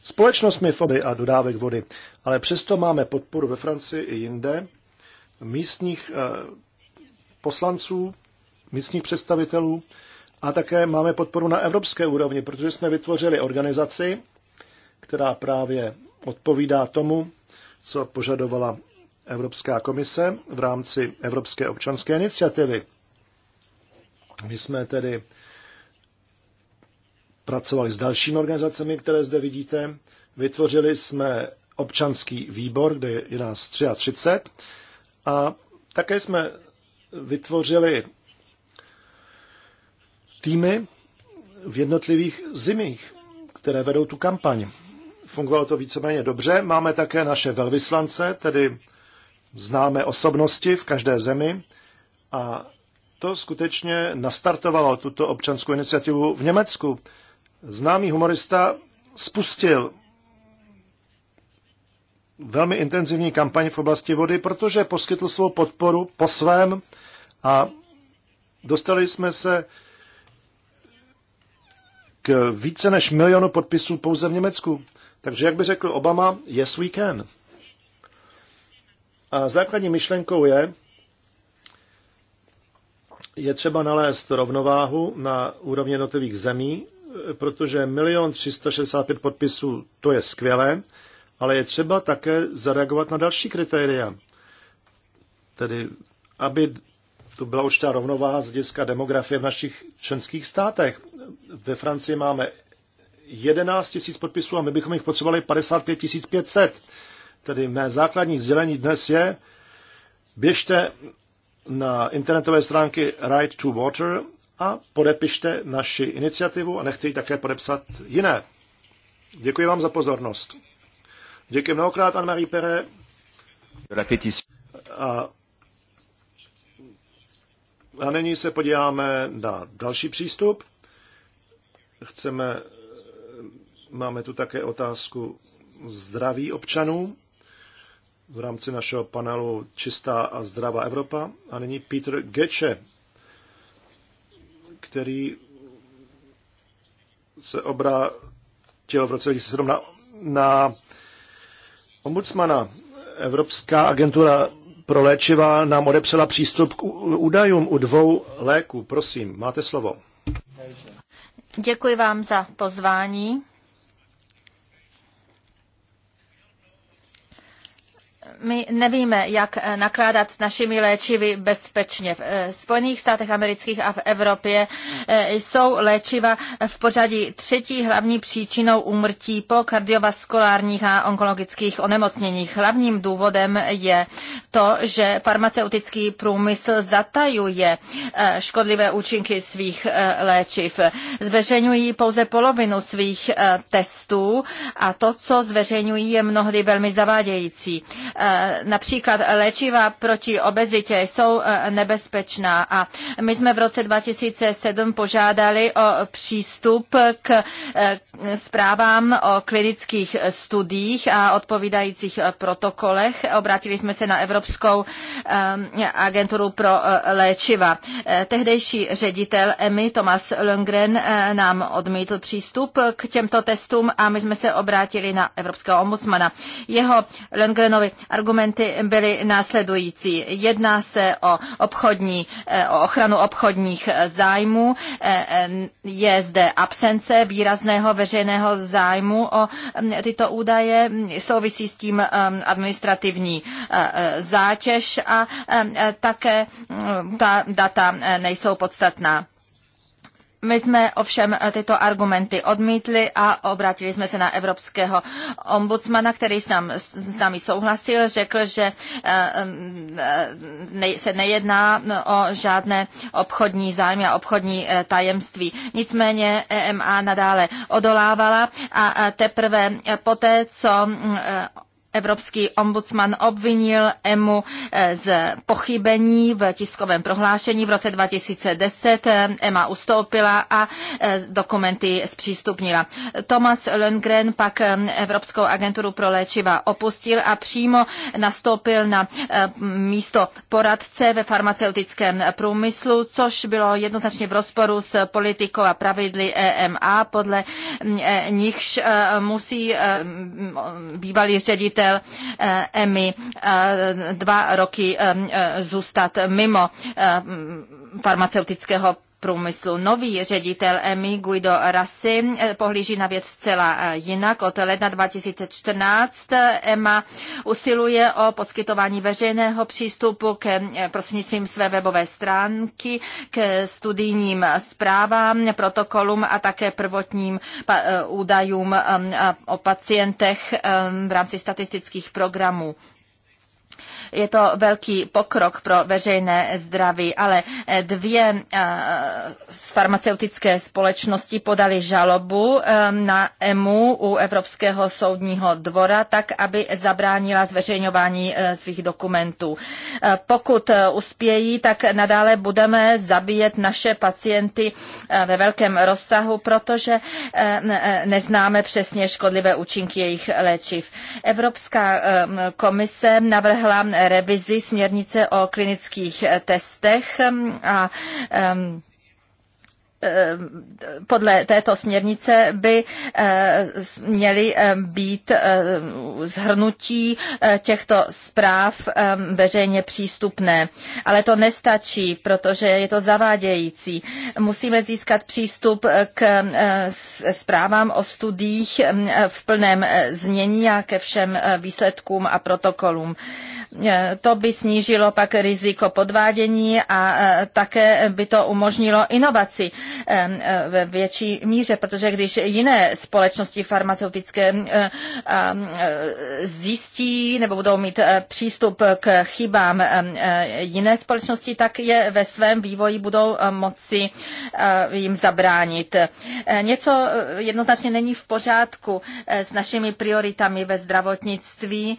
společnostmi vody a dodávek vody. Ale přesto máme podporu ve Francii i jinde místních eh, poslanců, místních představitelů a také máme podporu na evropské úrovni, protože jsme vytvořili organizaci, která právě odpovídá tomu, co požadovala Evropská komise v rámci Evropské občanské iniciativy. My jsme tedy pracovali s dalšími organizacemi, které zde vidíte. Vytvořili jsme občanský výbor, kde je nás 33. A také jsme vytvořili týmy v jednotlivých zimích, které vedou tu kampaň fungovalo to víceméně dobře. Máme také naše velvyslance, tedy známé osobnosti v každé zemi a to skutečně nastartovalo tuto občanskou iniciativu v Německu. Známý humorista spustil velmi intenzivní kampaň v oblasti vody, protože poskytl svou podporu po svém a dostali jsme se k více než milionu podpisů pouze v Německu. Takže jak by řekl Obama, yes we can. A základní myšlenkou je, je třeba nalézt rovnováhu na úrovni jednotlivých zemí, protože milion 365 podpisů to je skvělé, ale je třeba také zareagovat na další kritéria. Tedy, aby tu byla určitá rovnováha z hlediska demografie v našich členských státech. Ve Francii máme 11 tisíc podpisů a my bychom jich potřebovali 55 500. Tedy mé základní sdělení dnes je, běžte na internetové stránky Right to Water a podepište naši iniciativu a nechci ji také podepsat jiné. Děkuji vám za pozornost. Děkuji mnohokrát, Anne-Marie Pere. A, a nyní se podíváme na další přístup. Chceme Máme tu také otázku zdraví občanů v rámci našeho panelu Čistá a zdravá Evropa. A nyní Peter Geče, který se obrátil v roce 2007 na, na ombudsmana. Evropská agentura pro léčiva nám odepřela přístup k údajům u dvou léků. Prosím, máte slovo. Děkuji vám za pozvání. my nevíme, jak eh, nakládat s našimi léčivy bezpečně. V eh, Spojených státech amerických a v Evropě eh, jsou léčiva v pořadí třetí hlavní příčinou úmrtí po kardiovaskulárních a onkologických onemocněních. Hlavním důvodem je to, že farmaceutický průmysl zatajuje škodlivé účinky svých léčiv. Zveřejňují pouze polovinu svých testů a to, co zveřejňují, je mnohdy velmi zavádějící. Eh, například léčiva proti obezitě jsou eh, nebezpečná a my jsme v roce 2007 požádali o přístup k eh, zprávám o klinických studiích a odpovídajících protokolech. Obrátili jsme se na Evropskou agenturu pro léčiva. Tehdejší ředitel EMI Thomas Lundgren nám odmítl přístup k těmto testům a my jsme se obrátili na Evropského ombudsmana. Jeho Lundgrenovi argumenty byly následující. Jedná se o, obchodní, eh, o ochranu obchodních eh, zájmů, eh, je zde absence výrazného veřejného zájmu o mm, tyto údaje, mm, souvisí s tím mm, administrativní zátěž a také ta data nejsou podstatná. My jsme ovšem eh, tyto argumenty odmítli a obrátili jsme se na evropského ombudsmana, který s, nám, s námi souhlasil, řekl, že eh, eh, se nejedná o žádné obchodní zájmy a obchodní tajemství. Nicméně EMA nadále odolávala a teprve poté, co mm, Evropský ombudsman obvinil EMU eh, z pochybení v tiskovém prohlášení v roce 2010. Eh, EMA ustoupila a eh, dokumenty zpřístupnila. Thomas Lundgren pak Evropskou agenturu pro léčiva opustil a přímo nastoupil na místo poradce ve farmaceutickém průmyslu, což bylo jednoznačně v rozporu s politikou a pravidly EMA, podle nichž musí bývalý ředitel ředitel EMI eh, eh, dva roky eh, zůstat mimo farmaceutického průmyslu. Nový ředitel EMI Guido Rassi eh, pohlíží na věc zcela eh, jinak. Od ledna 2014 eh, EMA usiluje o poskytování veřejného přístupu k prostřednictvím své webové stránky, k studijním zprávám, protokolům a také prvotním údajům o pacientech v rámci statistických programů je to velký pokrok pro veřejné zdraví, ale eh, dvě eh, farmaceutické společnosti podali žalobu eh, na EMU u Evropského soudního dvora, tak aby zabránila zveřejňování svých dokumentů. Pokud uspějí, tak nadále budeme zabíjet naše pacienty ve velkém rozsahu, protože neznáme přesně škodlivé účinky jejich léčiv. Evropská komise navrhla revizi směrnice o klinických testech a podle této směrnice by eh, měly být eh, zhrnutí eh, těchto zpráv veřejně přístupné. Ale to nestačí, protože je to zavádějící. Musíme získat přístup k zprávám o studiích v plném znění a ke všem výsledkům a protokolům. E, to by snížilo pak riziko podvádění a e, také by to umožnilo inovaci e, ve větší míře, protože když jiné společnosti farmaceutické zjistí nebo budou mít přístup k chybám jiné společnosti, tak je ve svém vývoji budou moci jim zabránit. Něco jednoznačně není v pořádku s našimi prioritami ve zdravotnictví,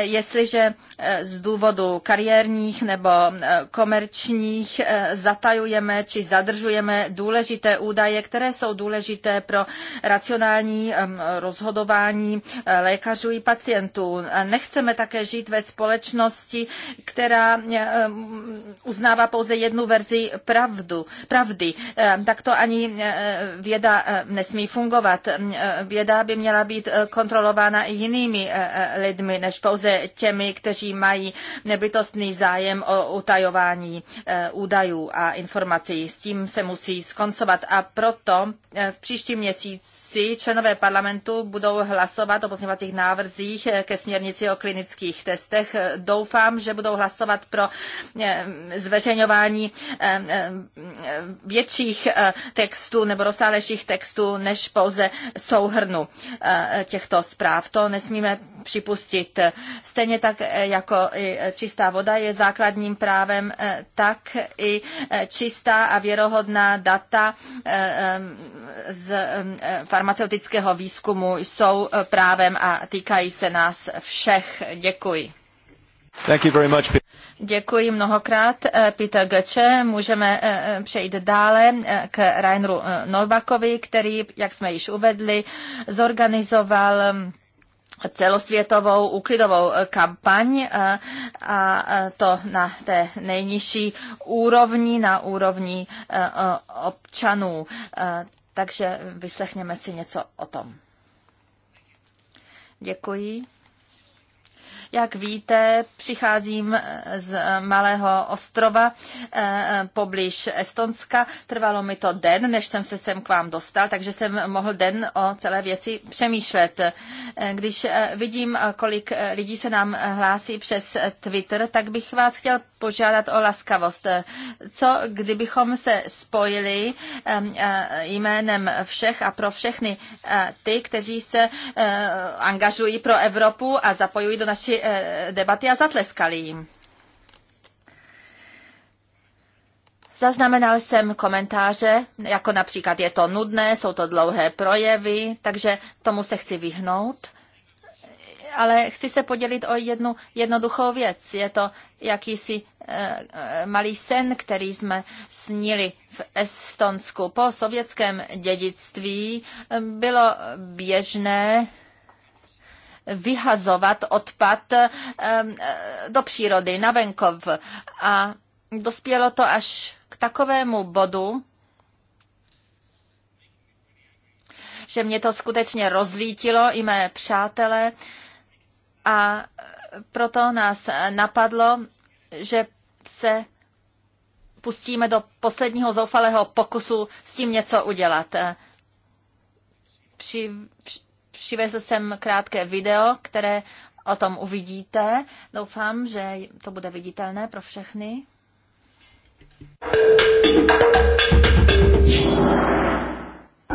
jestliže Eh, z důvodu kariérních nebo eh, komerčních eh, zatajujeme či zadržujeme důležité údaje, které jsou důležité pro racionální rozhodování lékařů i pacientů. Nechceme také žít ve společnosti, která mm, uznává pouze jednu verzi pravdu, pravdy. Tak to ani věda nesmí fungovat. Věda by měla být kontrolována i jinými lidmi, než pouze těmi, kteří kteří mají nebytostný zájem o utajování eh, údajů a informací. S tím se musí skoncovat a proto eh, v příštím měsíci si členové parlamentu budou hlasovat o pozměňovacích návrzích ke směrnici o klinických testech. Doufám, že budou hlasovat pro eh, zveřejňování eh, eh, větších textů nebo rozsálejších textů než pouze souhrnu těchto zpráv. To nesmíme připustit. Stejně tak jako i čistá voda je základním právem, tak i čistá a věrohodná data z farmaceutického výzkumu jsou eh, právem a týkají se nás všech. Děkuji. Thank you very much. Děkuji mnohokrát, eh, Peter Götze. Můžeme eh, přejít dále k Rainru Norbakovi, který, jak jsme již uvedli, zorganizoval mm, celosvětovou úklidovou kampaň a to na té nejnižší úrovni, na úrovni občanů. Takže vyslechněme si něco o tom. Děkuji. Jak víte, přicházím z malého ostrova eh, poblíž Estonska. Trvalo mi to den, než jsem se sem k vám dostal, takže jsem mohl den o celé věci přemýšlet. Eh, když eh, vidím, kolik lidí se nám hlásí přes Twitter, tak bych vás chtěl požádat o laskavost. Co kdybychom se spojili jménem všech a pro všechny ty, kteří se angažují pro Evropu a zapojují do naší Eh, debaty a zatleskali jim. Zaznamenal jsem komentáře, jako například je to nudné, jsou to dlouhé projevy, takže tomu se chci vyhnout. Ale chci se podělit o jednu jednoduchou věc. Je to jakýsi eh, eh, malý sen, který jsme snili v Estonsku. Po sovětském dědictví bylo běžné vyhazovat odpad eh, eh, do přírody, na venkov. A dospělo to až k takovému bodu, že mě to skutečně rozlítilo i mé přátelé a proto nás napadlo, že se pustíme do posledního zoufalého pokusu s tím něco udělat. Při, při, Přivezl jsem krátké video, které o tom uvidíte. Doufám, že to bude viditelné pro všechny.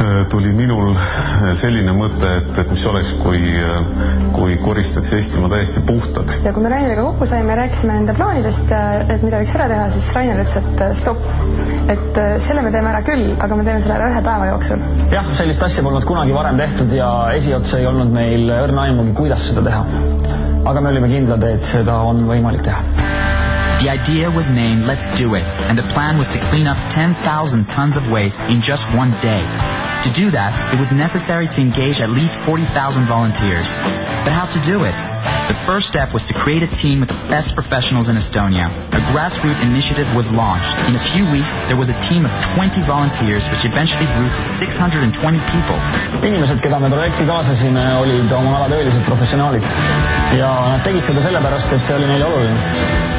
Äh, tuli minul äh, selline mõte, et, et mis oleks, kui, äh, kui koristaks Eestimaa täiesti puhtaks. ja kui me Raineriga kokku saime rääkisime enda plaanidest, et mida võiks ära teha, siis Rainer ütles, et stopp. et selle me teeme ära küll, aga me teeme selle ära ühe päeva jooksul. jah, sellist asja polnud kunagi varem tehtud ja esiotsa ei olnud meil õrna aimugi, kuidas seda teha. aga me olime kindlad, et seda on võimalik teha. The idea was named Let's Do It, and the plan was to clean up 10,000 tons of waste in just one day. To do that, it was necessary to engage at least 40,000 volunteers. But how to do it? The first step was to create a team with the best professionals in Estonia. A grassroots initiative was launched. In a few weeks, there was a team of 20 volunteers, which eventually grew to 620 people. inimesed, keda me projekti kaasasime, olid oma ala töölised professionaalid ja nad tegid seda sellepärast, et see oli neile oluline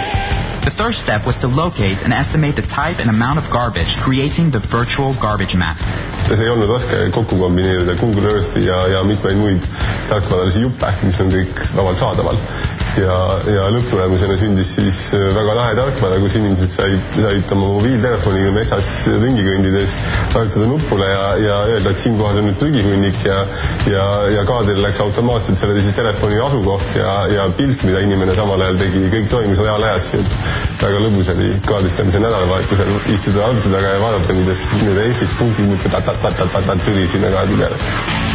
The first step was to locate and estimate the type and amount of garbage, creating the virtual garbage map. see ei olnud raske kokku kombineerida Google Earthi ja, ja mitmeid muid tarkvaralisi juppe, mis on kõik vabalt saadaval ja, ja lõpptulemusena sündis siis äh, väga lahe tarkvara, kus inimesed said, said oma mobiiltelefoniga metsas ringi kõndides vajutada nupule ja, ja öelda, et siinkohas on nüüd prügihunnik ja ja, ja kaadril läks automaatselt selle siis telefoni asukoht ja, ja pilt, mida inimene samal ajal tegi, kõik toimis reaalajas. väga lõbus oli kaardistamise nädalavahetusel istuda arvuti taga ja vaadata, kuidas need Eestit punktid muudkui ta ta ta ta ta tüli sinna kaardi peale.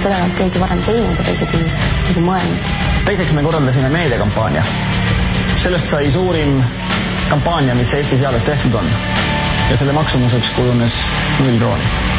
seda keegi varem teinud ja isegi isegi mõelnud. teiseks me korraldasime meediakampaania. sellest sai suurim kampaania, mis Eesti seadus tehtud on. ja selle maksumuseks kujunes null krooni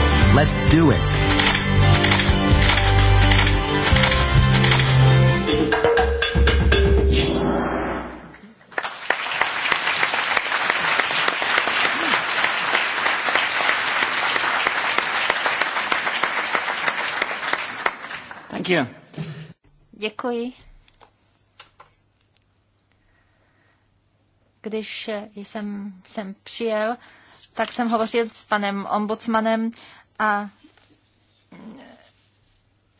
Let's do it. Thank you. Děkuji. Když jsem sem přijel, tak jsem hovořil s panem ombudsmanem a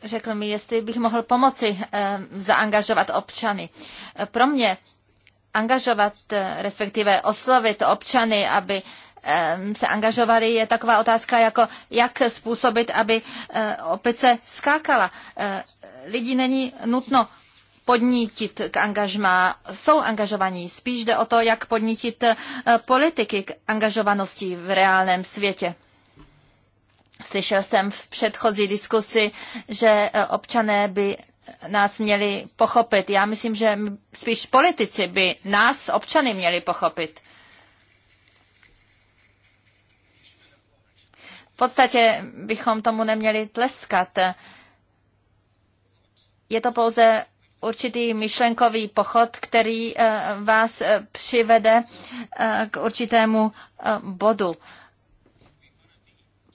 řekl mi, jestli bych mohl pomoci eh, zaangažovat občany. Pro mě angažovat, eh, respektive oslovit občany, aby eh, se angažovali, je taková otázka jako, jak způsobit, aby opice skákala. Lidi není nutno podnítit k angažmá, jsou angažovaní. Spíš jde o to, jak podnítit politiky k angažovanosti v reálném světě. Slyšel jsem v předchozí diskusi, že e, občané by nás měli pochopit. Já myslím, že spíš politici by nás, občany, měli pochopit. V podstatě bychom tomu neměli tleskat. Je to pouze určitý myšlenkový pochod, který e, vás e, přivede k určitému bodu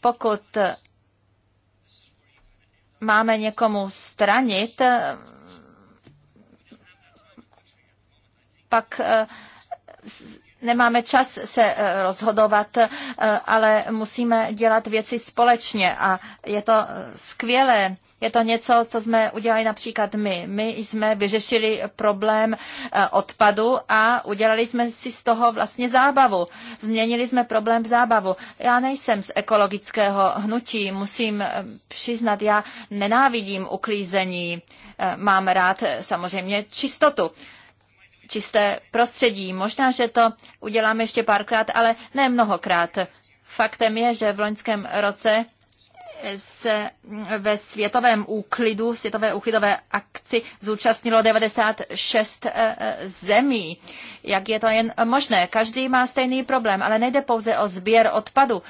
pokud máme někomu stranit, pak eh, nemáme čas se eh, rozhodovat, eh, ale musíme dělat věci společně a je to eh, skvělé. Je to něco, co jsme udělali například my. My jsme vyřešili problém odpadu a udělali jsme si z toho vlastně zábavu. Změnili jsme problém v zábavu. Já nejsem z ekologického hnutí, musím přiznat, já nenávidím uklízení. Mám rád samozřejmě čistotu čisté prostředí. Možná, že to uděláme ještě párkrát, ale ne mnohokrát. Faktem je, že v loňském roce se ve světovém úklidu, světové úklidové akci zúčastnilo 96 eh, eh, zemí. Jak je to jen možné? Každý má stejný problém, ale nejde pouze o sběr odpadu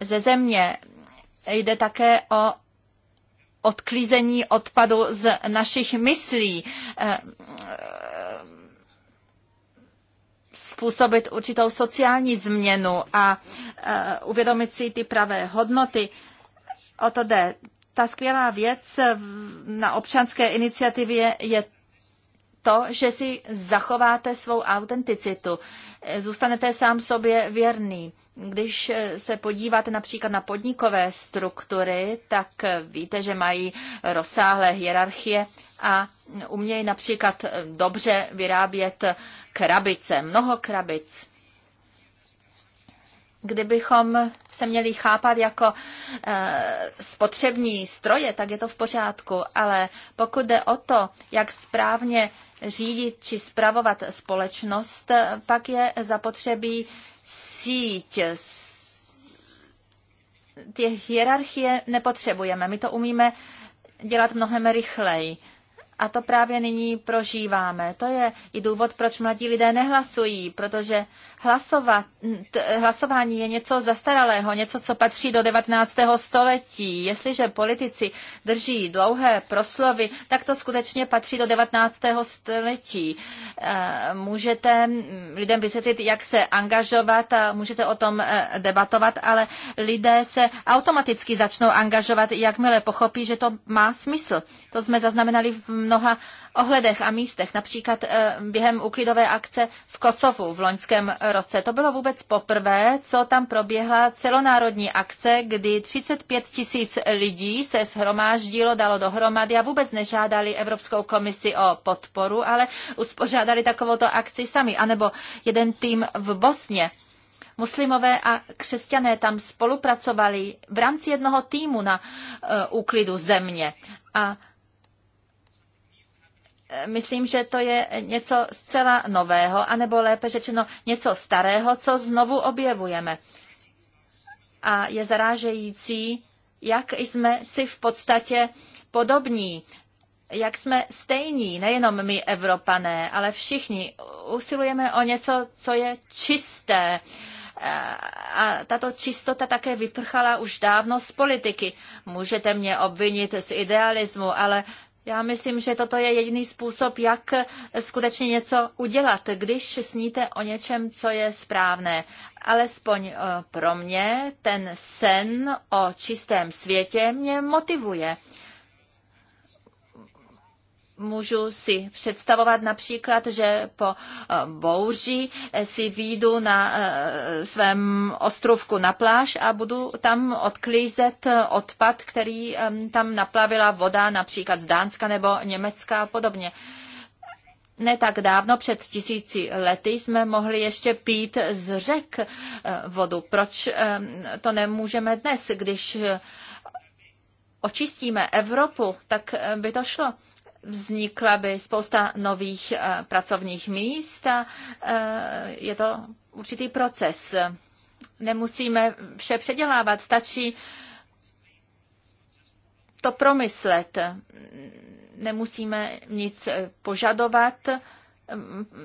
ze země. Jde také o odklízení odpadu z našich myslí. Eh, způsobit určitou sociální změnu a e, uvědomit si ty pravé hodnoty. O to jde. Ta skvělá věc na občanské iniciativě je to, že si zachováte svou autenticitu. E, zůstanete sám sobě věrný. Když se podíváte například na podnikové struktury, tak víte, že mají rozsáhlé hierarchie a umějí například dobře vyrábět krabice, mnoho krabic. Kdybychom se měli chápat jako e, spotřební stroje, tak je to v pořádku, ale pokud jde o to, jak správně řídit či spravovat společnost, eh, pak je zapotřebí síť ty hierarchie nepotřebujeme. My to umíme dělat mnohem rychleji. A to právě nyní prožíváme. To je i důvod, proč mladí lidé nehlasují, protože hlasovat, hlasování je něco zastaralého, něco, co patří do 19. století. Jestliže politici drží dlouhé proslovy, tak to skutečně patří do 19. století. E, můžete lidem vysvětlit, jak se angažovat a můžete o tom e, debatovat, ale lidé se automaticky začnou angažovat, jakmile pochopí, že to má smysl. To jsme zaznamenali v mnoha ohledech a místech, například eh, během úklidové akce v Kosovu v loňském roce. To bylo vůbec poprvé, co tam proběhla celonárodní akce, kdy 35 tisíc lidí se shromáždilo, dalo dohromady a vůbec nežádali Evropskou komisi o podporu, ale uspořádali takovouto akci sami. A nebo jeden tým v Bosně, muslimové a křesťané tam spolupracovali v rámci jednoho týmu na uh, úklidu země. A myslím, že to je něco zcela nového, anebo lépe řečeno něco starého, co znovu objevujeme. A je zarážející, jak jsme si v podstatě podobní, jak jsme stejní, nejenom my Evropané, ale všichni usilujeme o něco, co je čisté. A tato čistota také vyprchala už dávno z politiky. Můžete mě obvinit z idealismu, ale já myslím, že toto je jediný způsob, jak skutečně něco udělat, když sníte o něčem, co je správné. Alespoň eh, pro mě ten sen o čistém světě mě motivuje můžu si představovat například, že po eh, bouři eh, si výjdu na eh, svém ostrovku na pláž a budu tam odklízet odpad, který tam naplavila voda například z Dánska nebo Německa a podobně. Ne tak dávno, před tisíci lety, jsme mohli ještě pít z řek vodu. Proč to nemůžeme dnes, když očistíme Evropu, tak by to šlo vznikla by spousta nových eh, pracovních míst a eh, je to určitý proces. Nemusíme vše předělávat, stačí to promyslet. Nemusíme nic požadovat,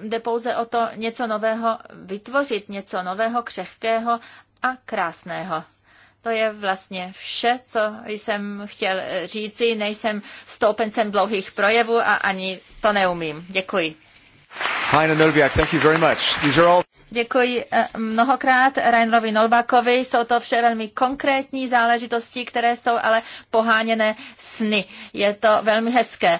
jde pouze o to něco nového vytvořit, něco nového, křehkého a krásného. To je vlastně vše, co jsem chtěl říci. Nejsem stoupencem dlouhých projevů a ani to neumím. Děkuji. Heine Nolbiak, thank you very much. These are all... Děkuji eh, mnohokrát Rainerovi Nolbakovi. Jsou to vše velmi konkrétní záležitosti, které jsou ale poháněné sny. Je to velmi hezké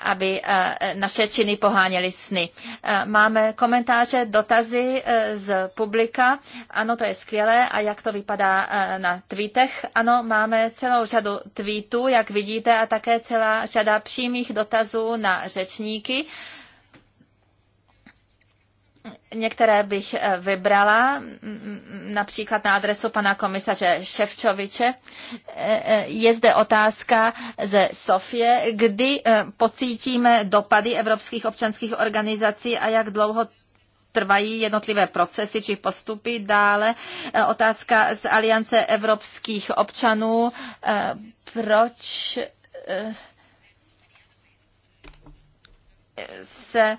aby eh, naše činy poháněly sny. Eh, máme komentáře, dotazy eh, z publika. Ano, to je skvělé. A jak to vypadá na tweetech? Ano, máme celou řadu tweetů, jak vidíte, a také celá řada přímých dotazů na řečníky. Některé bych eh, vybrala, například na adresu pana komisaře Ševčoviče. Eh, eh, je zde otázka ze Sofie, kdy pocítíme dopady evropských občanských organizací a jak dlouho trvají jednotlivé procesy či postupy. Dále otázka z Aliance evropských občanů. Proč se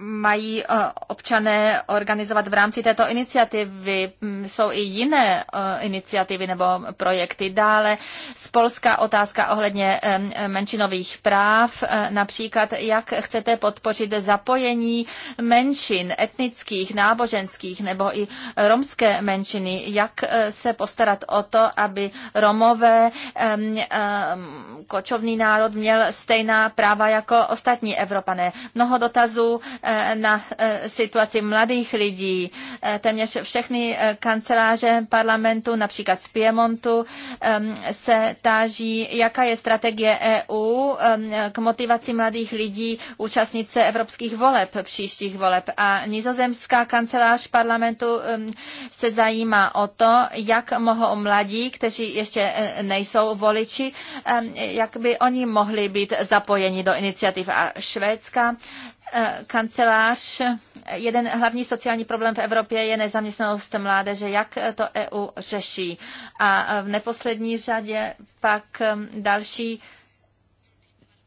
mají eh, občané organizovat v rámci této iniciativy. Mm, jsou i jiné eh, iniciativy nebo projekty. Dále z Polska otázka ohledně eh, menšinových práv, například jak chcete podpořit zapojení menšin, etnických, náboženských nebo i romské menšiny, jak se postarat o to, aby Romové, kočovný národ měl stejná práva jako ostatní Evropané. Mnoho dotazů Eh, na eh, situaci mladých lidí. Eh, téměř všechny kanceláře parlamentu, například z Piemontu, se táží, jaká je strategie EU k motivaci mladých lidí účastnit se evropských voleb, příštích voleb. A nizozemská kancelář parlamentu se zajímá o to, jak mohou mladí, kteří ještě nejsou voliči, jak by oni mohli být zapojeni do iniciativ. A švédská Eh, kancelář, jeden hlavní sociální problém v Evropě je nezaměstnanost mládeže. Jak eh, to EU řeší? A eh, v neposlední řadě pak další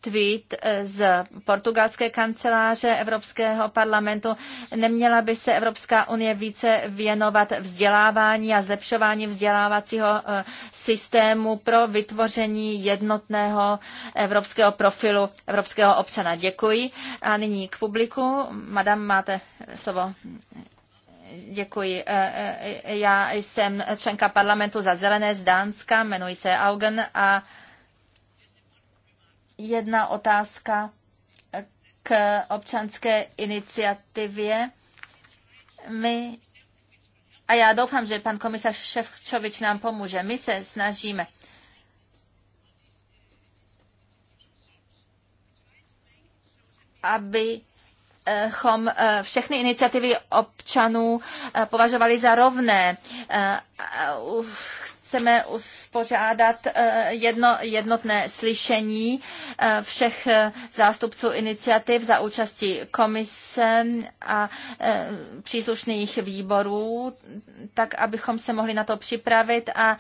tweet eh, z portugalské kanceláře Evropského parlamentu. Neměla by se Evropská unie více věnovat vzdělávání a zlepšování vzdělávacího eh, systému pro vytvoření jednotného evropského profilu evropského občana. Děkuji. A nyní k publiku. Madam, máte slovo. Děkuji. Eh, já jsem členka parlamentu za Zelené z Dánska, jmenuji se Augen a jedna otázka k občanské iniciativě. My, a já doufám, že pan komisař Ševčovič nám pomůže, my se snažíme aby abychom eh, eh, všechny iniciativy občanů eh, považovali za rovné chceme uspořádat eh, jedno, jednotné slyšení eh, všech eh, zástupců iniciativ za účasti komise a příslušných výborů, tak abychom se mohli na to připravit a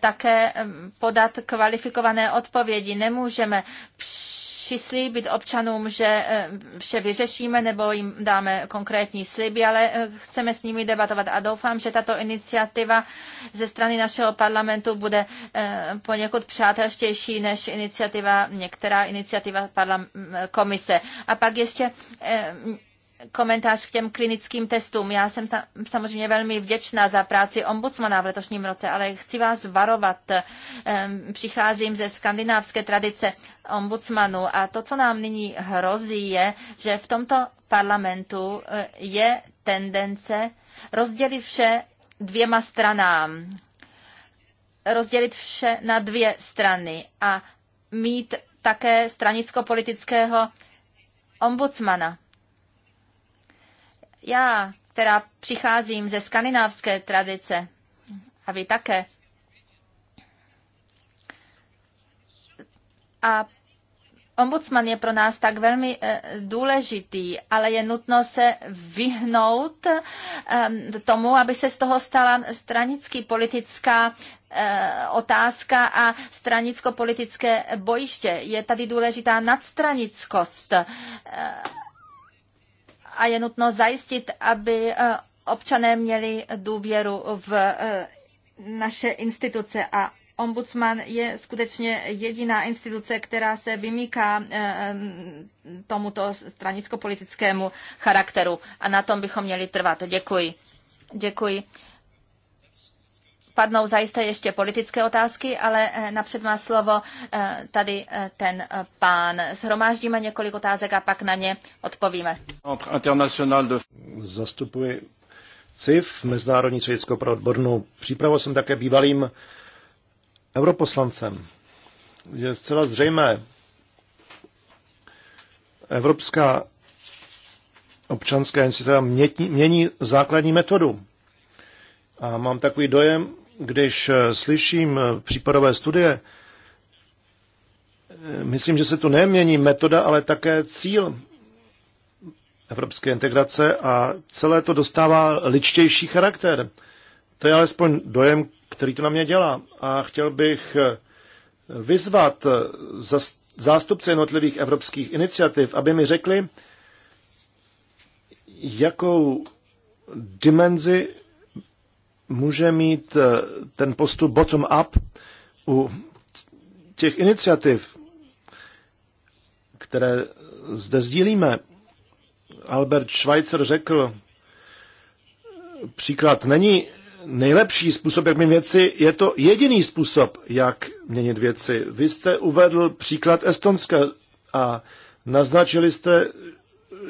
také podat kvalifikované odpovědi. Nemůžeme při přislíbit občanům, že eh, vše vyřešíme nebo jim dáme konkrétní sliby, ale eh, chceme s nimi debatovat a doufám, že tato iniciativa ze strany našeho parlamentu bude eh, poněkud přátelštější než iniciativa, některá iniciativa komise. A pak ještě komentář k těm klinickým testům. Já jsem samozřejmě velmi vděčná za práci ombudsmana v letošním roce, ale chci vás varovat. Přicházím ze skandinávské tradice ombudsmanu a to, co nám nyní hrozí, je, že v tomto parlamentu eh, je tendence rozdělit vše dvěma stranám. Rozdělit vše na dvě strany a mít také stranicko-politického ombudsmana. Já, která přicházím ze skandinávské tradice, a vy také, a ombudsman je pro nás tak velmi eh, důležitý, ale je nutno se vyhnout eh, tomu, aby se z toho stala stranicky politická eh, otázka a stranicko-politické bojiště. Je tady důležitá nadstranickost a je nutno zajistit, aby eh, občané měli důvěru v eh, naše instituce a ombudsman je skutečně jediná instituce, která se vymýká eh, mm, tomuto stranicko-politickému charakteru a na tom bychom měli trvat. Děkuji. Děkuji. Padnou zajisté ještě politické otázky, ale eh, napřed má slovo eh, tady eh, ten pán. Zhromáždíme několik otázek a pak na ně odpovíme. Zastupuji CIF, Mezinárodní středisko pro odbornou přípravu. Jsem také bývalým europoslancem. Je zcela zřejmé, Evropská občanská instituta mění základní metodu. A mám takový dojem, když eh, slyším eh, případové studie, eh, myslím, že se tu nemění metoda, ale také cíl evropské integrace a celé to dostává ličtější charakter. To je alespoň dojem, který to na mě dělá. A chtěl bych vyzvat zástupce jednotlivých evropských iniciativ, aby mi řekli, jakou dimenzi může mít eh, ten postup bottom-up u těch iniciativ, které zde sdílíme. Albert Schweitzer řekl, příklad není nejlepší způsob, jak měnit věci, je to jediný způsob, jak měnit věci. Vy jste uvedl příklad Estonska a naznačili jste,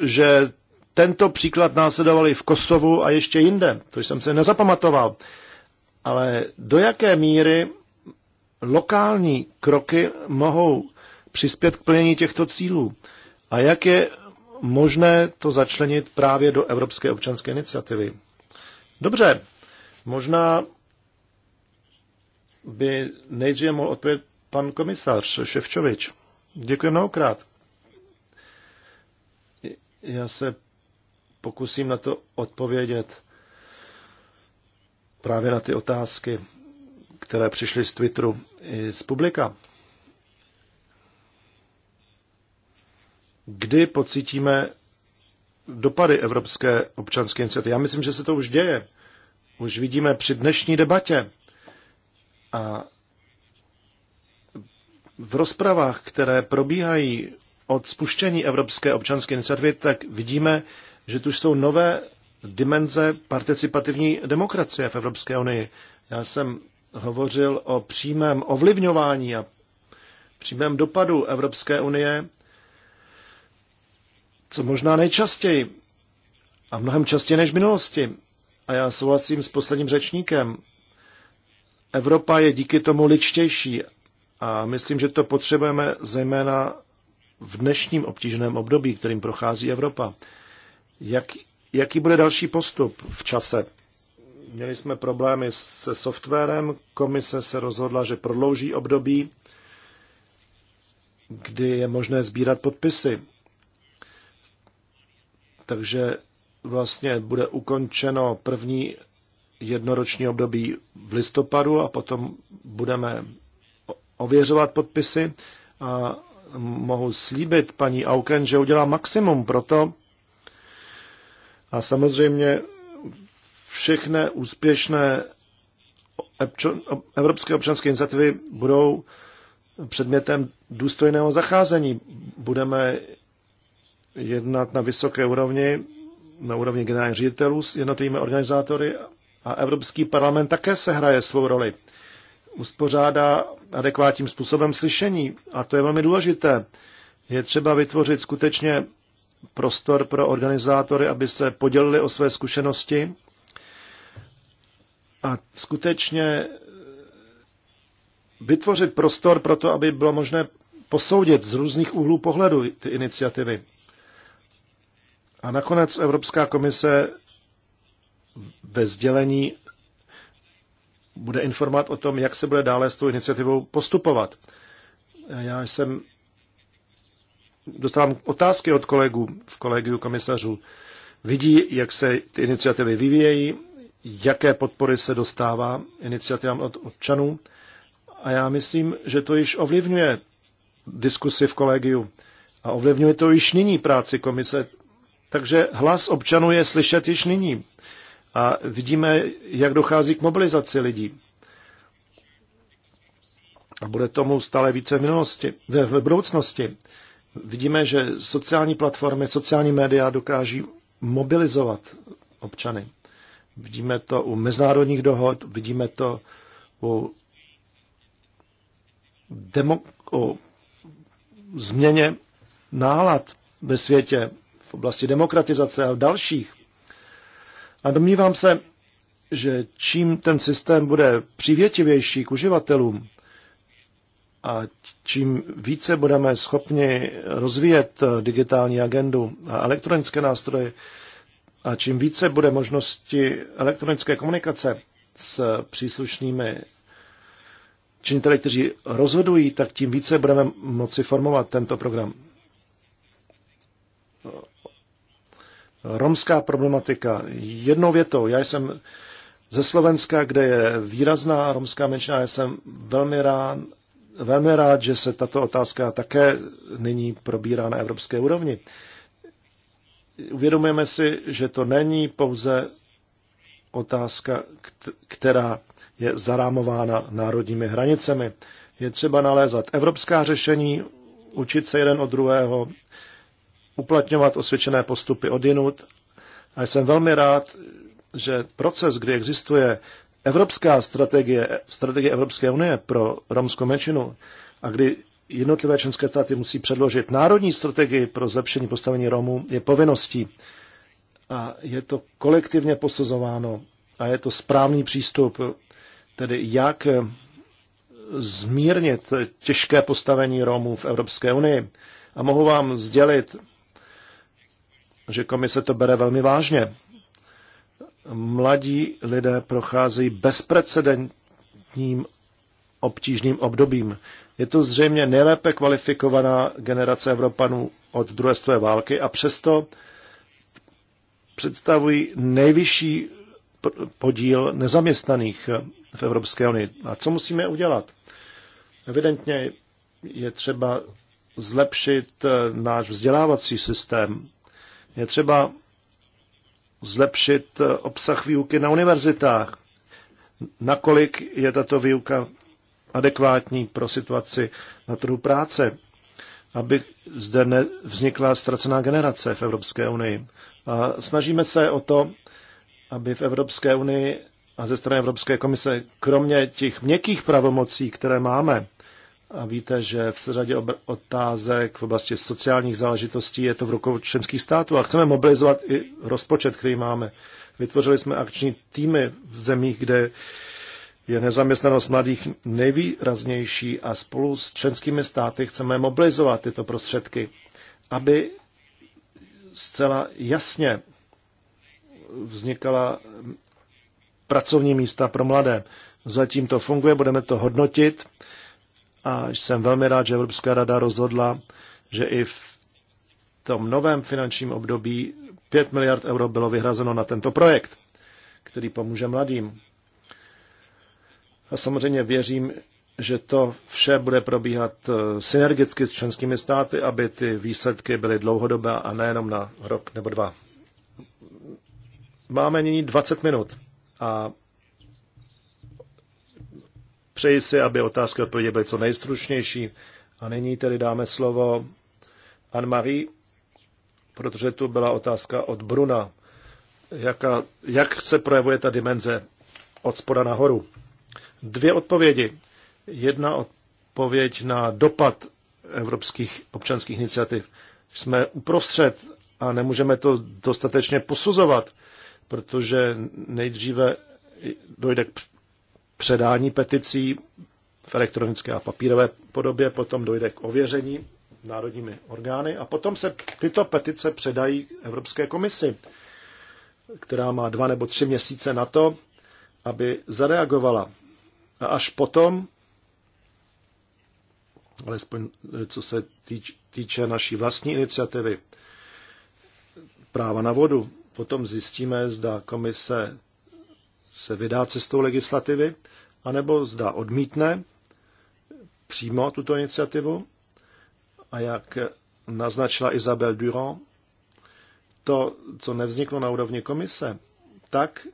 že tento příklad následovali v Kosovu a ještě jinde, to jsem se nezapamatoval. Ale do jaké míry lokální kroky mohou přispět k plnění těchto cílů? A jak je možné to začlenit právě do Evropské občanské iniciativy? Dobře, možná by nejdříve mohl odpovědět pan komisař Ševčovič. Děkuji mnohokrát. Já se pokusím na to odpovědět právě na ty otázky, které přišly z Twitteru i z publika. Kdy pocítíme dopady Evropské občanské iniciativy? Já myslím, že se to už děje. Už vidíme při dnešní debatě a v rozpravách, které probíhají od spuštění Evropské občanské iniciativy, tak vidíme, že tu jsou nové dimenze participativní demokracie v Evropské unii. Já jsem hovořil o přímém ovlivňování a přímém dopadu Evropské unie, co možná nejčastěji a mnohem častěji než v minulosti. A já souhlasím s posledním řečníkem. Evropa je díky tomu ličtější a myslím, že to potřebujeme zejména v dnešním obtížném období, kterým prochází Evropa. Jak, jaký bude další postup v čase? Měli jsme problémy se softwarem, komise se rozhodla, že prodlouží období, kdy je možné sbírat podpisy. Takže vlastně bude ukončeno první jednoroční období v listopadu a potom budeme ověřovat podpisy a mohu slíbit paní Auken, že udělá maximum pro to, a samozřejmě všechny úspěšné evropské občanské iniciativy budou předmětem důstojného zacházení. Budeme jednat na vysoké úrovni, na úrovni generálních ředitelů s jednotlivými organizátory a Evropský parlament také se hraje svou roli. Uspořádá adekvátním způsobem slyšení a to je velmi důležité. Je třeba vytvořit skutečně prostor pro organizátory, aby se podělili o své zkušenosti. A skutečně vytvořit prostor pro to, aby bylo možné posoudit z různých úhlů pohledu ty iniciativy. A nakonec Evropská komise ve sdělení bude informovat o tom, jak se bude dále s tou iniciativou postupovat. Já jsem dostávám otázky od kolegů v kolegiu komisařů. Vidí, jak se ty iniciativy vyvíjejí, jaké podpory se dostává iniciativám od občanů. A já myslím, že to již ovlivňuje diskusy v kolegiu a ovlivňuje to již nyní práci komise. Takže hlas občanů je slyšet již nyní. A vidíme, jak dochází k mobilizaci lidí. A bude tomu stále více v minulosti, v, v budoucnosti, vidíme, že sociální platformy, sociální média dokáží mobilizovat občany. Vidíme to u mezinárodních dohod, vidíme to u, demo, u změně nálad ve světě v oblasti demokratizace a dalších. A domnívám se, že čím ten systém bude přívětivější k uživatelům, a čím více budeme schopni rozvíjet eh, digitální agendu a elektronické nástroje, a čím více bude možnosti elektronické komunikace s příslušnými činiteli, kteří rozhodují, tak tím více budeme moci formovat tento program. Romská problematika. Jednou větou, já jsem ze Slovenska, kde je výrazná romská menšina, já jsem velmi rád, velmi rád, že se tato otázka také nyní probírá na evropské úrovni. Uvědomujeme si, že to není pouze otázka, která je zarámována národními hranicemi. Je třeba nalézat evropská řešení, učit se jeden od druhého, uplatňovat osvědčené postupy odinut. A jsem velmi rád, že proces, kdy existuje evropská strategie, strategie Evropské unie pro romskou menšinu a kdy jednotlivé členské státy musí předložit národní strategii pro zlepšení postavení Romů, je povinností. A je to kolektivně posuzováno a je to správný přístup, tedy jak eh, zmírnit těžké postavení Romů v Evropské unii. A mohu vám sdělit, že komise to bere velmi vážně mladí lidé procházejí bezprecedentním obtížným obdobím. Je to zřejmě nejlépe kvalifikovaná generace Evropanů od druhé světové války a přesto představují nejvyšší podíl nezaměstnaných v Evropské unii. A co musíme udělat? Evidentně je třeba zlepšit náš vzdělávací systém. Je třeba zlepšit eh, obsah výuky na univerzitách. Nakolik je tato výuka adekvátní pro situaci na trhu práce, aby zde nevznikla ztracená generace v Evropské unii. A snažíme se o to, aby v Evropské unii a ze strany Evropské komise, kromě těch měkkých pravomocí, které máme, a víte, že v řadě otázek v oblasti sociálních záležitostí je to v rukou členských států a chceme mobilizovat i rozpočet, který máme. Vytvořili jsme akční týmy v zemích, kde je nezaměstnanost mladých nejvýraznější a spolu s členskými státy chceme mobilizovat tyto prostředky, aby zcela jasně vznikala pracovní místa pro mladé. Zatím to funguje, budeme to hodnotit a jsem velmi rád, že Evropská rada rozhodla, že i v tom novém finančním období 5 miliard euro bylo vyhrazeno na tento projekt, který pomůže mladým. A samozřejmě věřím, že to vše bude probíhat eh, synergicky s členskými státy, aby ty výsledky byly dlouhodobé a nejenom na rok nebo dva. Máme nyní 20 minut a Přeji si, aby otázky odpovědi byly co nejstručnější. A nyní tedy dáme slovo Anne-Marie, protože tu byla otázka od Bruna. Jaka, jak se projevuje ta dimenze od spoda nahoru? Dvě odpovědi. Jedna odpověď na dopad evropských občanských iniciativ. Jsme uprostřed a nemůžeme to dostatečně posuzovat, protože nejdříve dojde k předání peticí v elektronické a papírové podobě, potom dojde k ověření národními orgány a potom se tyto petice předají Evropské komisi, která má dva nebo tři měsíce na to, aby zareagovala. A až potom, alespoň co se týč, týče naší vlastní iniciativy práva na vodu, potom zjistíme, zda komise se vydá cestou legislativy, anebo zda odmítne přímo tuto iniciativu. A jak naznačila Isabel Durand, to, co nevzniklo na úrovni komise, tak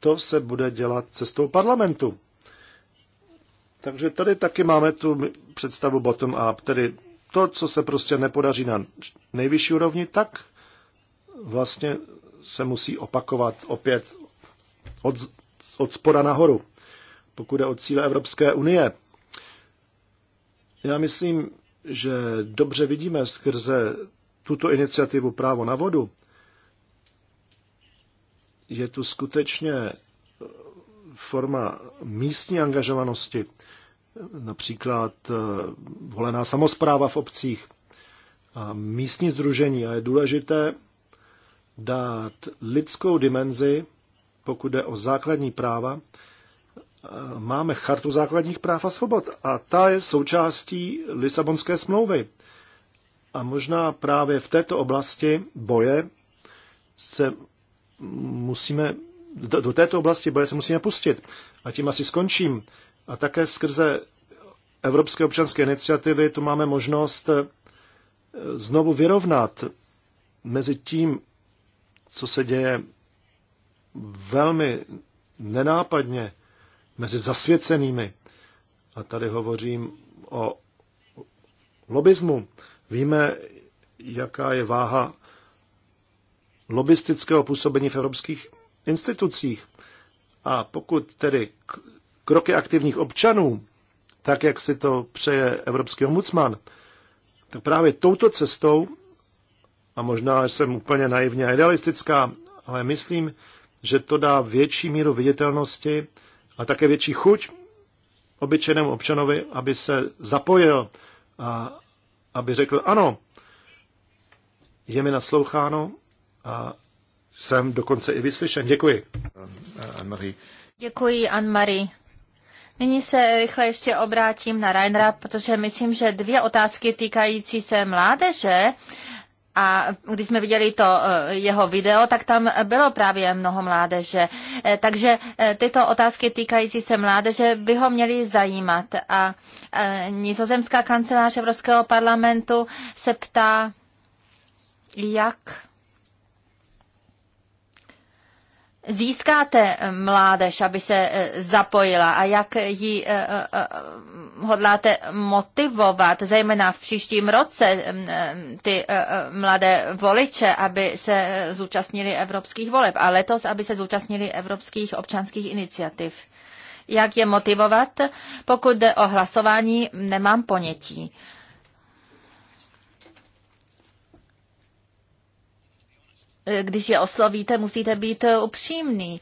to se bude dělat cestou parlamentu. Takže tady taky máme tu představu bottom-up, tedy to, co se prostě nepodaří na nejvyšší úrovni, tak vlastně se musí opakovat opět od, od spoda nahoru, pokud je o cíle Evropské unie. Já myslím, že dobře vidíme skrze tuto iniciativu právo na vodu. Je tu skutečně forma místní angažovanosti, například eh, volená samozpráva v obcích a místní združení. A je důležité dát lidskou dimenzi pokud jde o základní práva, eh, máme chartu základních práv a svobod a ta je součástí Lisabonské smlouvy. A možná právě v této oblasti boje se musíme, do, do této oblasti boje se musíme pustit. A tím asi skončím. A také skrze Evropské občanské iniciativy tu máme možnost eh, znovu vyrovnat mezi tím, co se děje velmi nenápadně mezi zasvěcenými. A tady hovořím o lobismu. Víme, jaká je váha lobistického působení v evropských institucích. A pokud tedy kroky aktivních občanů, tak jak si to přeje evropský ombudsman, tak právě touto cestou, a možná jsem úplně naivně idealistická, ale myslím, že to dá větší míru viditelnosti a také větší chuť obyčejnému občanovi, aby se zapojil a aby řekl, ano, je mi nasloucháno a jsem dokonce i vyslyšen. Děkuji. Děkuji, Anne-Marie. Nyní se rychle ještě obrátím na Reinera, protože myslím, že dvě otázky týkající se mládeže a když jsme viděli to eh, jeho video, tak tam bylo právě mnoho mládeže. Eh, takže eh, tyto otázky týkající se mládeže by ho měly zajímat. A nizozemská kancelář Evropského parlamentu se ptá, jak získáte eh, mládež, aby se eh, zapojila a jak ji eh, hodláte motivovat, zejména v příštím roce, ty mladé voliče, aby se zúčastnili evropských voleb a letos, aby se zúčastnili evropských občanských iniciativ. Jak je motivovat? Pokud jde o hlasování, nemám ponětí. když je oslovíte, musíte být upřímný.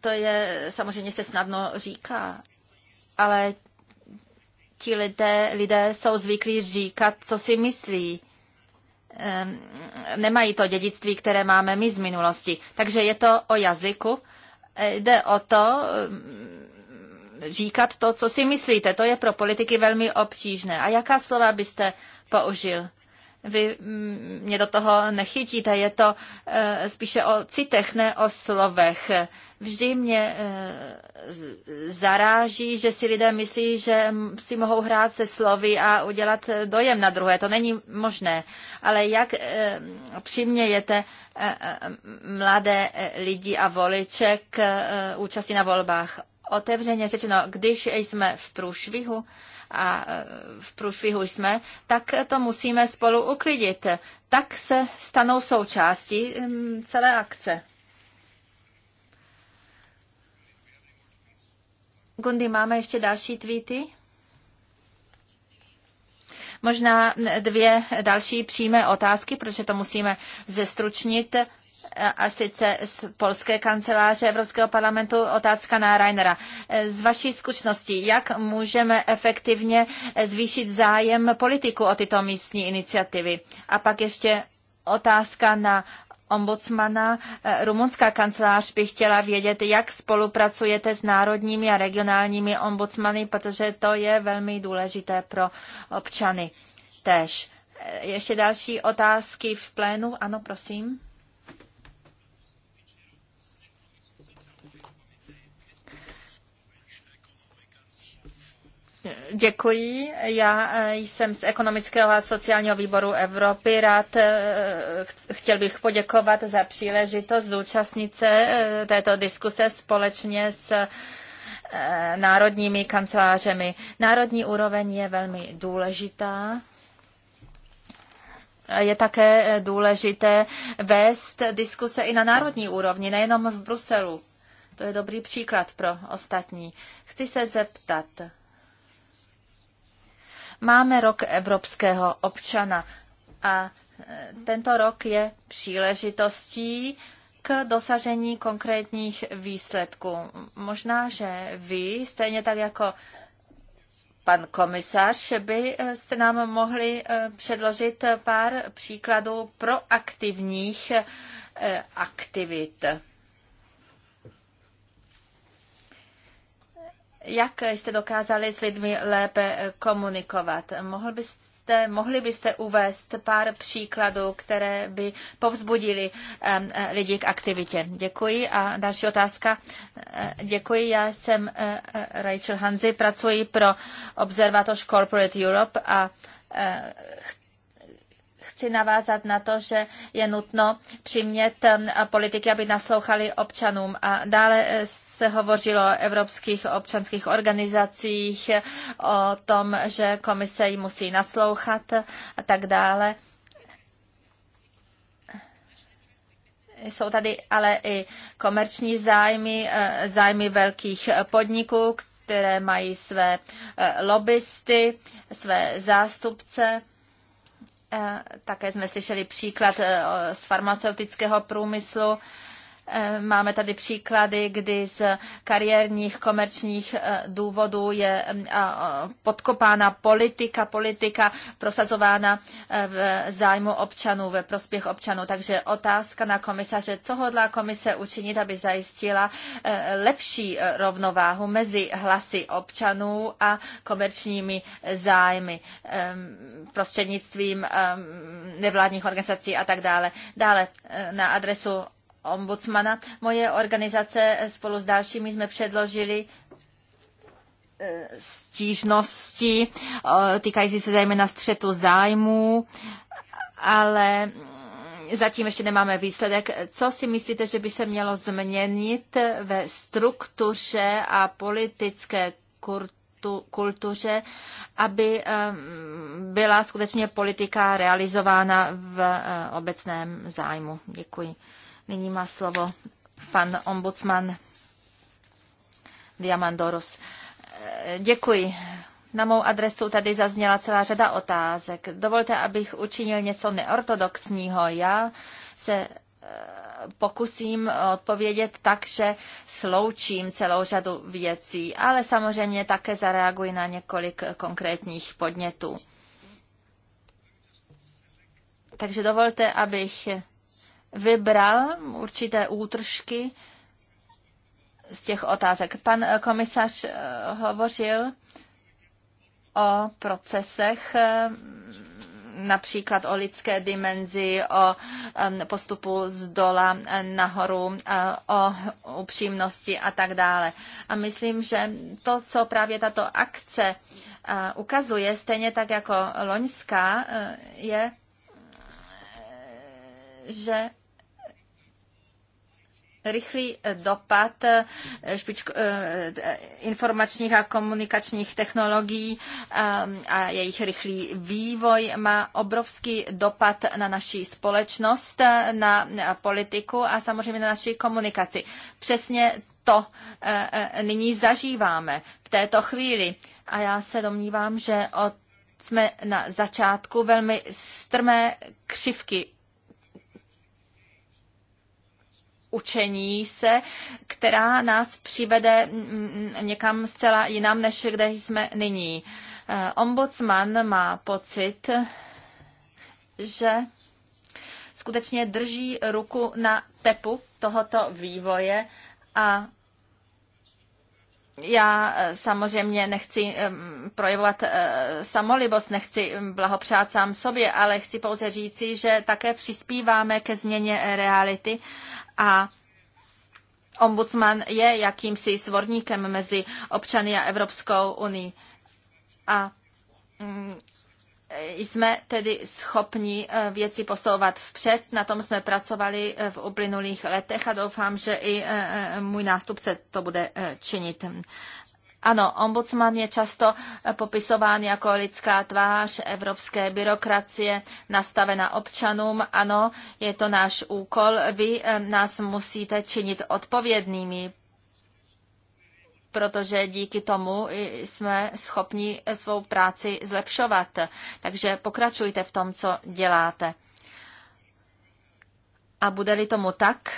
To je samozřejmě se snadno říká, ale ti lidé, lidé jsou zvyklí říkat, co si myslí. Nemají to dědictví, které máme my z minulosti. Takže je to o jazyku. Jde o to říkat to, co si myslíte. To je pro politiky velmi obtížné. A jaká slova byste použil? Vy mm, mě do toho nechytíte, je to eh, spíše o citech, ne o slovech. Vždy mě eh, zaráží, že si lidé myslí, že si mohou hrát se slovy a udělat eh, dojem na druhé. To není možné. Ale jak přimějete mladé lidi a voliče k účasti na volbách? Otevřeně řečeno, když jsme v průšvihu, a e, v průšvihu jsme, tak to musíme spolu uklidit. Tak se stanou součástí celé akce. Gundy, máme ještě další tweety? Možná dvě další přímé otázky, protože to musíme zestručnit a sice z polské kanceláře Evropského parlamentu otázka na Rainera. Z vaší zkušenosti, jak můžeme efektivně zvýšit zájem politiku o tyto místní iniciativy? A pak ještě otázka na ombudsmana. Rumunská kancelář by chtěla vědět, jak spolupracujete s národními a regionálními ombudsmany, protože to je velmi důležité pro občany Tež. Ještě další otázky v plénu? Ano, prosím. Děkuji. Já eh, jsem z ekonomického a sociálního výboru Evropy. Rád eh, chtěl bych poděkovat za příležitost zúčastnit se eh, této diskuse společně s národními kancelářemi. Národní úroveň je velmi důležitá je také důležité vést diskuse i na národní úrovni, nejenom v Bruselu. To je dobrý příklad pro ostatní. Chci se zeptat, Máme rok evropského občana a e, tento rok je příležitostí k dosažení konkrétních výsledků. Možná, že vy, stejně tak jako pan komisař, byste e, nám mohli e, předložit pár příkladů proaktivních aktivit. Jak jste dokázali s lidmi lépe komunikovat? Mohl byste, mohli byste uvést pár příkladů, které by povzbudili eh, lidi k aktivitě? Děkuji. A další otázka. Eh, děkuji. Já jsem eh, Rachel Hanzi, pracuji pro Observatoř Corporate Europe a chci navázat na to, že je nutno přimět um, politiky, aby naslouchali občanům. A dále eh, se hovořilo o evropských občanských organizacích, o tom, že komise jim musí naslouchat a tak dále. jsou tady ale i komerční zájmy, eh, zájmy velkých podniků, které mají své eh, lobbysty, své zástupce. Eh, také jsme slyšeli příklad eh, z farmaceutického průmyslu. Eh, máme tady příklady, kdy z kariérních komerčních eh, důvodů je mm, podkopána politika, politika prosazována eh, v zájmu občanů, ve prospěch občanů. Takže otázka na komisaře, co hodlá komise učinit, aby zajistila lepší rovnováhu mezi hlasy občanů a komerčními zájmy ehm, prostřednictvím ehm, nevládních organizací a tak dále. Dále na adresu ombudsmana. Moje organizace spolu s dalšími jsme předložili eh, stížnosti eh, týkající se zejména střetu zájmů, ale mm, zatím ještě nemáme výsledek. Co si myslíte, že by se mělo změnit ve struktuře a politické kultuře, aby eh, byla skutečně politika realizována v obecném zájmu? Děkuji. Nyní má slovo pan ombudsman Diamandoros. Eh, děkuji. Na mou adresu tady zazněla celá řada otázek. Dovolte, abych učinil něco neortodoxního. Já se eh, pokusím odpovědět tak, že sloučím celou řadu věcí, ale samozřejmě také zareaguji na několik konkrétních podnětů. Takže dovolte, abych vybral určité útržky z těch otázek. Pan eh, komisař eh, hovořil o procesech, eh, například o lidské dimenzi, o postupu z dola nahoru, o upřímnosti a tak dále. A myslím, že to, co právě tato akce ukazuje, stejně tak jako loňská, je že rychlý dopad eh, špičko, eh, informačních a komunikačních technologií eh, a jejich rychlý vývoj má obrovský dopad na naši společnost, na politiku a samozřejmě na naši komunikaci. Přesně to nyní zažíváme v této chvíli a já se domnívám, že od jsme na začátku velmi strmé křivky učení se, která nás přivede někam zcela jinam, než kde jsme nyní. Eh, ombudsman má pocit, že skutečně drží ruku na tepu tohoto vývoje a já eh, samozřejmě nechci projevovat eh, samolibost, nechci blahopřát sám sobě, ale chci pouze říci, že také přispíváme ke změně reality a ombudsman je jakýmsi svorníkem mezi občany a Evropskou unii. A mm, jsme tedy schopni e, věci posouvat vpřed. Na tom jsme pracovali e, v uplynulých letech a doufám, že i e, můj nástupce to bude činit. Ano, ombudsman je často eh, popisován jako lidská tvář evropské byrokracie nastavena občanům. Ano, je to náš úkol. Vy eh, nás musíte činit odpovědnými protože díky tomu jsme schopni svou práci zlepšovat. Takže pokračujte v tom, co děláte. A bude-li tomu tak,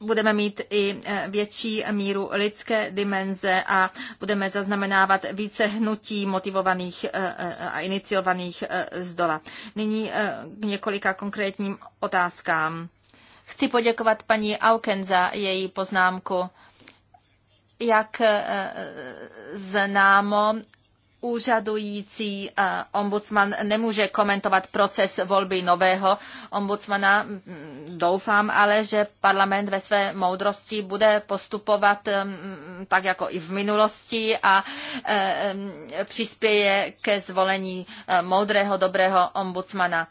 budeme mít i e, větší míru lidské dimenze a budeme zaznamenávat více hnutí motivovaných e, e, a iniciovaných z dola. Nyní k několika konkrétním otázkám. Chci poděkovat paní Auken za její poznámku. Jak známo, úřadující eh, ombudsman nemůže komentovat proces volby nového ombudsmana. Doufám ale, že parlament ve své moudrosti bude postupovat eh, tak jako i v minulosti a eh, přispěje ke zvolení moudrého, dobrého ombudsmana.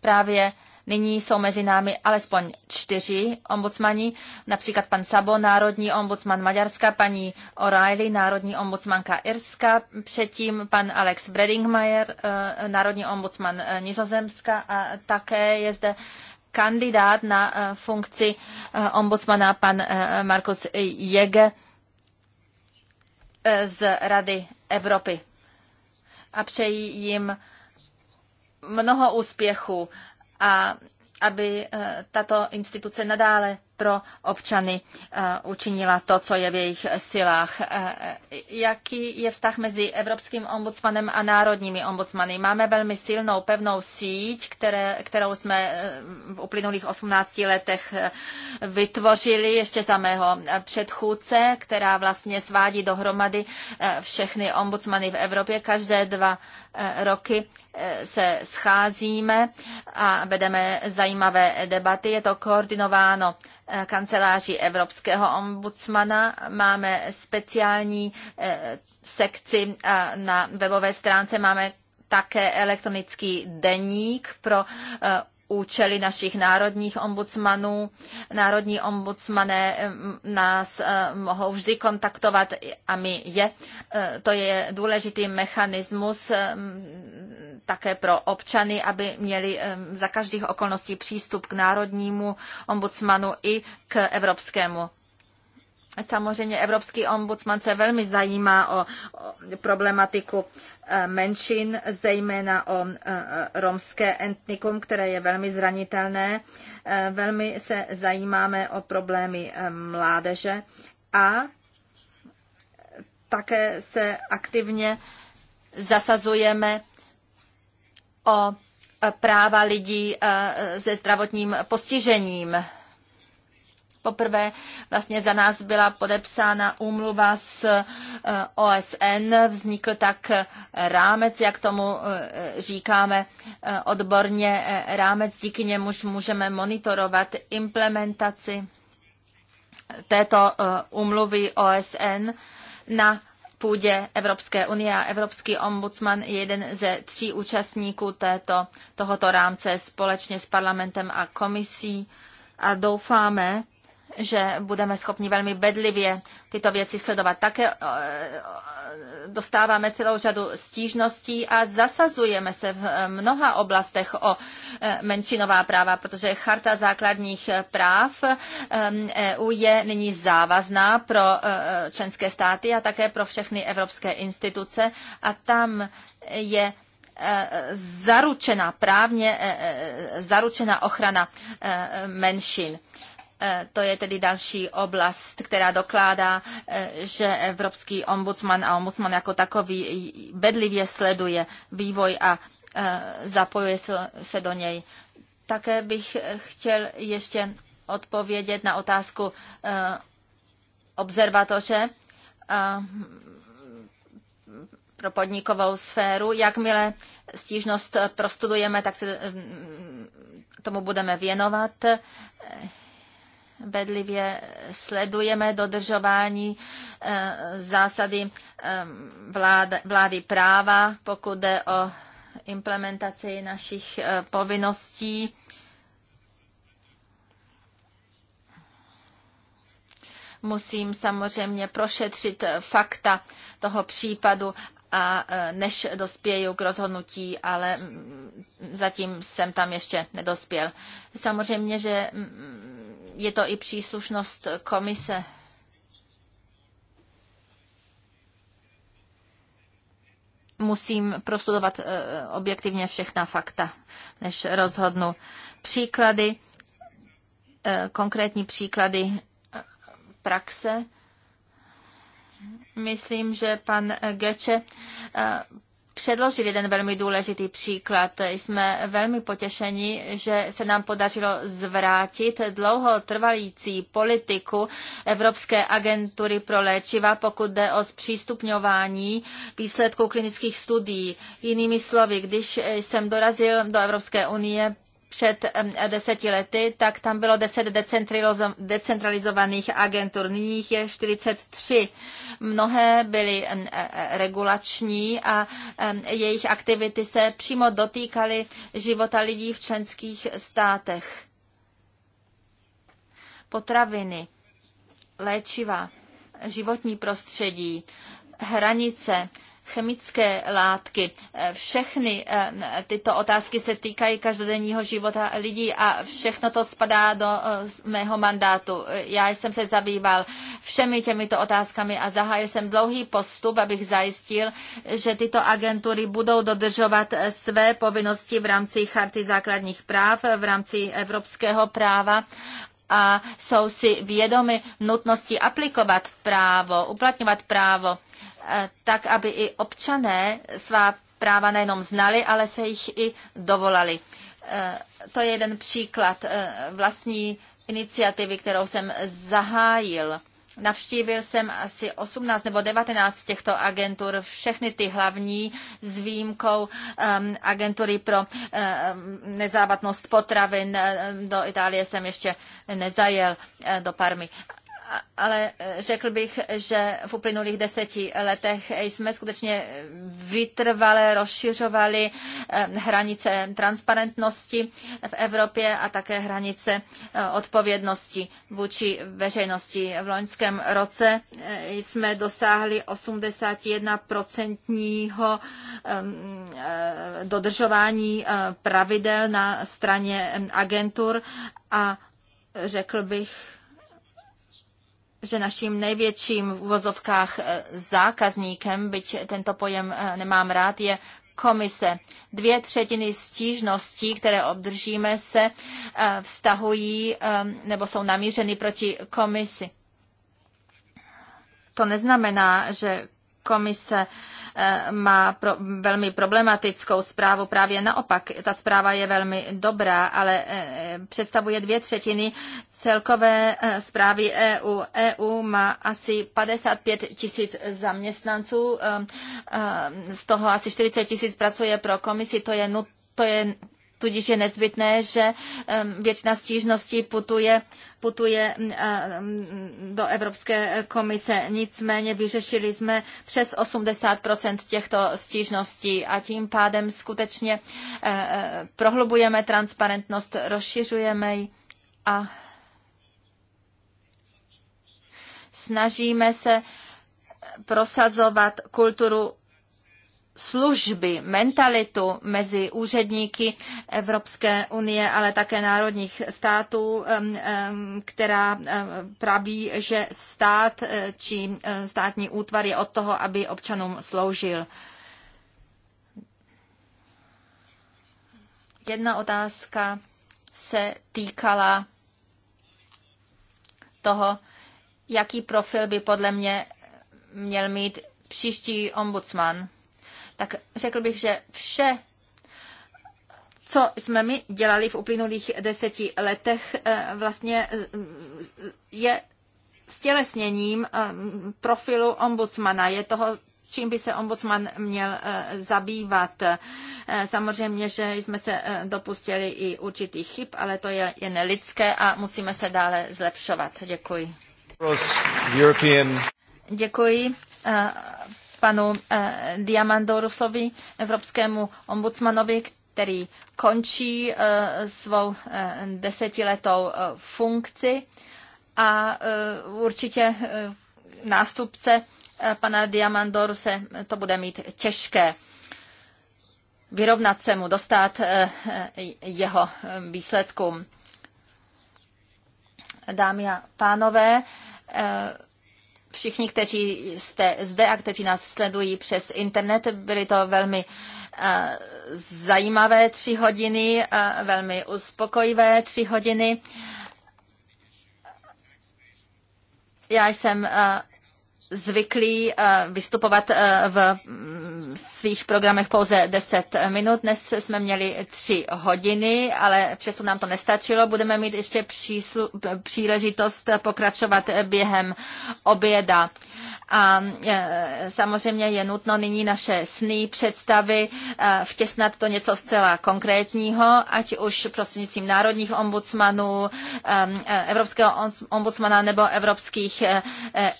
Právě Nyní jsou mezi námi alespoň čtyři ombudsmani, například pan Sabo, národní ombudsman Maďarska, paní O'Reilly, národní ombudsmanka Irska, předtím pan Alex Bredingmeier, eh, národní ombudsman eh, Nizozemska a také je zde kandidát na eh, funkci ombudsmana pan Markus Jege z Rady Evropy. A přeji jim mnoho úspěchů a aby eh, tato instituce nadále pro občany eh, učinila to, co je v jejich silách. Eh, eh, jaký je vztah mezi Evropským ombudsmanem a národními ombudsmany? Máme velmi silnou, pevnou síť, které, kterou jsme v uplynulých 18 letech vytvořili ještě za mého předchůdce, která vlastně svádí dohromady všechny ombudsmany v Evropě. Každé dva roky se scházíme a vedeme zajímavé debaty. Je to koordinováno Eh, kanceláři Evropského ombudsmana. Máme speciální eh, sekci na webové stránce, máme také elektronický deník pro eh, účely našich národních ombudsmanů. Národní ombudsmané mm, nás eh, mohou vždy kontaktovat a my je. Eh, to je důležitý mechanismus eh, také pro občany, aby měli za každých okolností přístup k národnímu ombudsmanu i k evropskému Samozřejmě Evropský ombudsman se velmi zajímá o, o problematiku eh, menšin, zejména o eh, romské etnikum, které je velmi zranitelné. Eh, velmi se zajímáme o problémy mládeže a také se aktivně zasazujeme o práva lidí se zdravotním postižením Poprvé vlastně za nás byla podepsána úmluva s eh, OSN, vznikl tak eh, rámec, jak tomu eh, říkáme odborně, rámec, díky němuž můžeme monitorovat implementaci této úmluvy OSN na půdě Evropské unie a Evropský ombudsman je jeden ze tří účastníků této, tohoto rámce společně s parlamentem a komisí a doufáme, že budeme schopni velmi bedlivě tyto věci sledovat. Také eh, dostáváme celou řadu stížností a zasazujeme se v eh, mnoha oblastech o eh, menšinová práva, protože Charta základních práv EU e je nyní závazná pro členské státy a také pro všechny evropské instituce a tam je zaručena právně zaručena ochrana menšin. Eh, to je tedy další oblast, která dokládá, eh, že Evropský ombudsman a ombudsman jako takový bedlivě sleduje vývoj a eh, zapojuje se do něj. Také bych chtěl ještě odpovědět na otázku observatoře pro podnikovou sféru. Jakmile stížnost prostudujeme, tak se tomu budeme věnovat bedlivě sledujeme dodržování eh, zásady eh, vlády práva, pokud jde o implementaci našich eh, povinností. Musím samozřejmě prošetřit fakta toho případu a než dospěju k rozhodnutí, ale mm, zatím jsem tam ještě nedospěl. Samozřejmě, že mm, je to i příslušnost komise. Musím prostudovat eh, objektivně všechna fakta, než rozhodnu. Příklady, eh, konkrétní příklady eh, praxe. Myslím, že pan Geče předložil jeden velmi důležitý příklad. Jsme velmi potěšeni, že se nám podařilo zvrátit dlouho trvající politiku Evropské agentury pro léčiva, pokud jde o zpřístupňování výsledků klinických studií. Jinými slovy, když jsem dorazil do Evropské unie před deseti lety, tak tam bylo 10 decentralizovaných agentur. Nyní jich je 43. Mnohé byly e, e, regulační a jejich aktivity se přímo dotýkaly života lidí v členských státech. Potraviny, léčiva, životní prostředí, hranice, chemické látky. Eh, všechny eh, tyto otázky se týkají každodenního života lidí a všechno to spadá do eh, mého mandátu. Já jsem se zabýval všemi těmito otázkami a zahájil jsem dlouhý postup, abych zajistil, že tyto agentury budou dodržovat své povinnosti v rámci Charty základních práv, v rámci evropského práva a jsou si vědomi nutnosti aplikovat právo, uplatňovat právo tak aby i občané svá práva nejenom znali, ale se jich i dovolali. Eh, to je jeden příklad eh, vlastní iniciativy, kterou jsem zahájil. Navštívil jsem asi 18 nebo 19 těchto agentur, všechny ty hlavní s výjimkou um, agentury pro um, nezávatnost potravin. Eh, do Itálie jsem ještě nezajel do Parmy ale eh, řekl bych, že v uplynulých deseti letech jsme skutečně vytrvale rozšiřovali eh, hranice transparentnosti v Evropě a také hranice eh, odpovědnosti vůči veřejnosti. V loňském roce jsme dosáhli 81% ehm, dodržování pravidel na straně ehm, agentur a řekl bych, že naším největším v uvozovkách eh, zákazníkem, byť tento pojem eh, nemám rád, je komise. Dvě třetiny stížností, které obdržíme, se eh, vztahují nebo jsou namířeny proti komisi. To neznamená, že komise eh, má pro, velmi problematickou zprávu. Právě naopak, ta zpráva je velmi dobrá, ale eh, představuje dvě třetiny celkové eh, zprávy EU. EU má asi 55 tisíc zaměstnanců, z toho asi 40 tisíc pracuje pro komisi, to je nutné to je Tudíž je nezbytné, že většina stížností putuje, putuje do Evropské komise. Nicméně vyřešili jsme přes 80 těchto stížností a tím pádem skutečně e, e, prohlubujeme transparentnost, rozšiřujeme ji a snažíme se prosazovat kulturu služby, mentalitu mezi úředníky Evropské unie, ale také národních států, která praví, že stát eh, či eh, státní útvar je od toho, aby občanům sloužil. Jedna otázka se týkala toho, jaký profil by podle mě měl mít příští ombudsman tak řekl bych, že vše, co jsme my dělali v uplynulých deseti letech, eh, vlastně eh, je stělesněním eh, profilu ombudsmana. Je toho čím by se ombudsman měl zabývat. Samozřejmě, že jsme se dopustili i určitých chyb, ale to je jen lidské a musíme se dále zlepšovat. Děkuji. Děkuji panu eh, Diamandorusovi, evropskému ombudsmanovi, který končí eh, svou eh, desetiletou funkci a určitě nástupce pana Diamandoru se to bude mít těžké vyrovnat se mu, dostat jeho výsledkům. Dámy a pánové, všichni, kteří jste zde a kteří nás sledují přes internet. Byly to velmi eh, zajímavé tři hodiny, eh, velmi uspokojivé tři hodiny. Já jsem eh, zvyklí eh, vystupovat eh, v mm, svých programech pouze 10 minut. Dnes jsme měli 3 hodiny, ale přesto nám to nestačilo. Budeme mít ještě příležitost pokračovat během oběda. A eh, samozřejmě je nutno nyní naše sny, představy vtěsnat to něco zcela konkrétního, ať už prostřednictvím národních ombudsmanů, evropského ombudsmana nebo evropských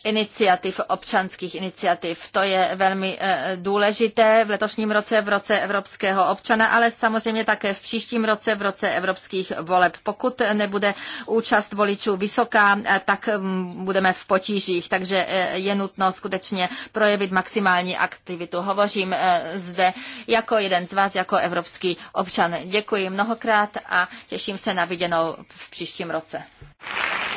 iniciativ iniciativ, občanských iniciativ. To je velmi eh, důležité v letošním roce, v roce evropského občana, ale samozřejmě také v příštím roce, v roce evropských voleb. Pokud nebude účast voličů vysoká, eh, tak mm, budeme v potížích, takže eh, je nutno skutečně projevit maximální aktivitu. Hovořím zde jako jeden z vás, jako evropský občan. Děkuji mnohokrát a těším se na viděnou v příštím roce.